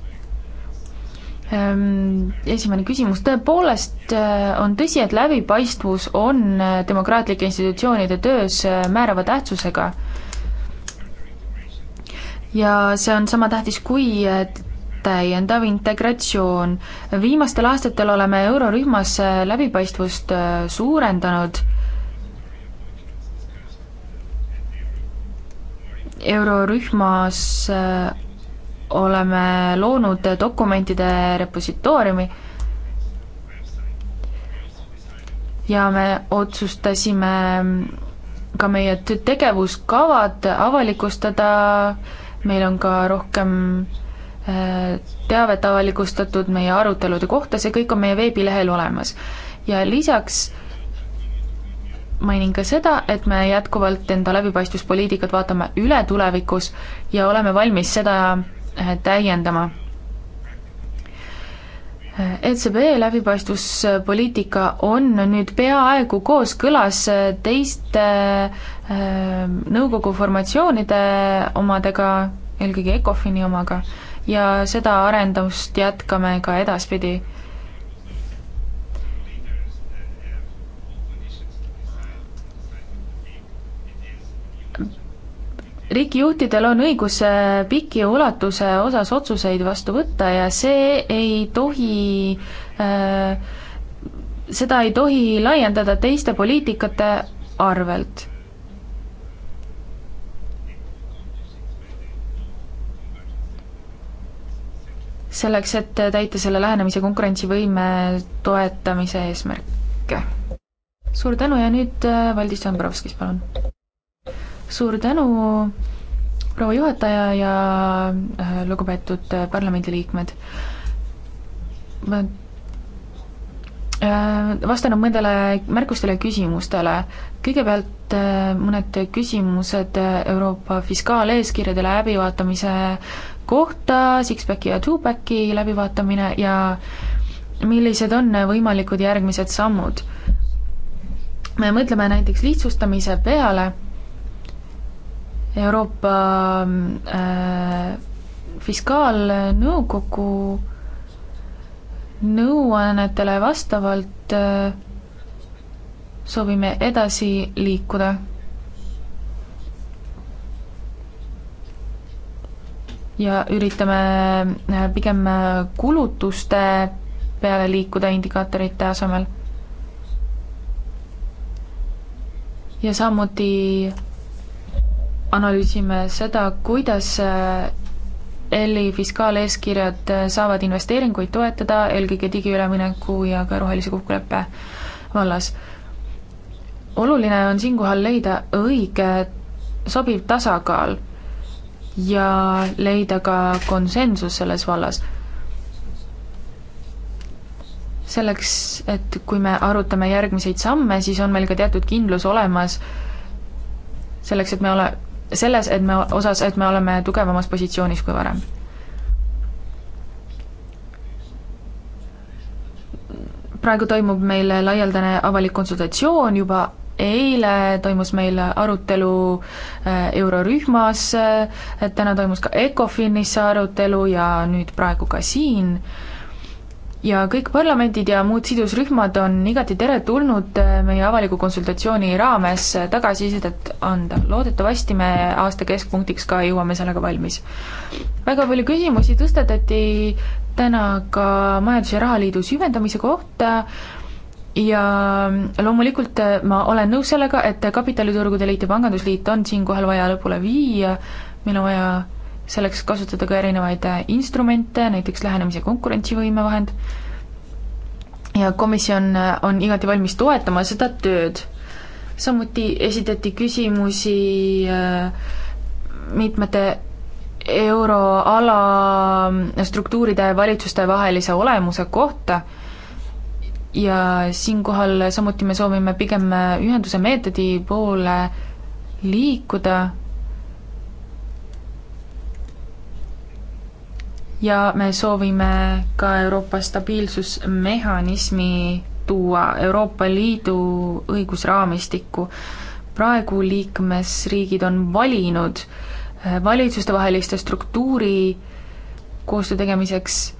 Ehm, esimene küsimus, tõepoolest äh, on tõsi, et läbipaistvus on äh, demokraatlike institutsioonide töös äh, määrava tähtsusega. ja see on sama tähtis kui täiendav integratsioon. viimastel aastatel oleme eurorühmas läbipaistvust suurendanud. eurorühmas oleme loonud dokumentide repositooriumi ja me otsustasime ka meie tegevuskavad avalikustada, meil on ka rohkem äh, teavet avalikustatud meie arutelude kohta, see kõik on meie veebilehel olemas. ja lisaks mainin ka seda, et me jätkuvalt enda läbipaistvuspoliitikat vaatame üle tulevikus ja oleme valmis seda täiendama. ECB läbipaistvuspoliitika on nüüd peaaegu kooskõlas teiste ähm, nõukogu formatsioonide omadega, eelkõige ECOFIN-i omaga, ja seda arendust jätkame ka edaspidi riigijuhtidel on õigus äh, piki ja ulatuse osas otsuseid vastu võtta ja see ei tohi äh, seda ei tohi laiendada teiste poliitikate arvelt selleks, et täita selle lähenemise konkurentsivõime toetamise eesmärke. suur tänu ja nüüd äh, Valdis Dombrovskis, palun suur tänu, proua juhataja ja äh, lugupeetud äh, parlamendiliikmed. ma äh, vastan mõndele märkustele ja küsimustele. kõigepealt mõned küsimused Euroopa fiskaaleeskirjadele läbivaatamise kohta, six-packi ja two-packi läbivaatamine ja millised on võimalikud järgmised sammud. me mõtleme näiteks lihtsustamise peale Euroopa ähm, äh, Fiskaalnõukogu nõuannetele vastavalt äh, soovime edasi liikuda. ja üritame äh, pigem kulutuste peale liikuda indikaatorite asemel. ja samuti analüüsime seda, kuidas EL-i äh, fiskaaleeskirjad äh, saavad investeeringuid toetada, eelkõige digiülemineku ja ka rohelise kokkuleppe vallas. oluline on siinkohal leida õige sobiv tasakaal ja leida ka konsensus selles vallas. selleks, et kui me arutame järgmiseid samme, siis on meil ka teatud kindlus olemas selleks, et me ole, selles, et me osas, et me oleme tugevamas positsioonis kui varem. praegu toimub meil laialdane avalik konsultatsioon, juba eile toimus meil arutelu äh, eurorühmas, äh, täna toimus ka ECOFINis see arutelu ja nüüd praegu ka siin äh, ja kõik parlamendid ja muud sidusrühmad on igati teretulnud äh, meie avaliku konsultatsiooni raames tagasisidet anda. loodetavasti me aasta keskpunktiks ka jõuame sellega valmis. väga palju küsimusi tõstatati täna ka Majandus- ja Rahaliidu süvendamise kohta ja loomulikult äh, ma olen nõus sellega, et kapitaliturgude liit ja pangandusliit on siinkohal vaja lõpule viia, meil on vaja selleks kasutada ka erinevaid äh, instrumente, näiteks lähenemise konkurentsivõime vahend, ja komisjon äh, on igati valmis toetama seda tööd. samuti esitati küsimusi äh, mitmete euroala mm, struktuuride ja valitsuste vahelise olemuse kohta ja siinkohal samuti me soovime pigem ühenduse meetodi poole liikuda ja me soovime ka Euroopa stabiilsusmehhanismi tuua Euroopa Liidu õigusraamistikku. praegu liikmesriigid on valinud eh, valitsustevaheliste struktuuri koostöö tegemiseks,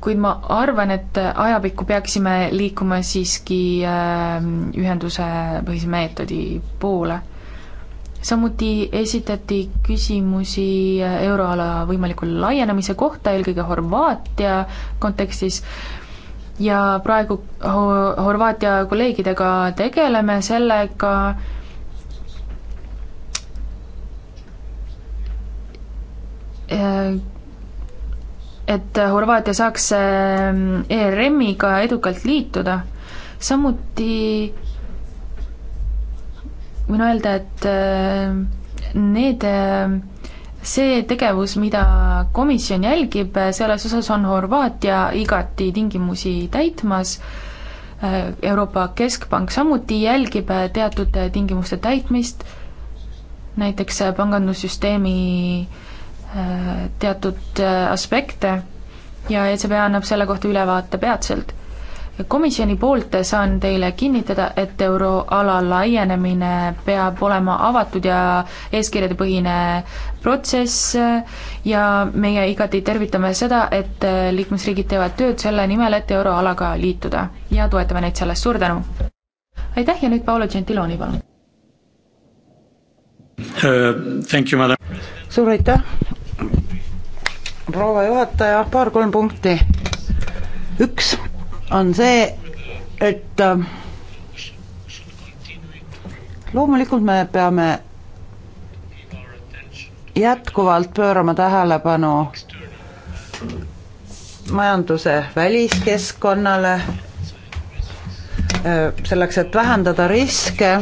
kuid ma arvan, et ajapikku peaksime liikuma siiski eh, ühenduse põhise meetodi poole samuti esitati küsimusi euroala võimaliku laienemise kohta, eelkõige Horvaatia kontekstis, ja praegu Ho-, Horvaatia kolleegidega tegeleme sellega, äh, et Horvaatia saaks äh, ERM-iga edukalt liituda, samuti võin öelda, et äh, need, äh, see tegevus, mida komisjon jälgib, äh, selles osas on Horvaatia igati tingimusi täitmas, Euroopa Keskpank samuti jälgib teatud tingimuste täitmist, näiteks pangandussüsteemi teatud aspekte ja ECB annab selle kohta ülevaate peatselt komisjoni poolt saan teile kinnitada, et euroala laienemine peab olema avatud ja eeskirjade põhine protsess ja meie igati tervitame seda, et liikmesriigid teevad tööd selle nimel, et euroalaga liituda ja toetame neid selles, suur tänu! aitäh ja nüüd Paolo Gentiloni, palun uh,! Thank you, madam! suur aitäh, proua juhataja, paar-kolm punkti. üks on see, et äh, loomulikult me peame jätkuvalt pöörama tähelepanu majanduse väliskeskkonnale, äh, selleks, et vähendada riske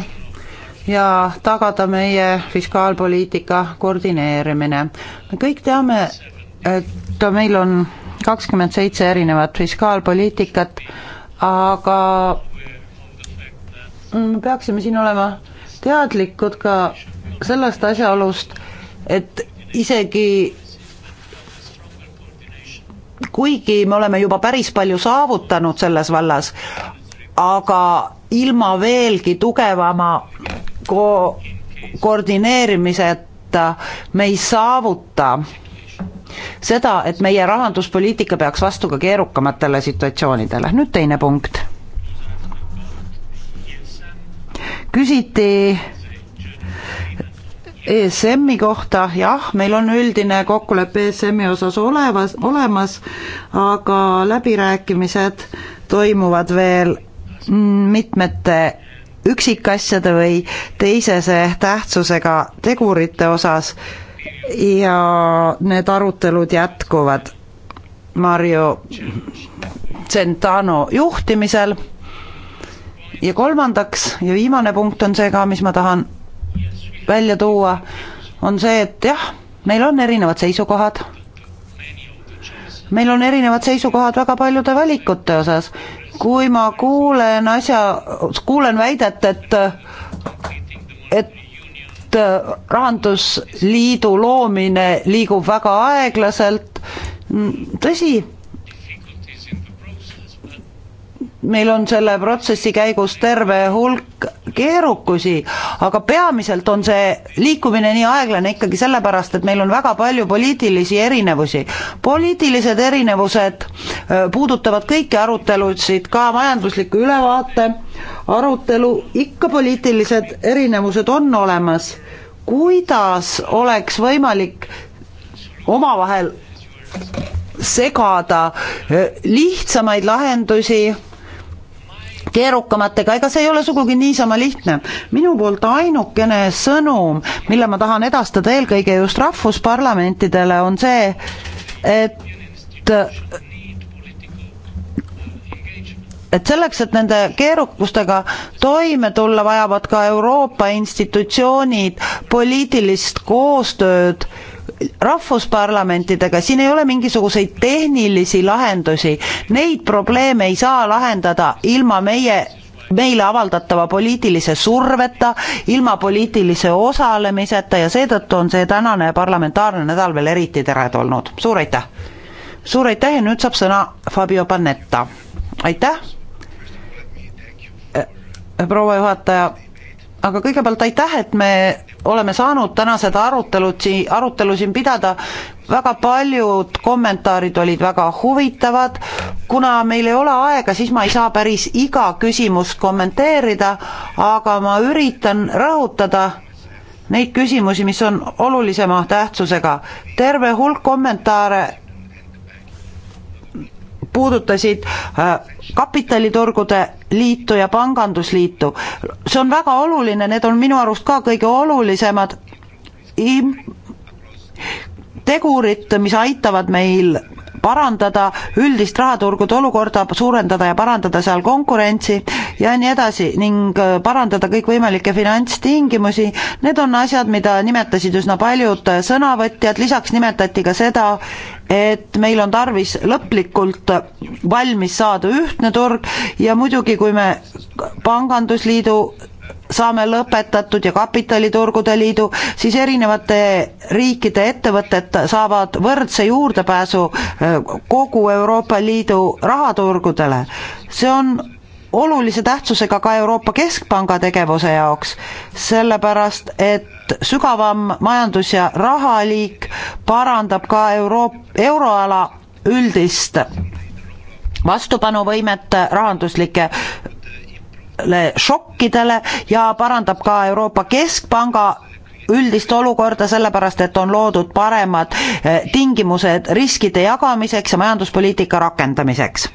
ja tagada meie fiskaalpoliitika koordineerimine. me kõik teame, et meil on kakskümmend seitse erinevat fiskaalpoliitikat, aga me mm, peaksime siin olema teadlikud ka sellest asjaolust, et isegi kuigi me oleme juba päris palju saavutanud selles vallas, aga ilma veelgi tugevama ko-, koordineerimiseta me ei saavuta seda, et meie rahanduspoliitika peaks vastu ka keerukamatele situatsioonidele, nüüd teine punkt. küsiti ESM-i kohta, jah, meil on üldine kokkulepe ESM-i osas olevas, olemas, aga läbirääkimised toimuvad veel mitmete üksikasjade või teisese tähtsusega tegurite osas ja need arutelud jätkuvad Mario Centano juhtimisel. ja kolmandaks ja viimane punkt on see ka, mis ma tahan välja tuua, on see, et jah, meil on erinevad seisukohad, meil on erinevad seisukohad väga paljude valikute osas. kui ma kuulen asja, kuulen väidet, et et et äh, Rahandusliidu loomine liigub väga aeglaselt. Mm, tõsi meil on selle protsessi käigus terve hulk keerukusi, aga peamiselt on see liikumine nii aeglane ikkagi sellepärast, et meil on väga palju poliitilisi erinevusi. poliitilised erinevused äh, puudutavad kõiki arutelusid, ka majandusliku ülevaate arutelu, ikka poliitilised erinevused on olemas. kuidas oleks võimalik omavahel segada äh, lihtsamaid lahendusi keerukamatega, ega see ei ole sugugi niisama lihtne. minu poolt ainukene sõnum, mille ma tahan edastada eelkõige just rahvusparlamentidele, on see, et et selleks, et nende keerukustega toime tulla, vajavad ka Euroopa institutsioonid poliitilist koostööd rahvusparlamentidega, siin ei ole mingisuguseid tehnilisi lahendusi, neid probleeme ei saa lahendada ilma meie meile avaldatava poliitilise surveta, ilma poliitilise osalemiseta ja seetõttu on see tänane parlamentaarne nädal veel eriti teretulnud, suur aitäh! suur aitäh ja nüüd saab sõna Fabio Panetta, aitäh! Äh, proua juhataja aga kõigepealt aitäh, et me oleme saanud täna seda arutelud sii-, arutelu siin pidada, väga paljud kommentaarid olid väga huvitavad, kuna meil ei ole aega, siis ma ei saa päris iga küsimust kommenteerida, aga ma üritan rõhutada neid küsimusi, mis on olulisema tähtsusega. terve hulk kommentaare puudutasid äh, kapitaliturgude liitu ja pangandusliitu. see on väga oluline, need on minu arust ka kõige olulisemad tegurid, mis aitavad meil parandada üldist rahaturgude olukorda, suurendada ja parandada seal konkurentsi ja nii edasi ning äh, parandada kõikvõimalikke finantstingimusi, need on asjad, mida nimetasid üsna paljud äh, sõnavõtjad, lisaks nimetati ka seda, et meil on tarvis lõplikult äh, valmis saada ühtne turg ja muidugi, kui me pangandusliidu saame lõpetatud ja kapitaliturgude liidu, siis erinevate riikide ettevõtted saavad võrdse juurdepääsu eh, kogu Euroopa Liidu rahaturgudele. see on olulise tähtsusega ka Euroopa Keskpanga tegevuse jaoks, sellepärast et sügavam majandus- ja rahaliik parandab ka Euroop-, euroala üldist vastupanuvõimet rahanduslike šokkidele ja parandab ka Euroopa Keskpanga üldist olukorda, sellepärast et on loodud paremad eh, tingimused riskide jagamiseks ja majanduspoliitika rakendamiseks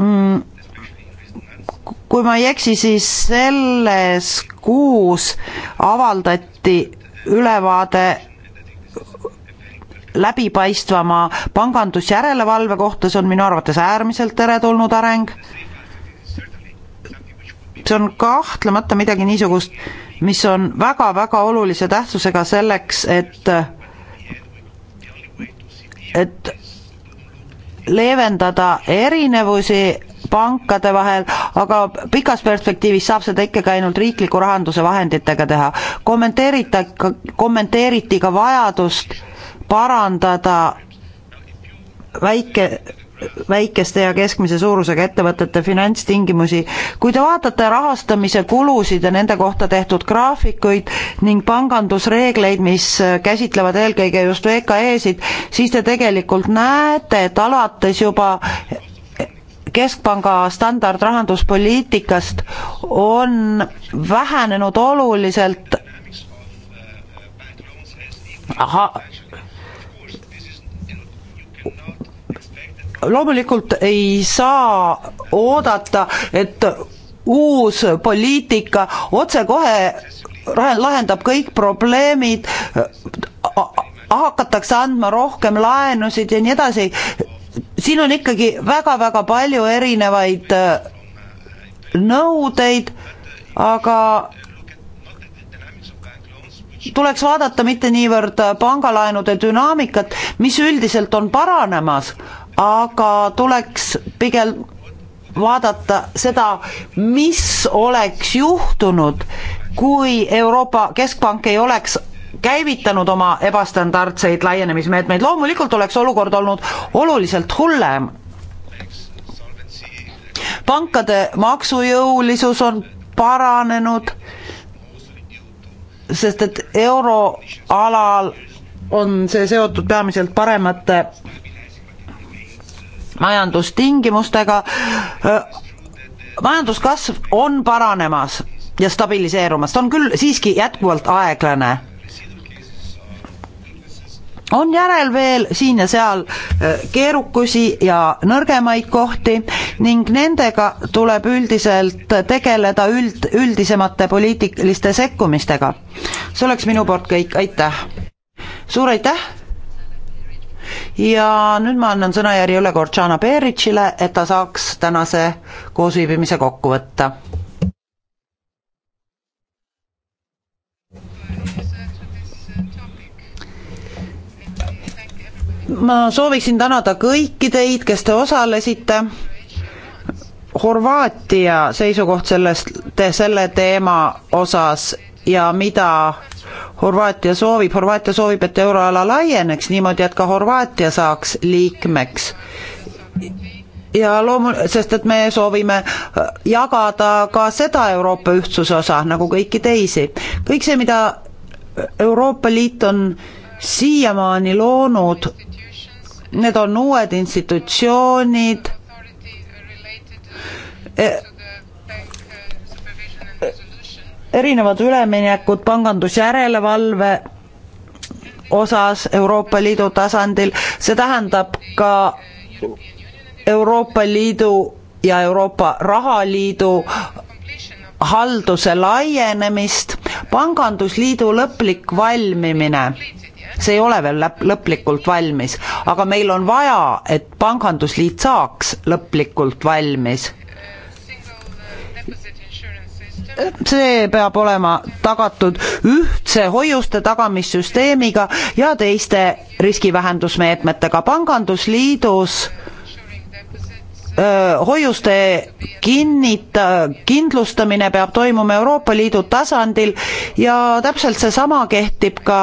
mm,. kui ma ei eksi, siis selles kuus avaldati ülevaade läbipaistvama pangandusjärelevalve kohta, see on minu arvates äärmiselt teretulnud areng. see on kahtlemata midagi niisugust, mis on väga-väga olulise tähtsusega selleks, et et leevendada erinevusi pankade vahel, aga pikas perspektiivis saab seda ikkagi ainult riikliku rahanduse vahenditega teha. kommenteerita-, kommenteeriti ka vajadust parandada väike, väikeste ja keskmise suurusega ettevõtete finantstingimusi. kui te vaatate rahastamise kulusid ja nende kohta tehtud graafikuid ning pangandusreegleid, mis käsitlevad eelkõige just VKE-sid, siis te tegelikult näete, et alates juba keskpanga standard rahanduspoliitikast on vähenenud oluliselt Aha loomulikult ei saa oodata, et uus poliitika otsekohe lahendab kõik probleemid, hakatakse andma rohkem laenusid ja nii edasi. siin on ikkagi väga-väga palju erinevaid äh, nõudeid, aga tuleks vaadata mitte niivõrd pangalaenude dünaamikat, mis üldiselt on paranemas, aga tuleks pigem vaadata seda, mis oleks juhtunud, kui Euroopa Keskpank ei oleks käivitanud oma ebastandardseid laienemismeetmeid, loomulikult oleks olukord olnud oluliselt hullem. pankade maksujõulisus on paranenud sest et euroalal on see seotud peamiselt paremate majandustingimustega, majanduskasv on paranemas ja stabiliseerumas, ta on küll siiski jätkuvalt aeglane on järel veel siin ja seal äh, keerukusi ja nõrgemaid kohti ning nendega tuleb üldiselt tegeleda üld, üldisemate poliitiliste sekkumistega. see oleks minu poolt kõik, aitäh! suur aitäh! ja nüüd ma annan sõnajärje üle Gortšana Peritšile, et ta saaks tänase koosviibimise kokku võtta ma sooviksin tänada kõiki teid, kes te osalesite. Horvaatia seisukoht sellest te,, selle teema osas ja mida Horvaatia soovib, Horvaatia soovib, et euroala laieneks niimoodi, et ka Horvaatia saaks liikmeks. ja loomu-, sest et me soovime äh, jagada ka seda Euroopa ühtsuse osa, nagu kõiki teisi. kõik see, mida Euroopa Liit on siiamaani loonud, need on uued institutsioonid e, erinevad üleminekud pangandusjärelevalve osas Euroopa Liidu tasandil, see tähendab ka Euroopa Liidu ja Euroopa Rahaliidu halduse laienemist, pangandusliidu lõplik valmimine see ei ole veel läp-, lõplikult valmis. aga meil on vaja, et pangandusliit saaks lõplikult valmis. see peab olema tagatud ühtse hoiuste tagamissüsteemiga ja teiste riskivähendusmeetmetega. pangandusliidus hoiuste kinnita, kindlustamine peab toimuma Euroopa Liidu tasandil ja täpselt seesama kehtib ka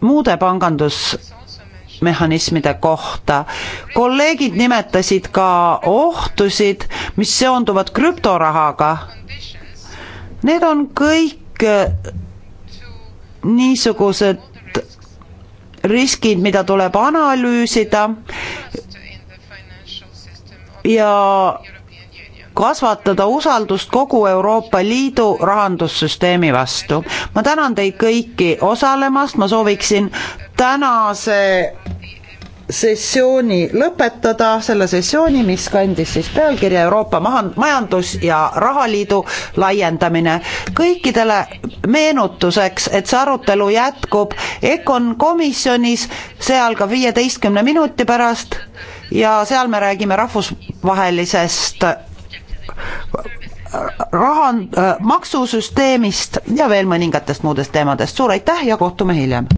muude pangandusmehhanismide kohta. kolleegid nimetasid ka ohtusid, mis seonduvad krüptorahaga. Need on kõik niisugused riskid, mida tuleb analüüsida ja kasvatada usaldust kogu Euroopa Liidu rahandussüsteemi vastu. ma tänan teid kõiki osalemast, ma sooviksin tänase sessiooni lõpetada, selle sessiooni, mis kandis siis pealkirja Euroopa mahan-, majandus- ja rahaliidu laiendamine. kõikidele meenutuseks, et see arutelu jätkub EKON komisjonis, see algab viieteistkümne minuti pärast ja seal me räägime rahvusvahelisest rahan- äh,, maksusüsteemist ja veel mõningatest muudest teemadest. suur aitäh ja kohtume hiljem!